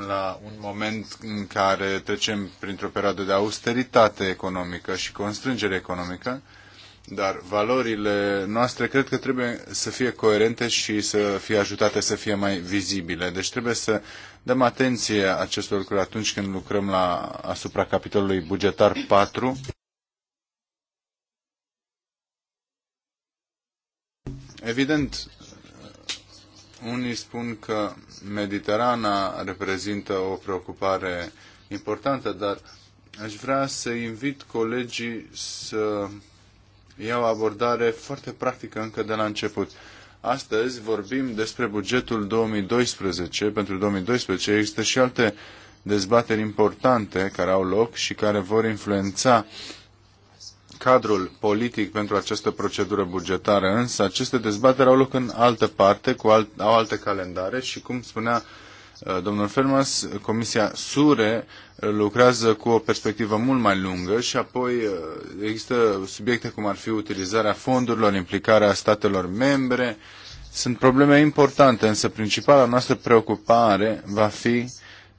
la un moment în care trecem printr-o perioadă de austeritate economică și constrângere economică, dar valorile noastre cred că trebuie să fie coerente și să fie ajutate să fie mai vizibile. Deci trebuie să dăm atenție acestor lucruri atunci când lucrăm la, asupra capitolului bugetar 4. Evident, unii spun că Mediterana reprezintă o preocupare importantă, dar aș vrea să invit colegii să ia o abordare foarte practică încă de la început. Astăzi vorbim despre bugetul 2012. Pentru 2012 există și alte dezbateri importante care au loc și care vor influența uh, cadrul politic pentru această procedură bugetară, însă aceste dezbateri au loc în altă parte, cu alt, au alte calendare și, cum spunea uh, domnul Fermas, Comisia SURE lucrează cu o perspectivă mult mai lungă și apoi uh, există subiecte cum ar fi utilizarea fondurilor, implicarea statelor membre. Sunt probleme importante, însă principala noastră preocupare va fi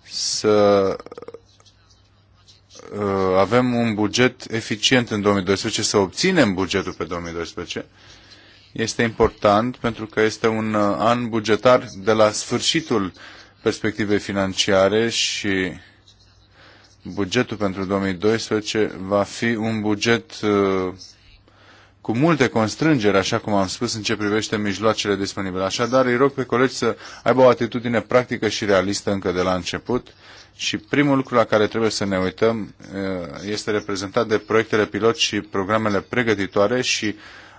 să Uh, avem un buget eficient în 2012, să obținem bugetul pe 2012, este important pentru că este un uh, an bugetar de la sfârșitul perspectivei financiare și bugetul pentru 2012 va fi un buget uh, cu multe constrângeri, așa cum am spus, în ce privește mijloacele disponibile. Așadar, îi rog pe colegi să aibă o atitudine practică și realistă încă de la început și primul lucru la care trebuie să ne uităm uh, este reprezentat de proiectele pilot și programele pregătitoare și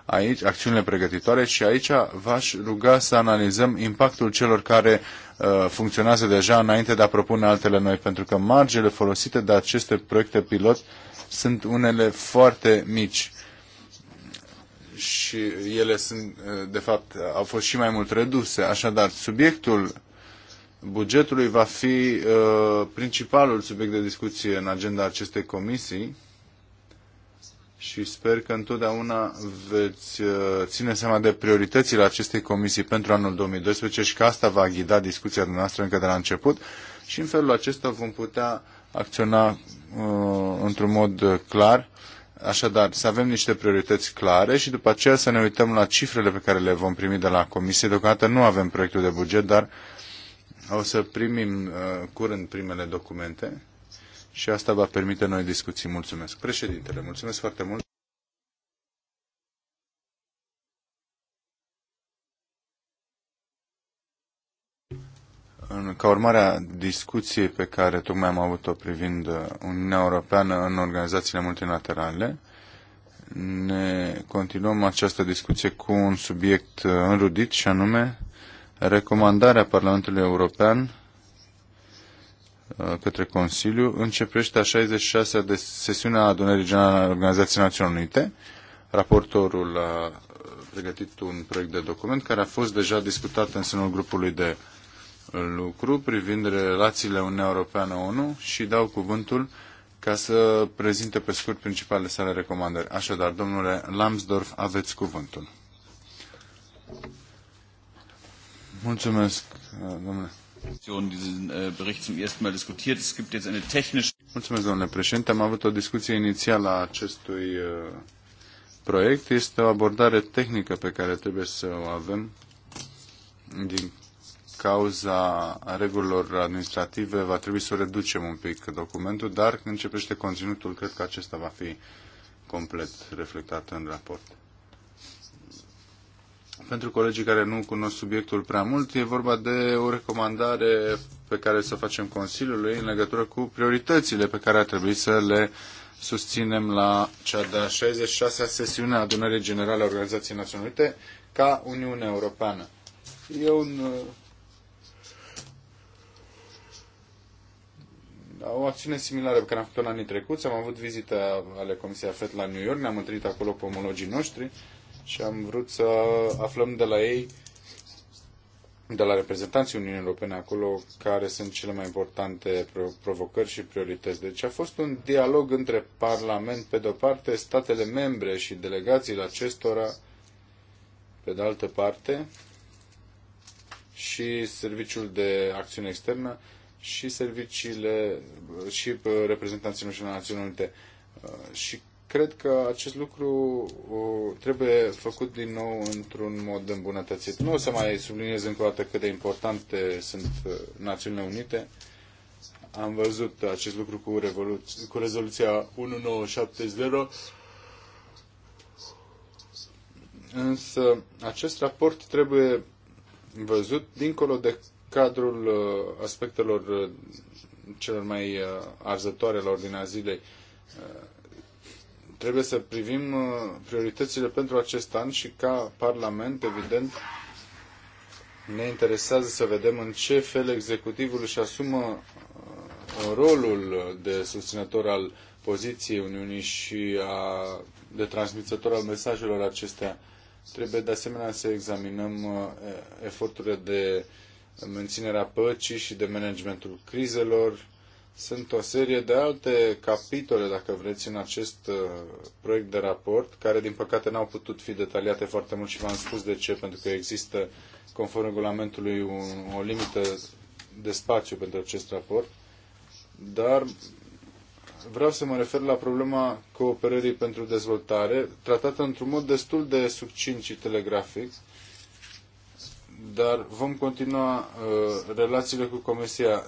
aici, acțiunile pregătitoare și aici v-aș ruga să analizăm impactul celor care uh, funcționează deja înainte de a propune altele noi, pentru că margele folosite de aceste proiecte pilot sunt unele foarte mici și ele sunt, uh, de fapt, au fost și mai mult reduse. Așadar, subiectul bugetului va fi uh, principalul subiect de discuție în agenda acestei comisii și sper că întotdeauna veți uh, ține seama de prioritățile acestei comisii pentru anul 2012 și că asta va ghida discuția noastră încă de la început și în felul acesta vom putea acționa uh, într-un mod clar. Așadar, să avem niște priorități clare și după aceea să ne uităm la cifrele pe care le vom primi de la comisie. Deocamdată nu avem proiectul de buget, dar uh, o să primim uh, curând primele documente și asta va permite noi discuții. Mulțumesc. Președintele, mulțumesc foarte mult. ca urmare a discuției pe care tocmai am avut-o privind uh, Uniunea Europeană în organizațiile multilaterale, ne continuăm această discuție cu un subiect uh, înrudit și anume Recomandarea Parlamentului European uh, către Consiliu începește a 66-a de sesiunea adunării generale a Organizației Națiunilor Unite. Raportorul a pregătit un proiect de document care a fost deja discutat în sânul grupului de lucru privind relațiile Uniunea Europeană-ONU și dau cuvântul ca să prezinte pe scurt principalele sale recomandări. Așadar, domnule Lambsdorff, aveți cuvântul. Mulțumesc, domnule. Mulțumesc, domnule președinte. Am avut o discuție inițială a acestui uh, proiect. Este o abordare tehnică pe care trebuie să o avem din cauza regulilor administrative va trebui să reducem un pic documentul, dar când începește conținutul, cred că acesta va fi complet reflectat în raport. Pentru colegii care nu cunosc subiectul prea mult, e vorba de o recomandare pe care să facem Consiliului în legătură cu prioritățile pe care ar trebui să le susținem la cea de-a 66-a sesiune a Adunării Generale a Organizației Unite ca Uniunea Europeană. E un uh, o acțiune similară pe care am făcut-o în anii trecuți. Am avut vizită ale Comisiei FET la New York, ne-am întâlnit acolo cu omologii noștri și am vrut să aflăm de la ei, de la reprezentanții Uniunii Europene acolo, care sunt cele mai importante provocări și priorități. Deci a fost un dialog între Parlament, pe de-o parte, statele membre și delegațiile acestora, pe de altă parte, și Serviciul de Acțiune Externă și serviciile și uh, reprezentanții noștri Unite. Uh, și cred că acest lucru uh, trebuie făcut din nou într-un mod îmbunătățit. Nu o să mai subliniez încă o dată cât de importante sunt uh, Națiunile Unite. Am văzut acest lucru cu, cu rezoluția 1970. Însă acest raport trebuie văzut dincolo de cadrul uh, aspectelor celor mai arzătoare la ordinea zilei trebuie să privim uh, prioritățile pentru acest an și ca Parlament, evident, ne interesează să vedem în ce fel executivul își asumă uh, rolul de susținător al poziției Uniunii și a, de transmițător al mesajelor acestea. Trebuie de asemenea să examinăm uh, eforturile de menținere a păcii și de managementul crizelor, sunt o serie de alte capitole, dacă vreți, în acest uh, proiect de raport, care, din păcate, n-au putut fi detaliate foarte mult și v-am spus de ce, pentru că există, conform regulamentului, un, o limită de spațiu pentru acest raport. Dar vreau să mă refer la problema cooperării pentru dezvoltare, tratată într-un mod destul de succint și telegrafic, dar vom continua uh, relațiile cu Comisia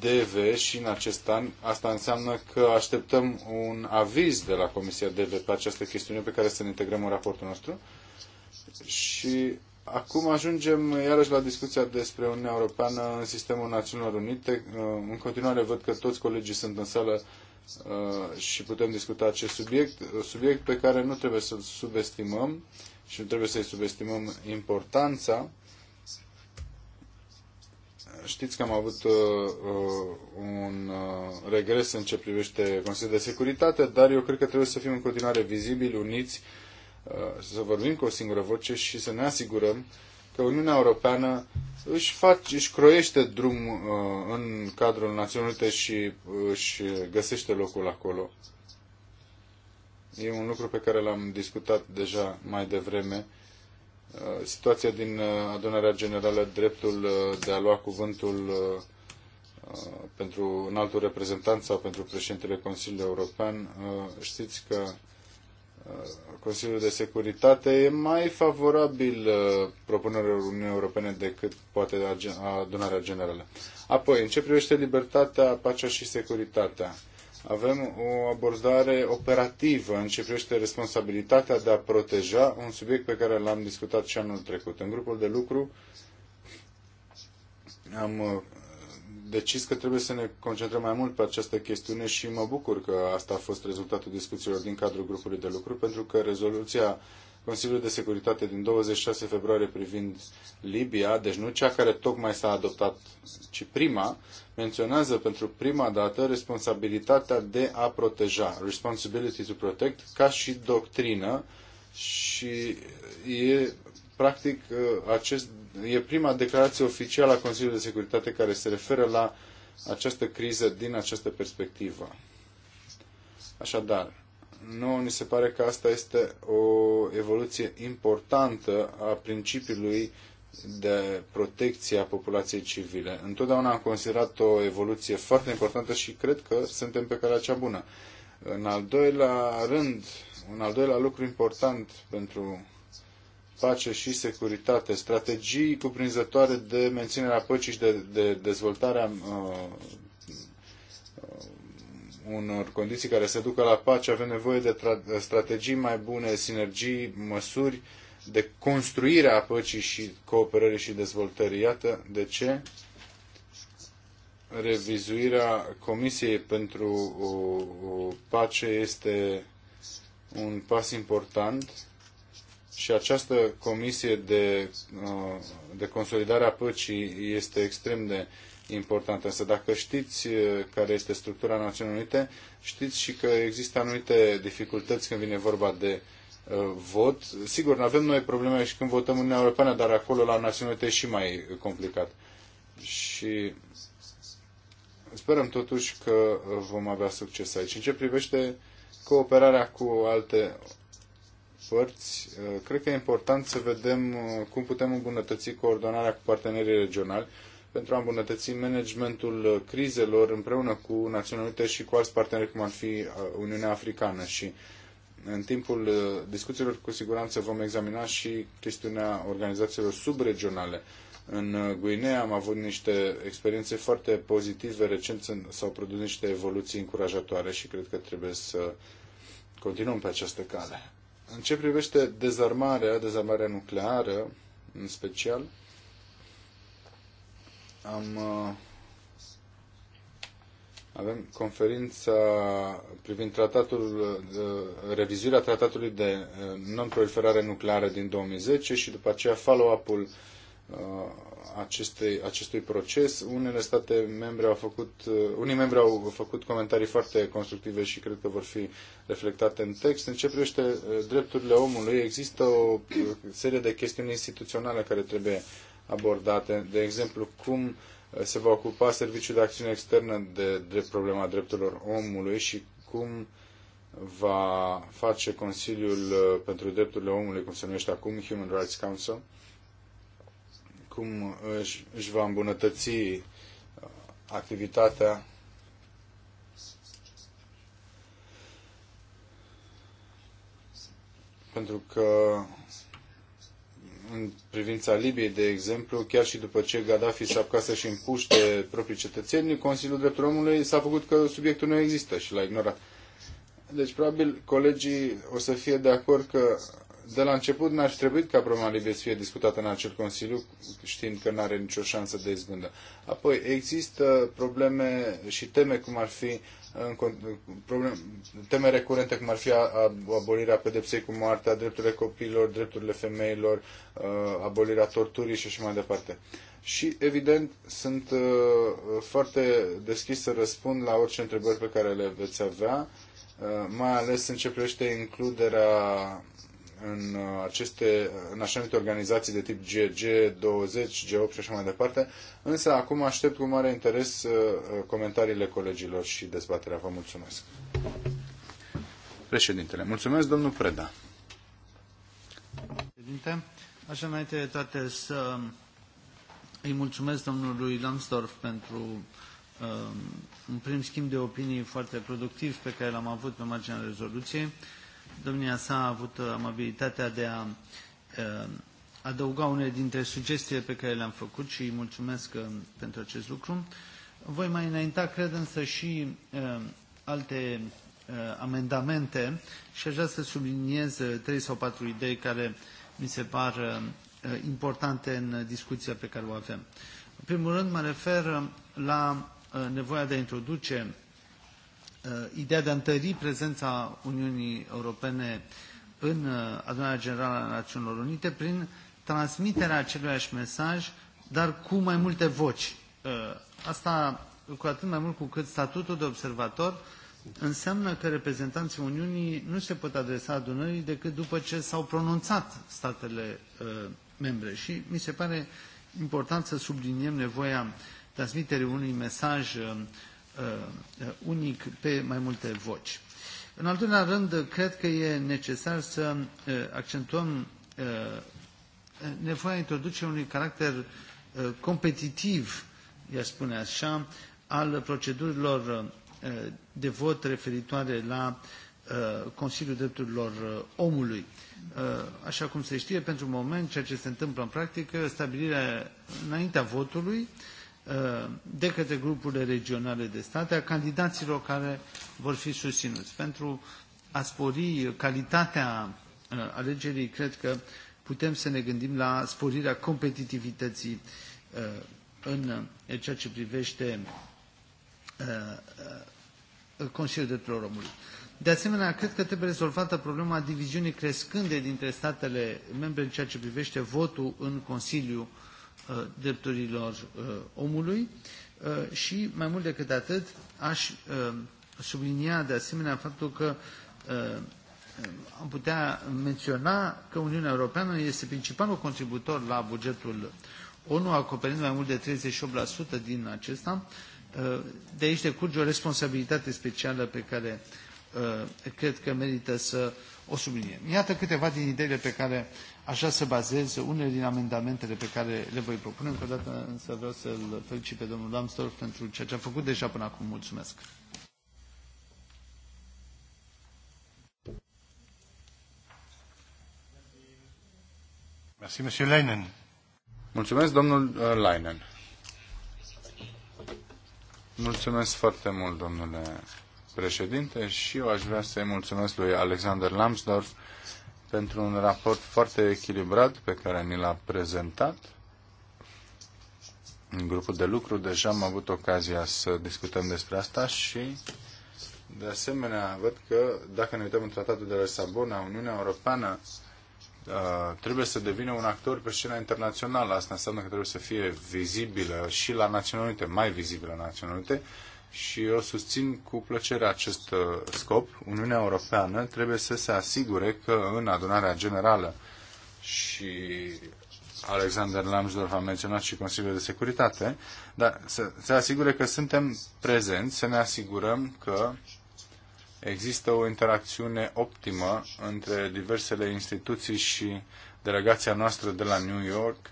DV și în acest an. Asta înseamnă că așteptăm un aviz de la Comisia DV pe această chestiune pe care să ne integrăm în raportul nostru. Și acum ajungem iarăși la discuția despre Uniunea Europeană în sistemul Națiunilor Unite. Uh, în continuare văd că toți colegii sunt în sală uh, și putem discuta acest subiect, subiect pe care nu trebuie să-l subestimăm și nu trebuie să-i subestimăm importanța. Știți că am avut uh, uh, un uh, regres în ce privește Consiliul de Securitate, dar eu cred că trebuie să fim în continuare vizibili, uniți, uh, să vorbim cu o singură voce și să ne asigurăm că Uniunea Europeană își, face, își croiește drum uh, în cadrul Națiunilor Unite și uh, își găsește locul acolo. E un lucru pe care l-am discutat deja mai devreme Uh, situația din uh, adunarea generală, dreptul uh, de a lua cuvântul pentru un altul reprezentant sau pentru președintele Consiliului European, știți că Consiliul de Securitate e mai favorabil propunerilor Uniunii Europene decât poate adunarea generală. Apoi, în ce privește libertatea, pacea și securitatea? avem o abordare operativă în ce privește responsabilitatea de a proteja un subiect pe care l-am discutat și anul trecut. În grupul de lucru am uh, decis că trebuie să ne concentrăm mai mult pe această chestiune și mă bucur că asta a fost rezultatul discuțiilor din cadrul grupului de lucru, pentru că rezoluția Consiliului de Securitate din 26 februarie privind Libia, deci nu cea care tocmai s-a adoptat, ci prima, menționează pentru prima dată responsabilitatea de a proteja, responsibility to protect, ca și doctrină și e practic uh, acest, e prima declarație oficială a Consiliului de Securitate care se referă la această criză din această perspectivă. Așadar, nouă ni se pare că asta este o evoluție importantă a principiului de protecție a populației civile. Întotdeauna am considerat o evoluție foarte importantă și cred că suntem pe calea cea bună. În al doilea rând, un al doilea lucru important pentru pace și securitate, strategii cuprinzătoare de menținerea păcii și de, de dezvoltarea uh, uh unor condiții care se ducă la pace, avem nevoie de strategii mai bune, sinergii, măsuri de construirea păcii și cooperării și dezvoltării. Iată de ce revizuirea Comisiei pentru o, o pace este un pas important și această comisie de, uh, de consolidare a păcii este extrem de importantă. Însă dacă știți uh, care este structura Națiunilor Unite, știți și că există anumite dificultăți când vine vorba de uh, Uh, vot. Sigur, nu avem noi probleme și când votăm Uniunea Europeană, dar acolo la națiunitate e și mai complicat. Și sperăm totuși că vom avea succes aici. În ce privește cooperarea cu alte părți, uh, cred că e important să vedem uh, cum putem îmbunătăți coordonarea cu partenerii regionali pentru a îmbunătăți managementul crizelor împreună cu Națiunile Unite și cu alți parteneri, cum ar fi Uniunea Africană. Și în timpul uh, discuțiilor, cu siguranță, vom examina și chestiunea organizațiilor subregionale. În uh, Guinea am avut niște experiențe foarte pozitive, recent s-au produs niște evoluții încurajatoare și cred că trebuie să continuăm pe această cale. În ce privește dezarmarea, dezarmarea nucleară în special, am uh, avem conferința privind tratatul, uh, revizuirea tratatului de uh, non-proliferare nucleară din 2010 și după aceea follow-up-ul uh, acestei, acestui proces. Unele state membre au făcut, unii membri au făcut comentarii foarte constructive și cred că vor fi reflectate în text. În ce privește drepturile omului, există o serie de chestiuni instituționale care trebuie abordate. De exemplu, cum uh, se va ocupa Serviciul de Acțiune Externă de, problema drepturilor omului și cum va face Consiliul uh, pentru Drepturile Omului, cum se numește acum, Human Rights Council, cum își, își va îmbunătăți uh, activitatea pentru că în privința Libiei, de exemplu, chiar și după ce Gaddafi s-a apucat să-și împuște proprii cetățeni, Consiliul Drepturilor Omului s-a făcut că subiectul nu există și l-a ignorat. Deci, probabil, colegii o să fie de acord că de la început n-ar fi trebuit ca problema Libiei să fie discutată în acel Consiliu, știind că nu are nicio șansă de izbândă. Apoi, există probleme și teme cum ar fi problem, teme recurente cum ar fi abolirea pedepsei cu moartea, drepturile copiilor, drepturile femeilor, uh, abolirea torturii și așa mai departe. Și, evident, sunt uh, foarte deschis să răspund la orice întrebări pe care le veți avea, uh, mai ales în ce privește includerea în uh, aceste, uh, în așa numite organizații de tip G20, G8 și așa mai departe, însă acum aștept cu mare interes uh, comentariile colegilor și dezbaterea. Vă mulțumesc. Președintele, mulțumesc, domnul Preda. Președinte, așa înainte de toate să îi mulțumesc domnului Lambsdorff pentru um, un prim schimb de opinii foarte productiv pe care l-am avut pe marginea rezoluției domnia sa a avut amabilitatea de a uh, adăuga unele dintre sugestiile pe care le-am făcut și îi mulțumesc uh, pentru acest lucru. Voi mai înainta, cred însă, și uh, alte amendamente și aș vrea să subliniez trei sau patru idei care mi se par importante în discuția pe care o avem. În primul rând mă refer la nevoia de a introduce Uh, ideea de a întări prezența Uniunii Europene în uh, Adunarea Generală a Națiunilor Unite prin transmiterea aceluiași mesaj, dar cu mai multe voci. Uh, asta cu atât mai mult cu cât statutul de observator înseamnă că reprezentanții Uniunii nu se pot adresa adunării decât după ce s-au pronunțat statele membre. Și mi se pare important să subliniem nevoia transmiterii unui mesaj Uh, uh, unic pe mai multe voci. În al doilea rând, cred că e necesar să uh, accentuăm nevoia introducerii unui caracter competitiv, i-aș spune așa, al procedurilor de vot referitoare la Consiliul Drepturilor Omului. Așa cum se știe, pentru moment, ceea ce se întâmplă în practică, stabilirea înaintea votului Uh, de către grupurile regionale de state a candidaților care vor fi susținuți. Pentru a spori calitatea uh, alegerii, cred că putem să ne gândim la sporirea competitivității uh, în ceea ce privește Consiliul Drepturilor Omului. De asemenea, cred că trebuie rezolvată problema diviziunii crescânde dintre statele membre în ceea ce privește votul în Consiliu Uh, drepturilor uh, omului uh, și, mai mult decât atât, aș sublinia de asemenea faptul că am putea menționa că Uniunea Europeană este principalul contributor la bugetul ONU, acoperind mai mult de 38% din acesta. De aici decurge o responsabilitate specială pe care cred că merită să o subliniem. Iată câteva din ideile pe care Așa se bazează unele din amendamentele pe care le voi propune. Încă o dată însă vreau să-l felicit pe domnul Lambsdorff pentru ceea ce a făcut deja până acum. Mulțumesc! Mersi, monsieur Leinen. Mulțumesc, domnul uh, Leinen. Mulțumesc foarte mult, domnule președinte, și eu aș vrea să-i mulțumesc lui Alexander Lambsdorff pentru un raport foarte echilibrat pe care ni l-a prezentat. În grupul de lucru deja am avut ocazia să discutăm despre asta și, de asemenea, văd că dacă ne uităm în tratatul de la Lisabona, Uniunea Europeană uh, trebuie să devină un actor pe scena internațională. Asta înseamnă că trebuie să fie vizibilă și la naționalitate, mai vizibilă la naționalitate și eu susțin cu plăcere acest uh, scop. Uniunea Europeană trebuie să se asigure că în adunarea generală și Alexander Lambsdorff a menționat și Consiliul de Securitate, dar să se asigure că suntem prezenți, să ne asigurăm că există o interacțiune optimă între diversele instituții și delegația noastră de la New York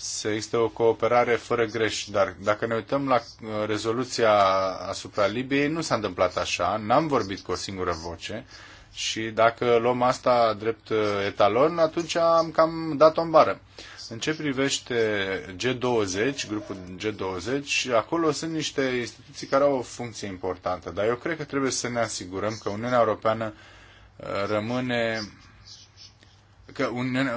să existe o cooperare fără greș. Dar dacă ne uităm la uh, rezoluția asupra Libiei, nu s-a întâmplat așa, n-am vorbit cu o singură voce și dacă luăm asta drept uh, etalon, atunci am cam dat-o în bară. În ce privește G20, grupul G20, acolo sunt niște instituții care au o funcție importantă, dar eu cred că trebuie să ne asigurăm că Uniunea Europeană uh, rămâne că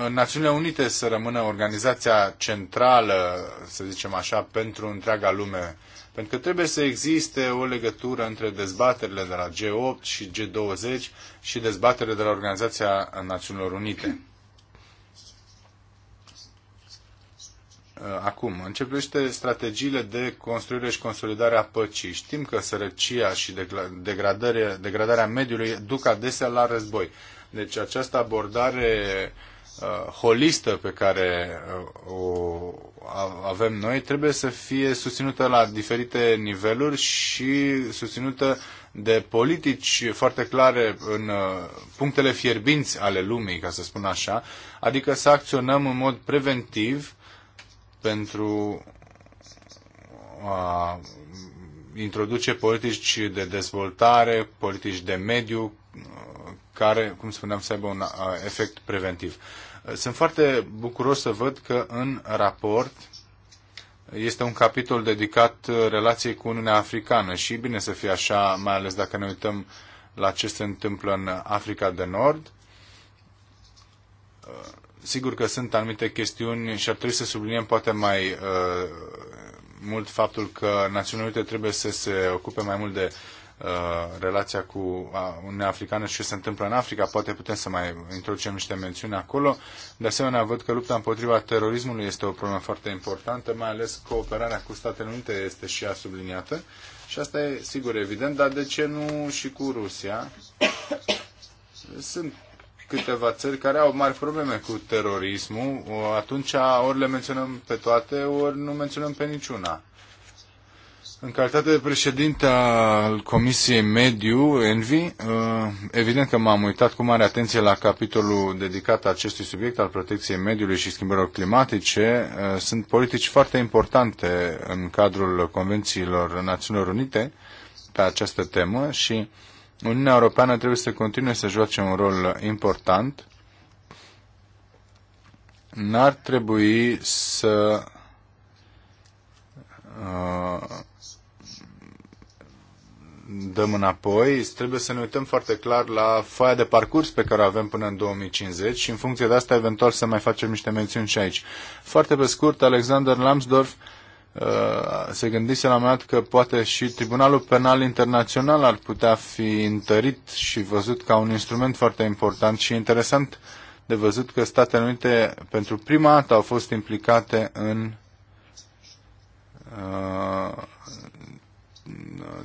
Națiunile Unite să rămână organizația centrală, să zicem așa, pentru întreaga lume. Pentru că trebuie să existe o legătură între dezbaterile de la G8 și G20 și dezbaterile de la Organizația Națiunilor Unite. Acum, începește strategiile de construire și consolidare a păcii. Știm că sărăcia și degradarea, mediului duc adesea la război. Deci această abordare uh, holistă pe care uh, o avem noi trebuie să fie susținută la diferite niveluri și susținută de politici foarte clare în uh, punctele fierbinți ale lumii, ca să spun așa, adică să acționăm în mod preventiv pentru a introduce politici de dezvoltare, politici de mediu care, cum spuneam, să aibă un efect preventiv. Sunt foarte bucuros să văd că în raport este un capitol dedicat uh, relației cu Uniunea Africană și bine să fie așa, mai ales dacă ne uităm la ce se întâmplă în Africa de Nord. Uh, sigur că sunt anumite chestiuni și ar trebui să subliniem poate mai uh, mult faptul că Națiunile Unite trebuie să se ocupe mai mult de uh, Uh, relația cu Uniunea Africană și ce se întâmplă în Africa. Poate putem să mai introducem niște mențiuni acolo. De asemenea, văd că lupta împotriva terorismului este o problemă foarte importantă, mai ales cooperarea cu Statele Unite este și ea subliniată. Și asta e sigur evident, dar de ce nu și cu Rusia? Sunt câteva țări care au mari probleme cu terorismul, atunci ori le menționăm pe toate, ori nu menționăm pe niciuna. În calitate de președinte al Comisiei Mediu, Envi, uh, evident că m-am uitat cu mare atenție la capitolul dedicat acestui subiect al protecției mediului și schimbărilor climatice. Uh, sunt politici foarte importante în cadrul Convențiilor Națiunilor Unite pe această temă și Uniunea Europeană trebuie să continue să joace un rol important. N-ar trebui să uh, dăm înapoi, trebuie să ne uităm foarte clar la foaia de parcurs pe care o avem până în 2050 și în funcție de asta eventual să mai facem niște mențiuni și aici. Foarte pe scurt, Alexander Lambsdorff uh, se gândise la un moment dat că poate și Tribunalul Penal Internațional ar putea fi întărit și văzut ca un instrument foarte important și interesant de văzut că Statele Unite pentru prima dată au fost implicate în uh,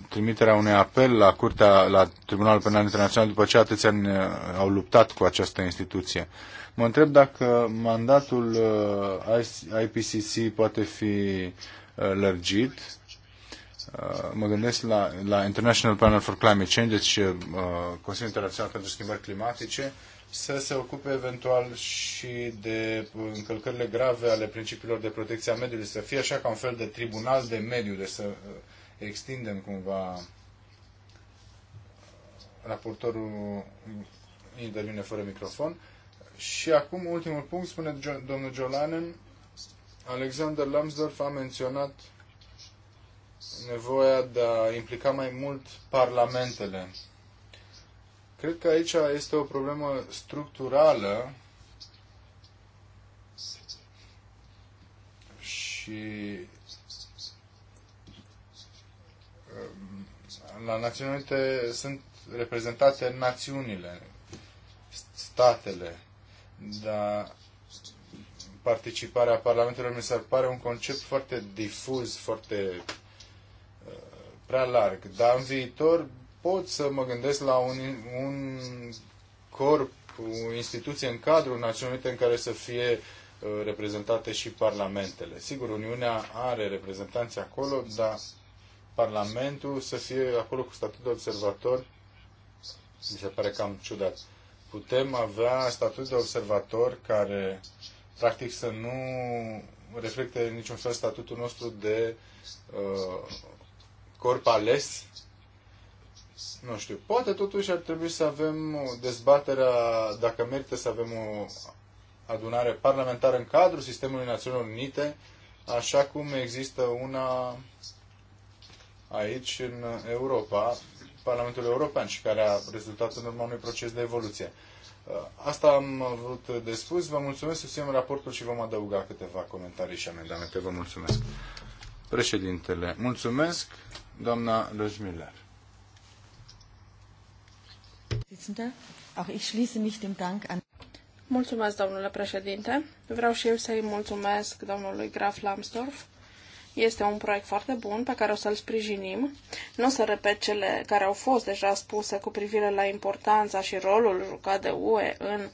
trimiterea unui apel la Curtea, la Tribunalul Penal Internațional după ce atâția ani uh, au luptat cu această instituție. Mă întreb dacă mandatul uh, IPCC poate fi uh, lărgit. Mă gândesc la, la International Panel for Climate Change, deci Consiliul Internațional pentru Schimbări Climatice, să se ocupe eventual și de încălcările grave ale principiilor de protecție a mediului, să fie așa ca un fel de tribunal de mediu, deci să extindem cumva raportorul intervine fără microfon. Și acum, ultimul punct, spune domnul Jolanen, Alexander Lambsdorff a menționat nevoia de a implica mai mult parlamentele. Cred că aici este o problemă structurală și la Națiunile Unite sunt reprezentate națiunile, statele, dar participarea Parlamentului mi se pare un concept foarte difuz, foarte uh, prea larg. Dar în viitor pot să mă gândesc la un, un corp, o instituție în cadrul Națiunilor Unite în care să fie uh, reprezentate și parlamentele. Sigur, Uniunea are reprezentanți acolo, dar Parlamentul să fie acolo cu statut de observator. Mi se pare cam ciudat. Putem avea statut de observator care practic să nu reflecte în niciun fel statutul nostru de uh, corp ales. Nu știu, poate totuși ar trebui să avem dezbaterea, dacă merită să avem o adunare parlamentară în cadrul sistemului Națiunilor Unite, așa cum există una aici în Europa, Parlamentul European și care a rezultat în urma unui proces de evoluție. Uh, asta am vrut de spus. Vă mulțumesc, susținem raportul și vom adăuga câteva comentarii și amendamente. Vă mulțumesc. Președintele, mulțumesc. Doamna Lăjmiller. Mulțumesc, domnule președinte. Vreau și eu să-i mulțumesc domnului Graf Lambsdorff este un proiect foarte bun pe care o să-l sprijinim. Nu o să repet cele care au fost deja spuse cu privire la importanța și rolul jucat de UE în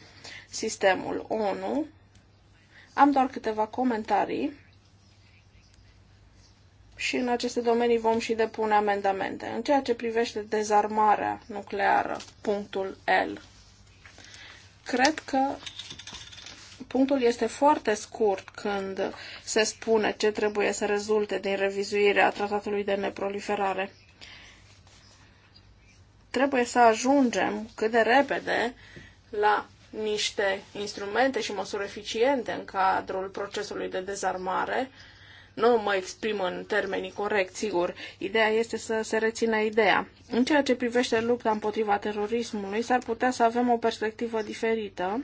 sistemul ONU. Am doar câteva comentarii și în aceste domenii vom și depune amendamente. În ceea ce privește dezarmarea nucleară, punctul L, cred că punctul este foarte scurt când se spune ce trebuie să rezulte din revizuirea tratatului de neproliferare. Trebuie să ajungem cât de repede la niște instrumente și măsuri eficiente în cadrul procesului de dezarmare. Nu mă exprim în termenii corect, sigur. Ideea este să se rețină ideea. În ceea ce privește lupta împotriva terorismului, s-ar putea să avem o perspectivă diferită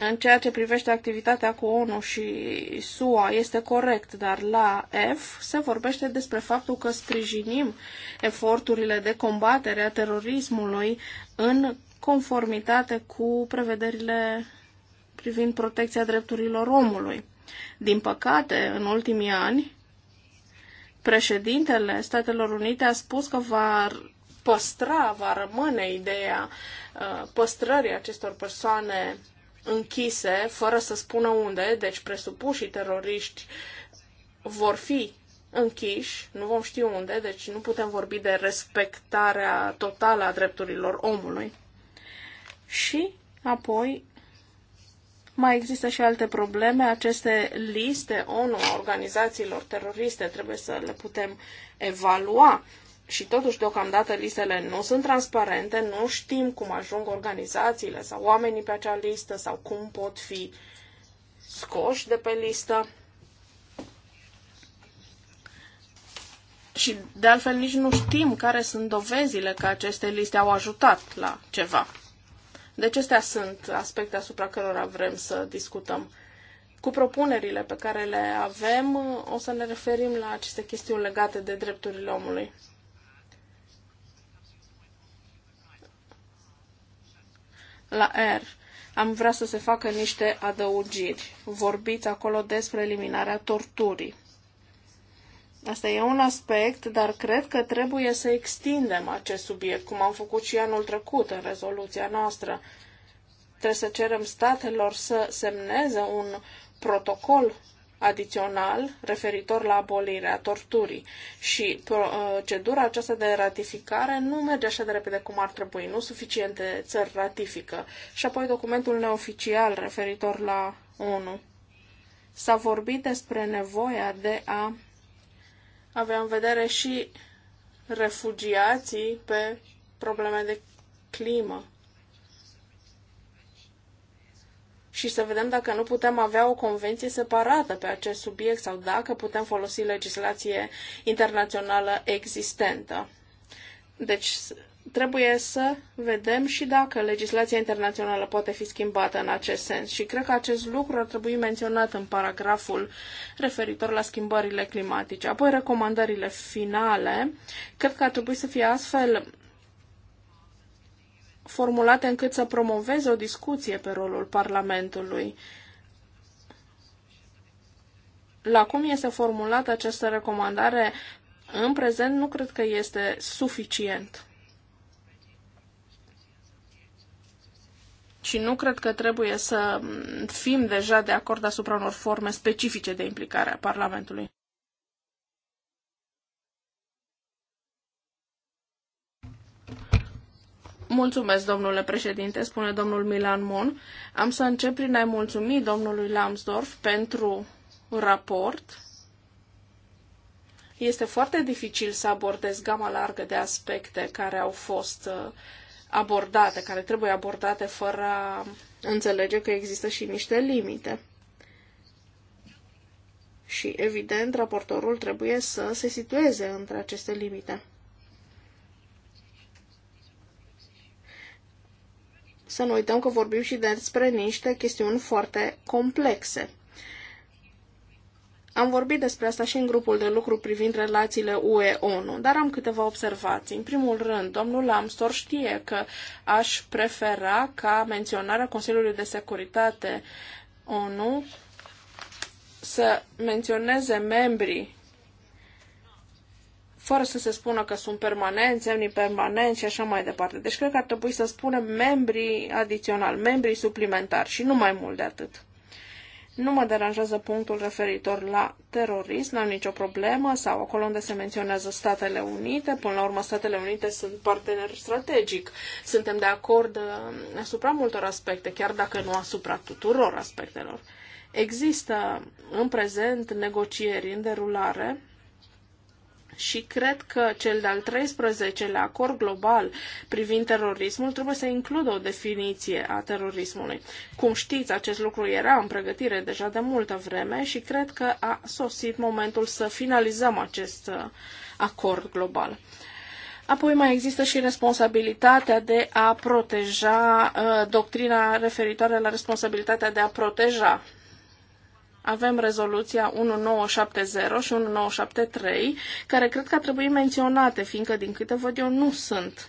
În ceea ce privește activitatea cu ONU și SUA este corect, dar la F se vorbește despre faptul că sprijinim eforturile de combatere a terorismului în conformitate cu prevederile privind protecția drepturilor omului. Din păcate, în ultimii ani, președintele Statelor Unite a spus că va păstra, va rămâne ideea uh, păstrării acestor persoane închise, fără să spună unde, deci presupușii teroriști vor fi închiși, nu vom ști unde, deci nu putem vorbi de respectarea totală a drepturilor omului. Și apoi mai există și alte probleme. Aceste liste ONU a organizațiilor teroriste trebuie să le putem evalua și totuși deocamdată listele nu sunt transparente, nu știm cum ajung organizațiile sau oamenii pe acea listă sau cum pot fi scoși de pe listă. Și de altfel nici nu știm care sunt dovezile că aceste liste au ajutat la ceva. Deci acestea sunt aspecte asupra cărora vrem să discutăm. Cu propunerile pe care le avem, o să ne referim la aceste chestiuni legate de drepturile omului. La R am vrea să se facă niște adăugiri. Vorbiți acolo despre eliminarea torturii. Asta e un aspect, dar cred că trebuie să extindem acest subiect, cum am făcut și anul trecut în rezoluția noastră. Trebuie să cerem statelor să semneze un protocol adițional referitor la abolirea torturii și uh, procedura aceasta de ratificare nu merge așa de repede cum ar trebui, nu suficiente țări ratifică. Și apoi documentul neoficial referitor la ONU. S-a vorbit despre nevoia de a avea în vedere și refugiații pe probleme de climă. și să vedem dacă nu putem avea o convenție separată pe acest subiect sau dacă putem folosi legislație internațională existentă. Deci trebuie să vedem și dacă legislația internațională poate fi schimbată în acest sens. Și cred că acest lucru ar trebui menționat în paragraful referitor la schimbările climatice. Apoi, recomandările finale, cred că ar trebui să fie astfel formulate încât să promoveze o discuție pe rolul Parlamentului. La cum este formulată această recomandare în prezent, nu cred că este suficient. Și nu cred că trebuie să fim deja de acord asupra unor forme specifice de implicare a Parlamentului. Mulțumesc, domnule președinte, spune domnul Milan Mon. Am să încep prin a-i mulțumi domnului Lambsdorff pentru raport. Este foarte dificil să abordez gama largă de aspecte care au fost uh, abordate, care trebuie abordate fără a înțelege că există și niște limite. Și, evident, raportorul trebuie să se situeze între aceste limite. să nu uităm că vorbim și despre niște chestiuni foarte complexe. Am vorbit despre asta și în grupul de lucru privind relațiile UE-ONU, dar am câteva observații. În primul rând, domnul Amstor știe că aș prefera ca menționarea Consiliului de Securitate ONU să menționeze membrii fără să se spună că sunt permanenți, semnii permanenți și așa mai departe. Deci cred că ar trebui să spunem membrii adițional, membrii suplimentari și nu mai mult de atât. Nu mă deranjează punctul referitor la terorism, n-am nicio problemă, sau acolo unde se menționează Statele Unite. Până la urmă, Statele Unite sunt partener strategic. Suntem de acord uh, asupra multor aspecte, chiar dacă nu asupra tuturor aspectelor. Există în prezent negocieri în derulare și cred că cel de-al 13-lea acord global privind terorismul trebuie să includă o definiție a terorismului. Cum știți, acest lucru era în pregătire deja de multă vreme și cred că a sosit momentul să finalizăm acest uh, acord global. Apoi mai există și responsabilitatea de a proteja, uh, doctrina referitoare la responsabilitatea de a proteja avem rezoluția 1970 și 1973, care cred că ar trebui menționate, fiindcă, din câte văd eu, nu sunt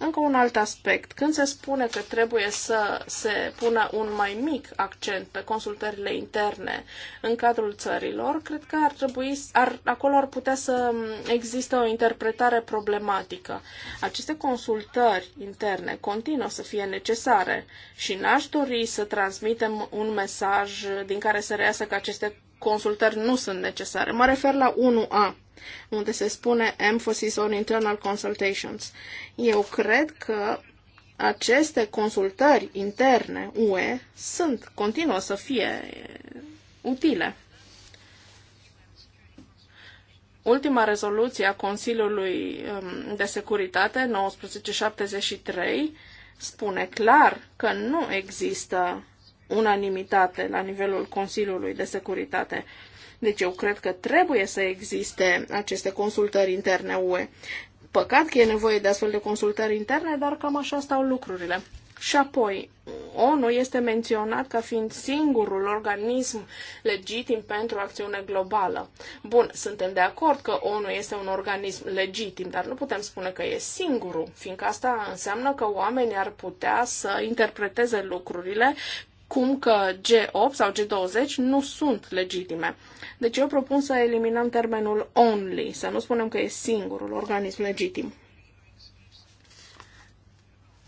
încă un alt aspect. Când se spune că trebuie să se pună un mai mic accent pe consultările interne în cadrul țărilor, cred că ar trebui, ar, acolo ar putea să existe o interpretare problematică. Aceste consultări interne continuă să fie necesare și n-aș dori să transmitem un mesaj din care să reiasă că aceste consultări nu sunt necesare. Mă refer la 1A, unde se spune emphasis on internal consultations. Eu cred că aceste consultări interne UE sunt, continuă să fie utile. Ultima rezoluție a Consiliului um, de Securitate, 1973, spune clar că nu există unanimitate la nivelul Consiliului de Securitate. Deci eu cred că trebuie să existe aceste consultări interne UE. Păcat că e nevoie de astfel de consultări interne, dar cam așa stau lucrurile. Și apoi, ONU este menționat ca fiind singurul organism legitim pentru acțiune globală. Bun, suntem de acord că ONU este un organism legitim, dar nu putem spune că e singurul, fiindcă asta înseamnă că oamenii ar putea să interpreteze lucrurile cum că G8 sau G20 nu sunt legitime. Deci eu propun să eliminăm termenul only, să nu spunem că e singurul organism legitim.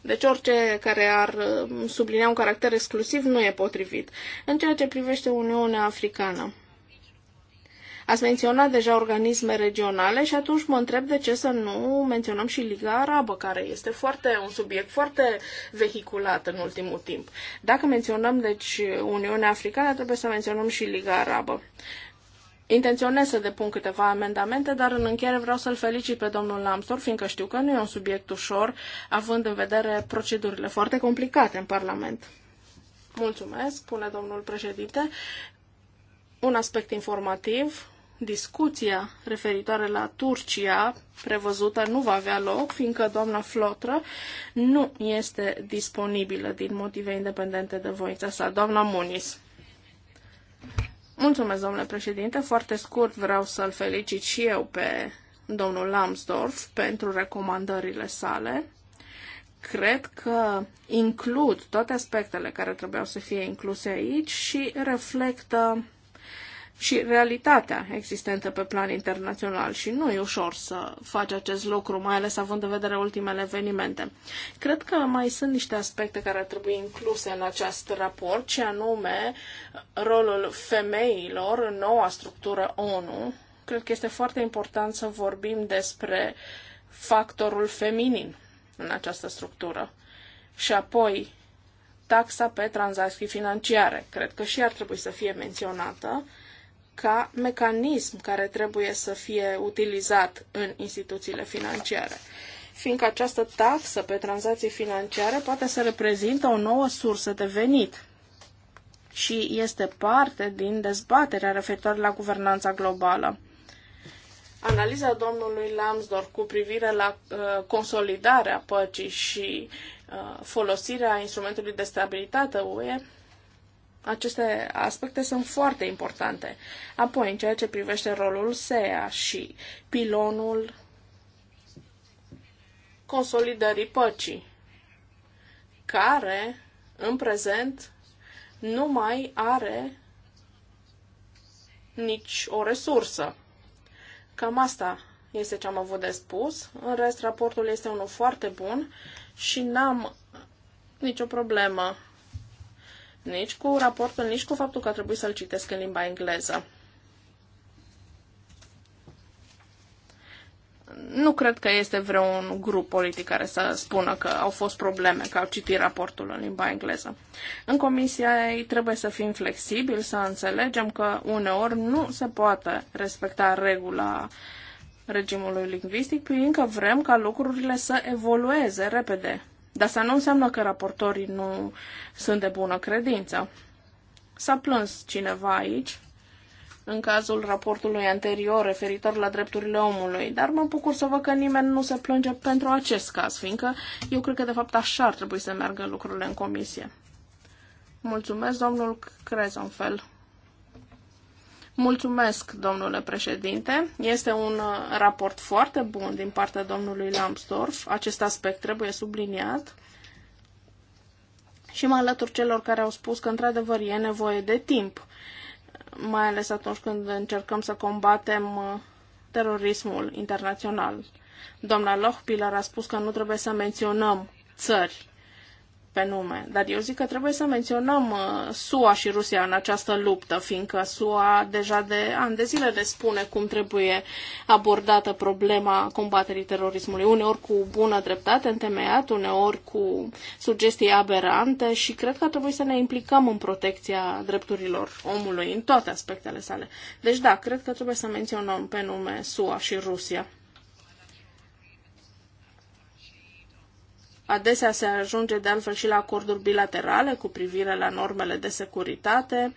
Deci orice care ar uh, sublinea un caracter exclusiv nu e potrivit. În ceea ce privește Uniunea Africană, Ați menționat deja organisme regionale și atunci mă întreb de ce să nu menționăm și Liga Arabă, care este foarte, un subiect foarte vehiculat în ultimul timp. Dacă menționăm, deci, Uniunea Africană, trebuie să menționăm și Liga Arabă. Intenționez să depun câteva amendamente, dar în încheiere vreau să-l felicit pe domnul Lamstor, fiindcă știu că nu e un subiect ușor, având în vedere procedurile foarte complicate în Parlament. Mulțumesc, spune domnul președinte. Un aspect informativ, discuția referitoare la Turcia prevăzută nu va avea loc, fiindcă doamna Flotră nu este disponibilă din motive independente de voința sa. Doamna Munis. Mulțumesc, domnule președinte. Foarte scurt vreau să-l felicit și eu pe domnul Lambsdorff pentru recomandările sale. Cred că includ toate aspectele care trebuiau să fie incluse aici și reflectă și realitatea existentă pe plan internațional și nu e ușor să faci acest lucru, mai ales având în vedere ultimele evenimente. Cred că mai sunt niște aspecte care ar trebui incluse în acest raport, și anume rolul femeilor în noua structură ONU. Cred că este foarte important să vorbim despre factorul feminin în această structură. Și apoi taxa pe tranzacții financiare. Cred că și ar trebui să fie menționată ca mecanism care trebuie să fie utilizat în instituțiile financiare fiindcă această taxă pe tranzacții financiare poate să reprezintă o nouă sursă de venit și este parte din dezbaterea referitoare la guvernanța globală. Analiza domnului Lambsdorff cu privire la uh, consolidarea păcii și uh, folosirea instrumentului de stabilitate UE aceste aspecte sunt foarte importante. Apoi, în ceea ce privește rolul SEA și pilonul consolidării păcii, care, în prezent, nu mai are nici o resursă. Cam asta este ce am avut de spus. În rest, raportul este unul foarte bun și n-am nicio problemă nici cu raportul, nici cu faptul că trebuie să-l citesc în limba engleză. Nu cred că este vreun grup politic care să spună că au fost probleme, că au citit raportul în limba engleză. În comisia ei trebuie să fim flexibili, să înțelegem că uneori nu se poate respecta regula regimului lingvistic, fiindcă vrem ca lucrurile să evolueze repede dar asta nu înseamnă că raportorii nu sunt de bună credință. S-a plâns cineva aici, în cazul raportului anterior referitor la drepturile omului, dar mă bucur să văd că nimeni nu se plânge pentru acest caz, fiindcă eu cred că de fapt așa ar trebui să meargă lucrurile în comisie. Mulțumesc, domnul Crezonfel. Mulțumesc, domnule președinte. Este un uh, raport foarte bun din partea domnului Lambsdorff. Acest aspect trebuie subliniat. Și mă alătur celor care au spus că, într-adevăr, e nevoie de timp, mai ales atunci când încercăm să combatem uh, terorismul internațional. Doamna Lochpiller a spus că nu trebuie să menționăm țări pe nume, dar eu zic că trebuie să menționăm uh, SUA și Rusia în această luptă, fiindcă SUA deja de ani de zile ne spune cum trebuie abordată problema combaterii terorismului, uneori cu bună dreptate întemeiat, uneori cu sugestii aberante și cred că trebuie să ne implicăm în protecția drepturilor omului în toate aspectele sale. Deci da, cred că trebuie să menționăm pe nume SUA și Rusia. Adesea se ajunge de altfel și la acorduri bilaterale cu privire la normele de securitate,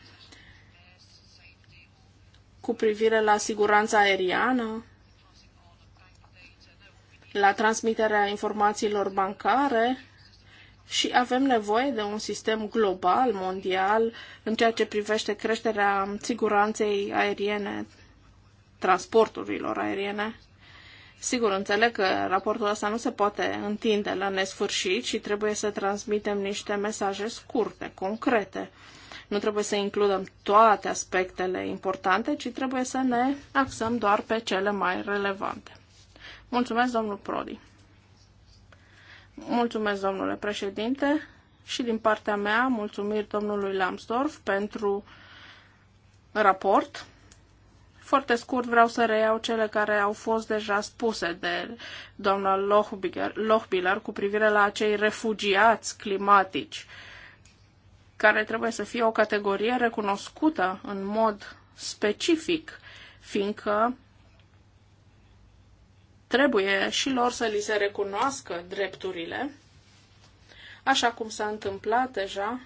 cu privire la siguranța aeriană, la transmiterea informațiilor bancare și avem nevoie de un sistem global, mondial, în ceea ce privește creșterea siguranței aeriene, transporturilor aeriene. Sigur, înțeleg că raportul ăsta nu se poate întinde la nesfârșit și trebuie să transmitem niște mesaje scurte, concrete. Nu trebuie să includem toate aspectele importante, ci trebuie să ne axăm doar pe cele mai relevante. Mulțumesc, domnul Prodi. Mulțumesc, domnule președinte, și din partea mea, mulțumiri domnului Lambsdorff pentru raport. Foarte scurt vreau să reiau cele care au fost deja spuse de doamna Lochbiller cu privire la acei refugiați climatici, care trebuie să fie o categorie recunoscută în mod specific, fiindcă trebuie și lor să li se recunoască drepturile, așa cum s-a întâmplat deja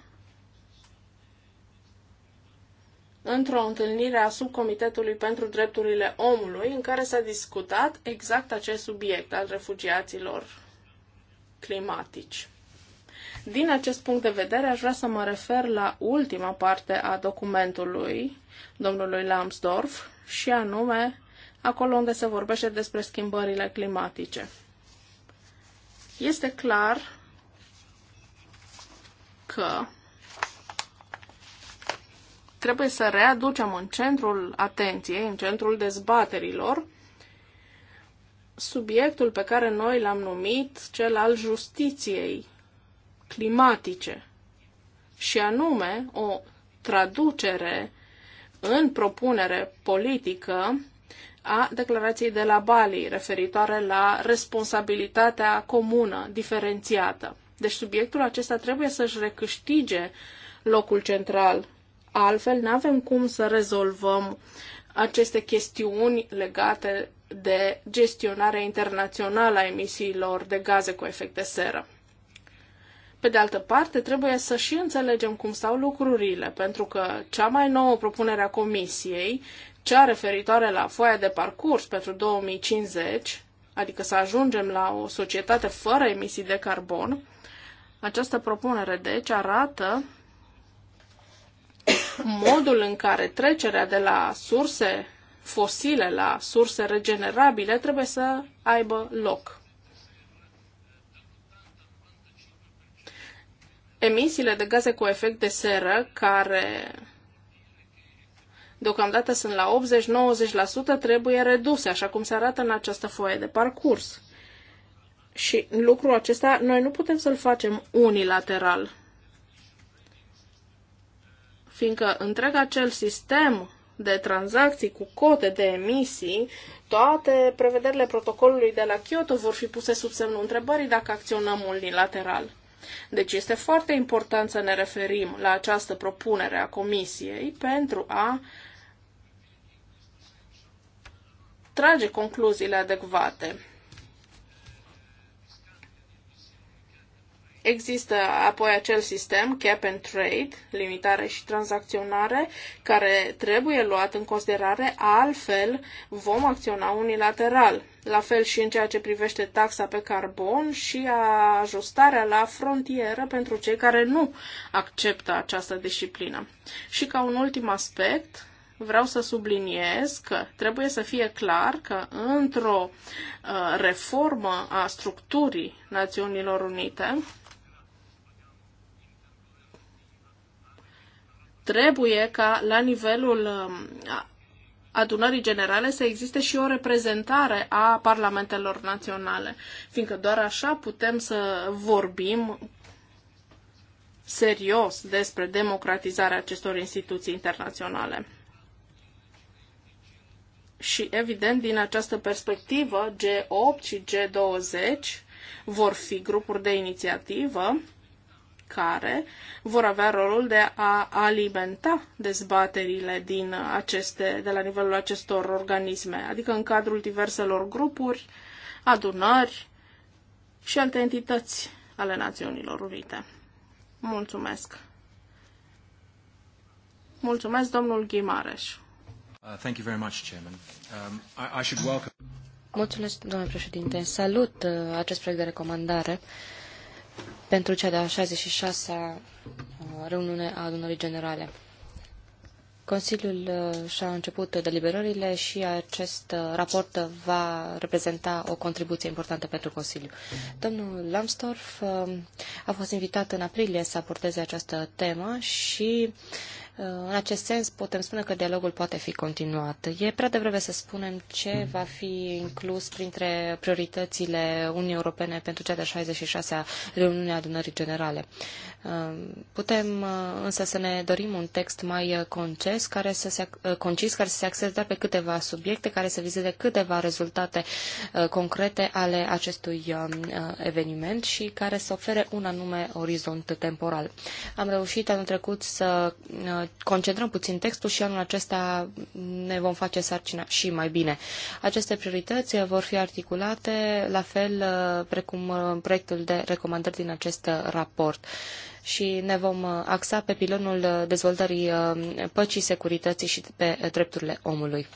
într-o întâlnire a subcomitetului pentru drepturile omului, în care s-a discutat exact acest subiect al refugiaților climatici. Din acest punct de vedere, aș vrea să mă refer la ultima parte a documentului domnului Lambsdorff și anume acolo unde se vorbește despre schimbările climatice. Este clar că trebuie să readucem în centrul atenției, în centrul dezbaterilor, subiectul pe care noi l-am numit cel al justiției climatice, și anume o traducere în propunere politică a declarației de la Bali referitoare la responsabilitatea comună, diferențiată. Deci subiectul acesta trebuie să-și recâștige locul central Altfel, nu avem cum să rezolvăm aceste chestiuni legate de gestionarea internațională a emisiilor de gaze cu efect de seră. Pe de altă parte, trebuie să și înțelegem cum stau lucrurile, pentru că cea mai nouă propunere a Comisiei, cea referitoare la foaia de parcurs pentru 2050, adică să ajungem la o societate fără emisii de carbon, această propunere, deci, arată modul în care trecerea de la surse fosile la surse regenerabile trebuie să aibă loc. Emisiile de gaze cu efect de seră, care deocamdată sunt la 80-90%, trebuie reduse, așa cum se arată în această foaie de parcurs. Și lucrul acesta noi nu putem să-l facem unilateral fiindcă întreg acel sistem de tranzacții cu cote de emisii, toate prevederile protocolului de la Kyoto vor fi puse sub semnul întrebării dacă acționăm unilateral. Deci este foarte important să ne referim la această propunere a Comisiei pentru a trage concluziile adecvate. Există apoi acel sistem cap and trade, limitare și tranzacționare, care trebuie luat în considerare, altfel vom acționa unilateral. La fel și în ceea ce privește taxa pe carbon și ajustarea la frontieră pentru cei care nu acceptă această disciplină. Și ca un ultim aspect, vreau să subliniez că trebuie să fie clar că într-o uh, reformă a structurii Națiunilor Unite, Trebuie ca la nivelul um, adunării generale să existe și o reprezentare a parlamentelor naționale, fiindcă doar așa putem să vorbim serios despre democratizarea acestor instituții internaționale. Și evident, din această perspectivă, G8 și G20 vor fi grupuri de inițiativă care vor avea rolul de a alimenta dezbaterile din aceste, de la nivelul acestor organisme, adică în cadrul diverselor grupuri, adunări și alte entități ale Națiunilor Unite. Mulțumesc! Mulțumesc, domnul Ghimareș. Uh, thank you very much, Chairman. Um, I, I should welcome... Mulțumesc, domnule președinte. Salut uh, acest proiect de recomandare. Uh, pentru cea de-a 66-a uh, reuniune a adunării generale. Consiliul uh, și-a început deliberările și acest uh, raport va reprezenta o contribuție importantă pentru Consiliu. Domnul Lambsdorff a fost invitat în aprilie să aporteze această temă și în acest sens, putem spune că dialogul poate fi continuat. E prea devreme să spunem ce mm. va fi inclus printre prioritățile Uniunii Europene pentru cea de 66-a reuniune a adunării generale. Putem uh, însă să ne dorim un text mai uh, conces, care să se, uh, concis, care să se axeze doar pe câteva subiecte, care să vizeze câteva rezultate concrete ale acestui eveniment și care să ofere un anume orizont temporal. Am reușit anul trecut să concentrăm puțin textul și anul acesta ne vom face sarcina și mai bine. Aceste priorități vor fi articulate la fel uh, precum uh, proiectul de recomandări din acest uh, raport și ne vom axa pe pilonul dezvoltării păcii, securității și pe drepturile omului.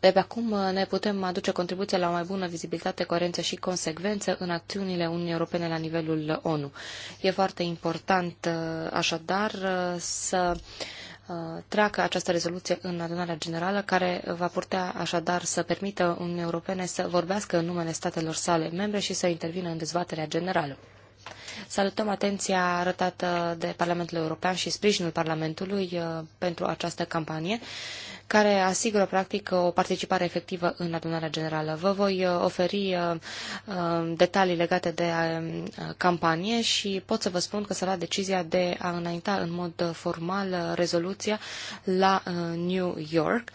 De pe acum uh, ne putem aduce contribuția la o mai bună vizibilitate, coerență și consecvență în acțiunile Uniunii Europene la nivelul ONU. E foarte important uh, așadar uh, să treacă această rezoluție în adunarea generală, care va putea așadar să permită Uniunii Europene să vorbească în numele statelor sale membre și să intervină în dezbaterea generală. Salutăm atenția arătată de Parlamentul European și sprijinul Parlamentului pentru această campanie care asigură, practic, o participare efectivă în adunarea generală. Vă voi uh, oferi uh, uh, detalii legate de campanie și pot să vă spun că s-a luat decizia de a înainta în mod formal rezoluția la New York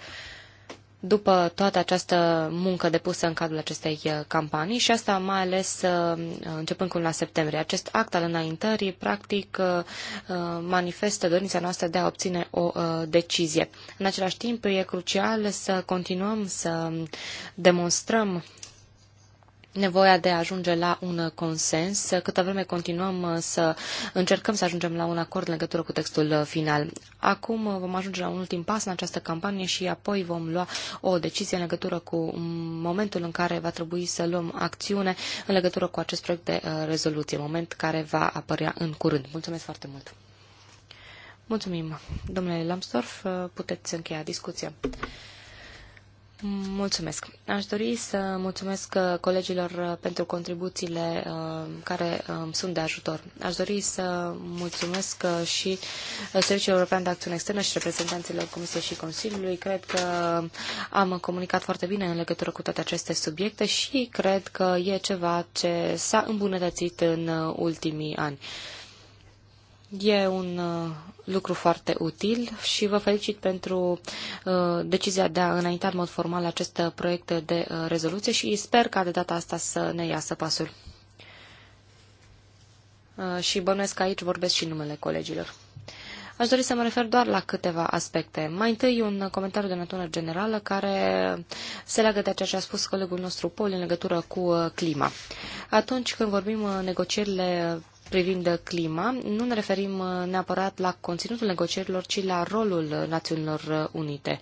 după toată această muncă depusă în cadrul acestei uh, campanii și asta mai ales uh, începând cu la septembrie. Acest act al înaintării practic uh, manifestă dorința noastră de a obține o decizie. În același timp e crucial să continuăm să demonstrăm nevoia de a ajunge la un consens. Câtă vreme continuăm uh, să încercăm să ajungem la un acord în legătură cu textul uh, final. Acum uh, vom ajunge la un ultim pas în această campanie și apoi vom lua o decizie în legătură cu mm, momentul în care va trebui să luăm acțiune în legătură cu acest proiect de rezoluție, moment care va apărea în curând. Mulțumesc foarte mult! Mulțumim, domnule Lambsdorff. Puteți încheia discuția. Mulțumesc. Aș dori să mulțumesc uh, colegilor uh, pentru contribuțiile uh, care um, sunt de ajutor. Aș dori să mulțumesc și Serviciul European de Acțiune Externă și reprezentanților Comisiei și Consiliului. Cred că am comunicat foarte bine în legătură cu toate aceste subiecte și cred că e ceva ce s-a îmbunătățit în ultimii ani. E un uh, lucru foarte util și vă felicit pentru uh, decizia de a înainta în mod formal acest proiect de uh, rezoluție și sper ca de data asta să ne iasă pasul. Și bănuiesc că aici vorbesc și numele colegilor. Aș dori să mă refer doar la câteva aspecte. Mai întâi un comentariu de natură generală care se leagă de ceea ce a spus colegul nostru Paul în legătură cu clima. Atunci când vorbim negocierile privind clima, nu ne referim uh, neapărat la conținutul negocierilor, ci la rolul uh, Națiunilor uh, Unite.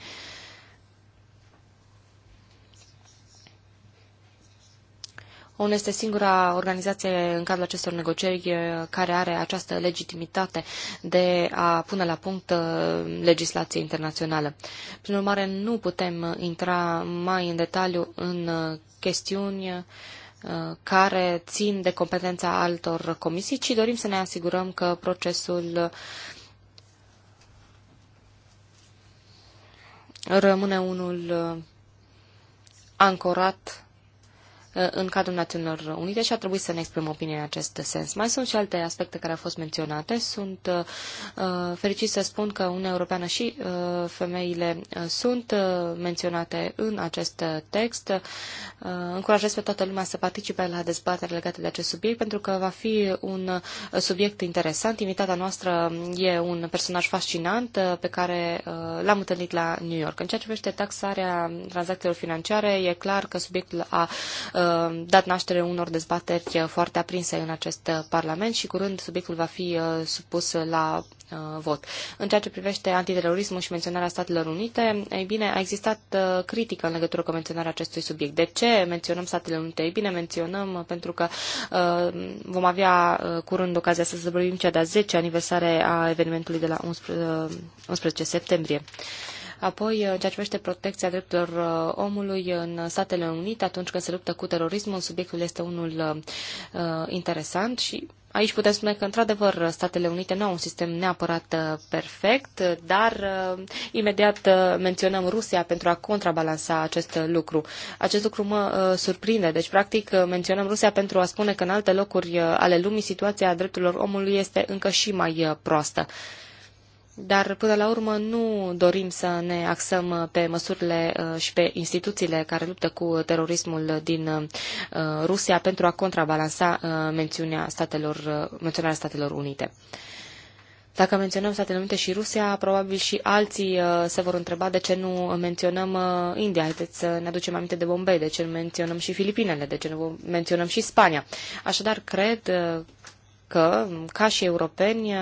ONU este singura organizație în cadrul acestor negocieri care are această legitimitate de a pune la punct legislație internațională. Prin urmare, nu putem intra mai în detaliu în chestiuni uh, care țin de competența altor comisii, ci dorim să ne asigurăm că procesul rămâne unul ancorat Uh, în cadrul Națiunilor Unite și a trebuit să ne exprimăm opinie în acest sens. Mai sunt și alte aspecte care au fost menționate. Sunt uh, uh, fericit să spun că Uniunea Europeană și femeile sunt menționate în acest text. Încurajez pe toată lumea să participe la dezbatere legate de acest subiect pentru că va fi un subiect interesant. Invitata noastră e un personaj fascinant pe care l-am întâlnit la New York. În ceea ce privește taxarea tranzacțiilor financiare, e clar că subiectul a Uh, dat naștere unor dezbateri uh, foarte aprinse în acest uh, Parlament și curând subiectul va fi supus la vot. În ceea ce privește antiterorismul și menționarea Statelor Unite, ei bine, a existat critică în legătură cu menționarea acestui subiect. De ce menționăm Statele Unite? Ei bine, menționăm pentru că vom avea curând ocazia să sărbătorim cea de-a 10 aniversare a evenimentului de la 11, 11 septembrie. Apoi, în ceea ce privește protecția drepturilor uh, omului în Statele Unite, atunci când se luptă cu terorismul, subiectul este unul uh, uh, interesant și Aici putem spune că, într-adevăr, Statele Unite nu au un sistem neapărat uh, perfect, dar imediat menționăm Rusia pentru a contrabalansa acest lucru. Acest lucru mă surprinde. Deci, practic, menționăm Rusia pentru a spune că în alte locuri ale lumii situația drepturilor omului este încă și mai proastă. Dar, până la urmă, nu dorim să ne axăm uh, pe măsurile uh, și pe instituțiile care luptă cu terorismul din uh, Rusia pentru a contrabalansa mențiunea statelor, menționarea Statelor Unite. Dacă menționăm Statele Unite și Rusia, probabil și alții se vor întreba de ce nu menționăm India. Haideți să ne aducem aminte de Bombay, de ce nu menționăm și Filipinele, de ce nu menționăm și Spania. Așadar, cred că, ca și europeni,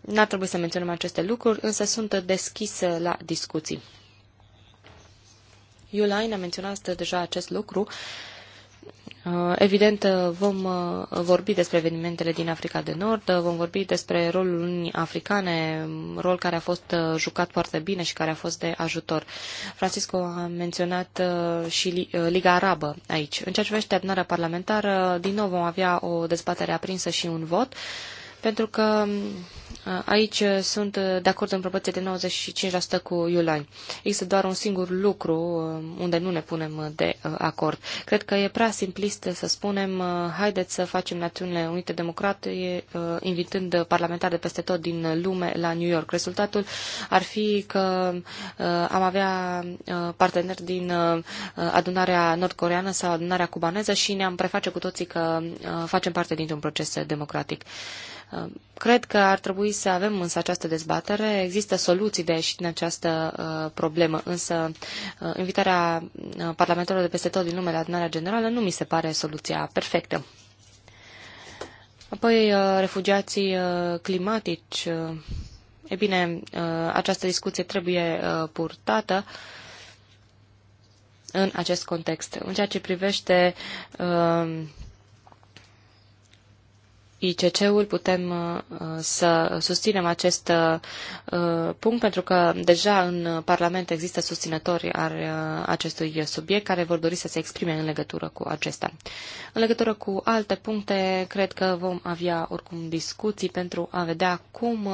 N-ar trebui să menționăm aceste lucruri, însă sunt deschisă la discuții. Iulain a menționat deja acest lucru. Uh, evident, uh, vom uh, vorbi despre evenimentele din Africa de Nord, vom vorbi despre rolul Uniunii Africane, um, rol care a fost jucat foarte bine și care a fost de ajutor. Francisco a menționat și Liga Arabă aici. În ceea ce privește adunarea parlamentară, din nou vom avea o dezbatere aprinsă și un vot pentru că uh, aici uh, sunt uh, de acord în proporție de 95% cu Iulani. Există doar un singur lucru unde nu ne punem de acord. Cred că e prea simplist să spunem haideți să facem Națiunile Unite Democrate invitând parlamentari de peste tot din lume la New York. Rezultatul ar fi că am avea parteneri din adunarea nordcoreană sau adunarea cubaneză și ne-am preface cu toții că facem parte dintr-un proces democratic. Ehm, cred că ar trebui să avem însă această dezbatere. Există soluții de a ieși din această uh, problemă, însă uh, invitarea parlamentarilor de peste tot din lume la adunarea generală nu mi se pare soluția perfectă. Apoi, uh, refugiații uh, climatici. Uh, e bine, uh, această discuție trebuie uh, purtată în acest context. În ceea ce privește uh, ICC-ul putem uh, să susținem acest uh, punct pentru că deja în Parlament există susținători al uh, acestui subiect care vor dori să se exprime în legătură cu acesta. În legătură cu alte puncte, cred că vom avea oricum discuții pentru a vedea cum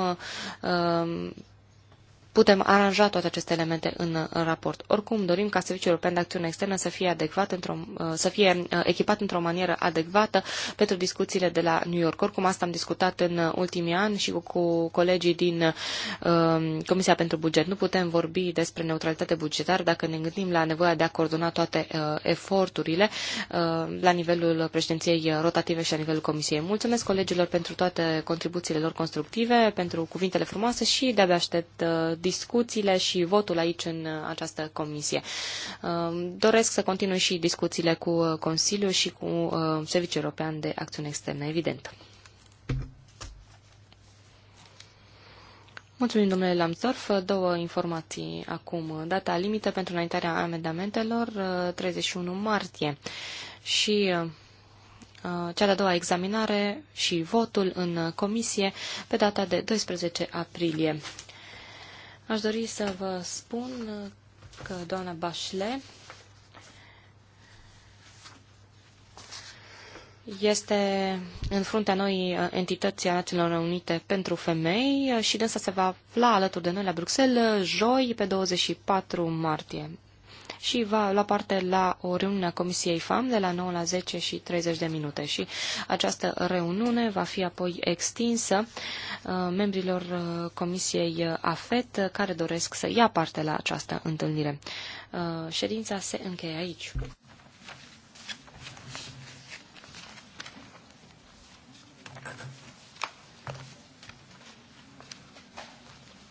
putem aranja toate aceste elemente în, în raport. Oricum, dorim ca Serviciul European de Acțiune Externă să fie, adecvat într-o, uh, să fie uh, echipat într-o manieră adecvată pentru discuțiile de la New York. Oricum, asta am discutat în uh, ultimii ani și cu, cu colegii din uh, Comisia pentru Buget. Nu putem vorbi despre neutralitate bugetară dacă ne gândim la nevoia de a coordona toate uh, eforturile uh, la nivelul președinției rotative și la nivelul Comisiei. Mulțumesc colegilor pentru toate contribuțiile lor constructive, pentru cuvintele frumoase și de-abia aștept discuțiile și votul aici în uh, această comisie. Um, doresc să continui și discuțiile cu uh, Consiliul și cu uh, Serviciul European de Acțiune Externă, evident. Mulțumim, domnule Lamsdorf. Două informații acum. Data limită pentru înaintarea amendamentelor, 31 martie. Și cea de-a doua examinare și votul în comisie pe data de 12 aprilie. Aș dori să vă spun că doamna Bașle este în fruntea noi entității a Națiunilor Unite pentru Femei și dânsa se va afla alături de noi la Bruxelles joi pe 24 martie și va lua parte la o reuniune a Comisiei FAM de la 9 la 10 și 30 de minute. Și această reuniune va fi apoi extinsă uh, membrilor uh, Comisiei uh, AFET care doresc să ia parte la această întâlnire. Ședința se încheie aici.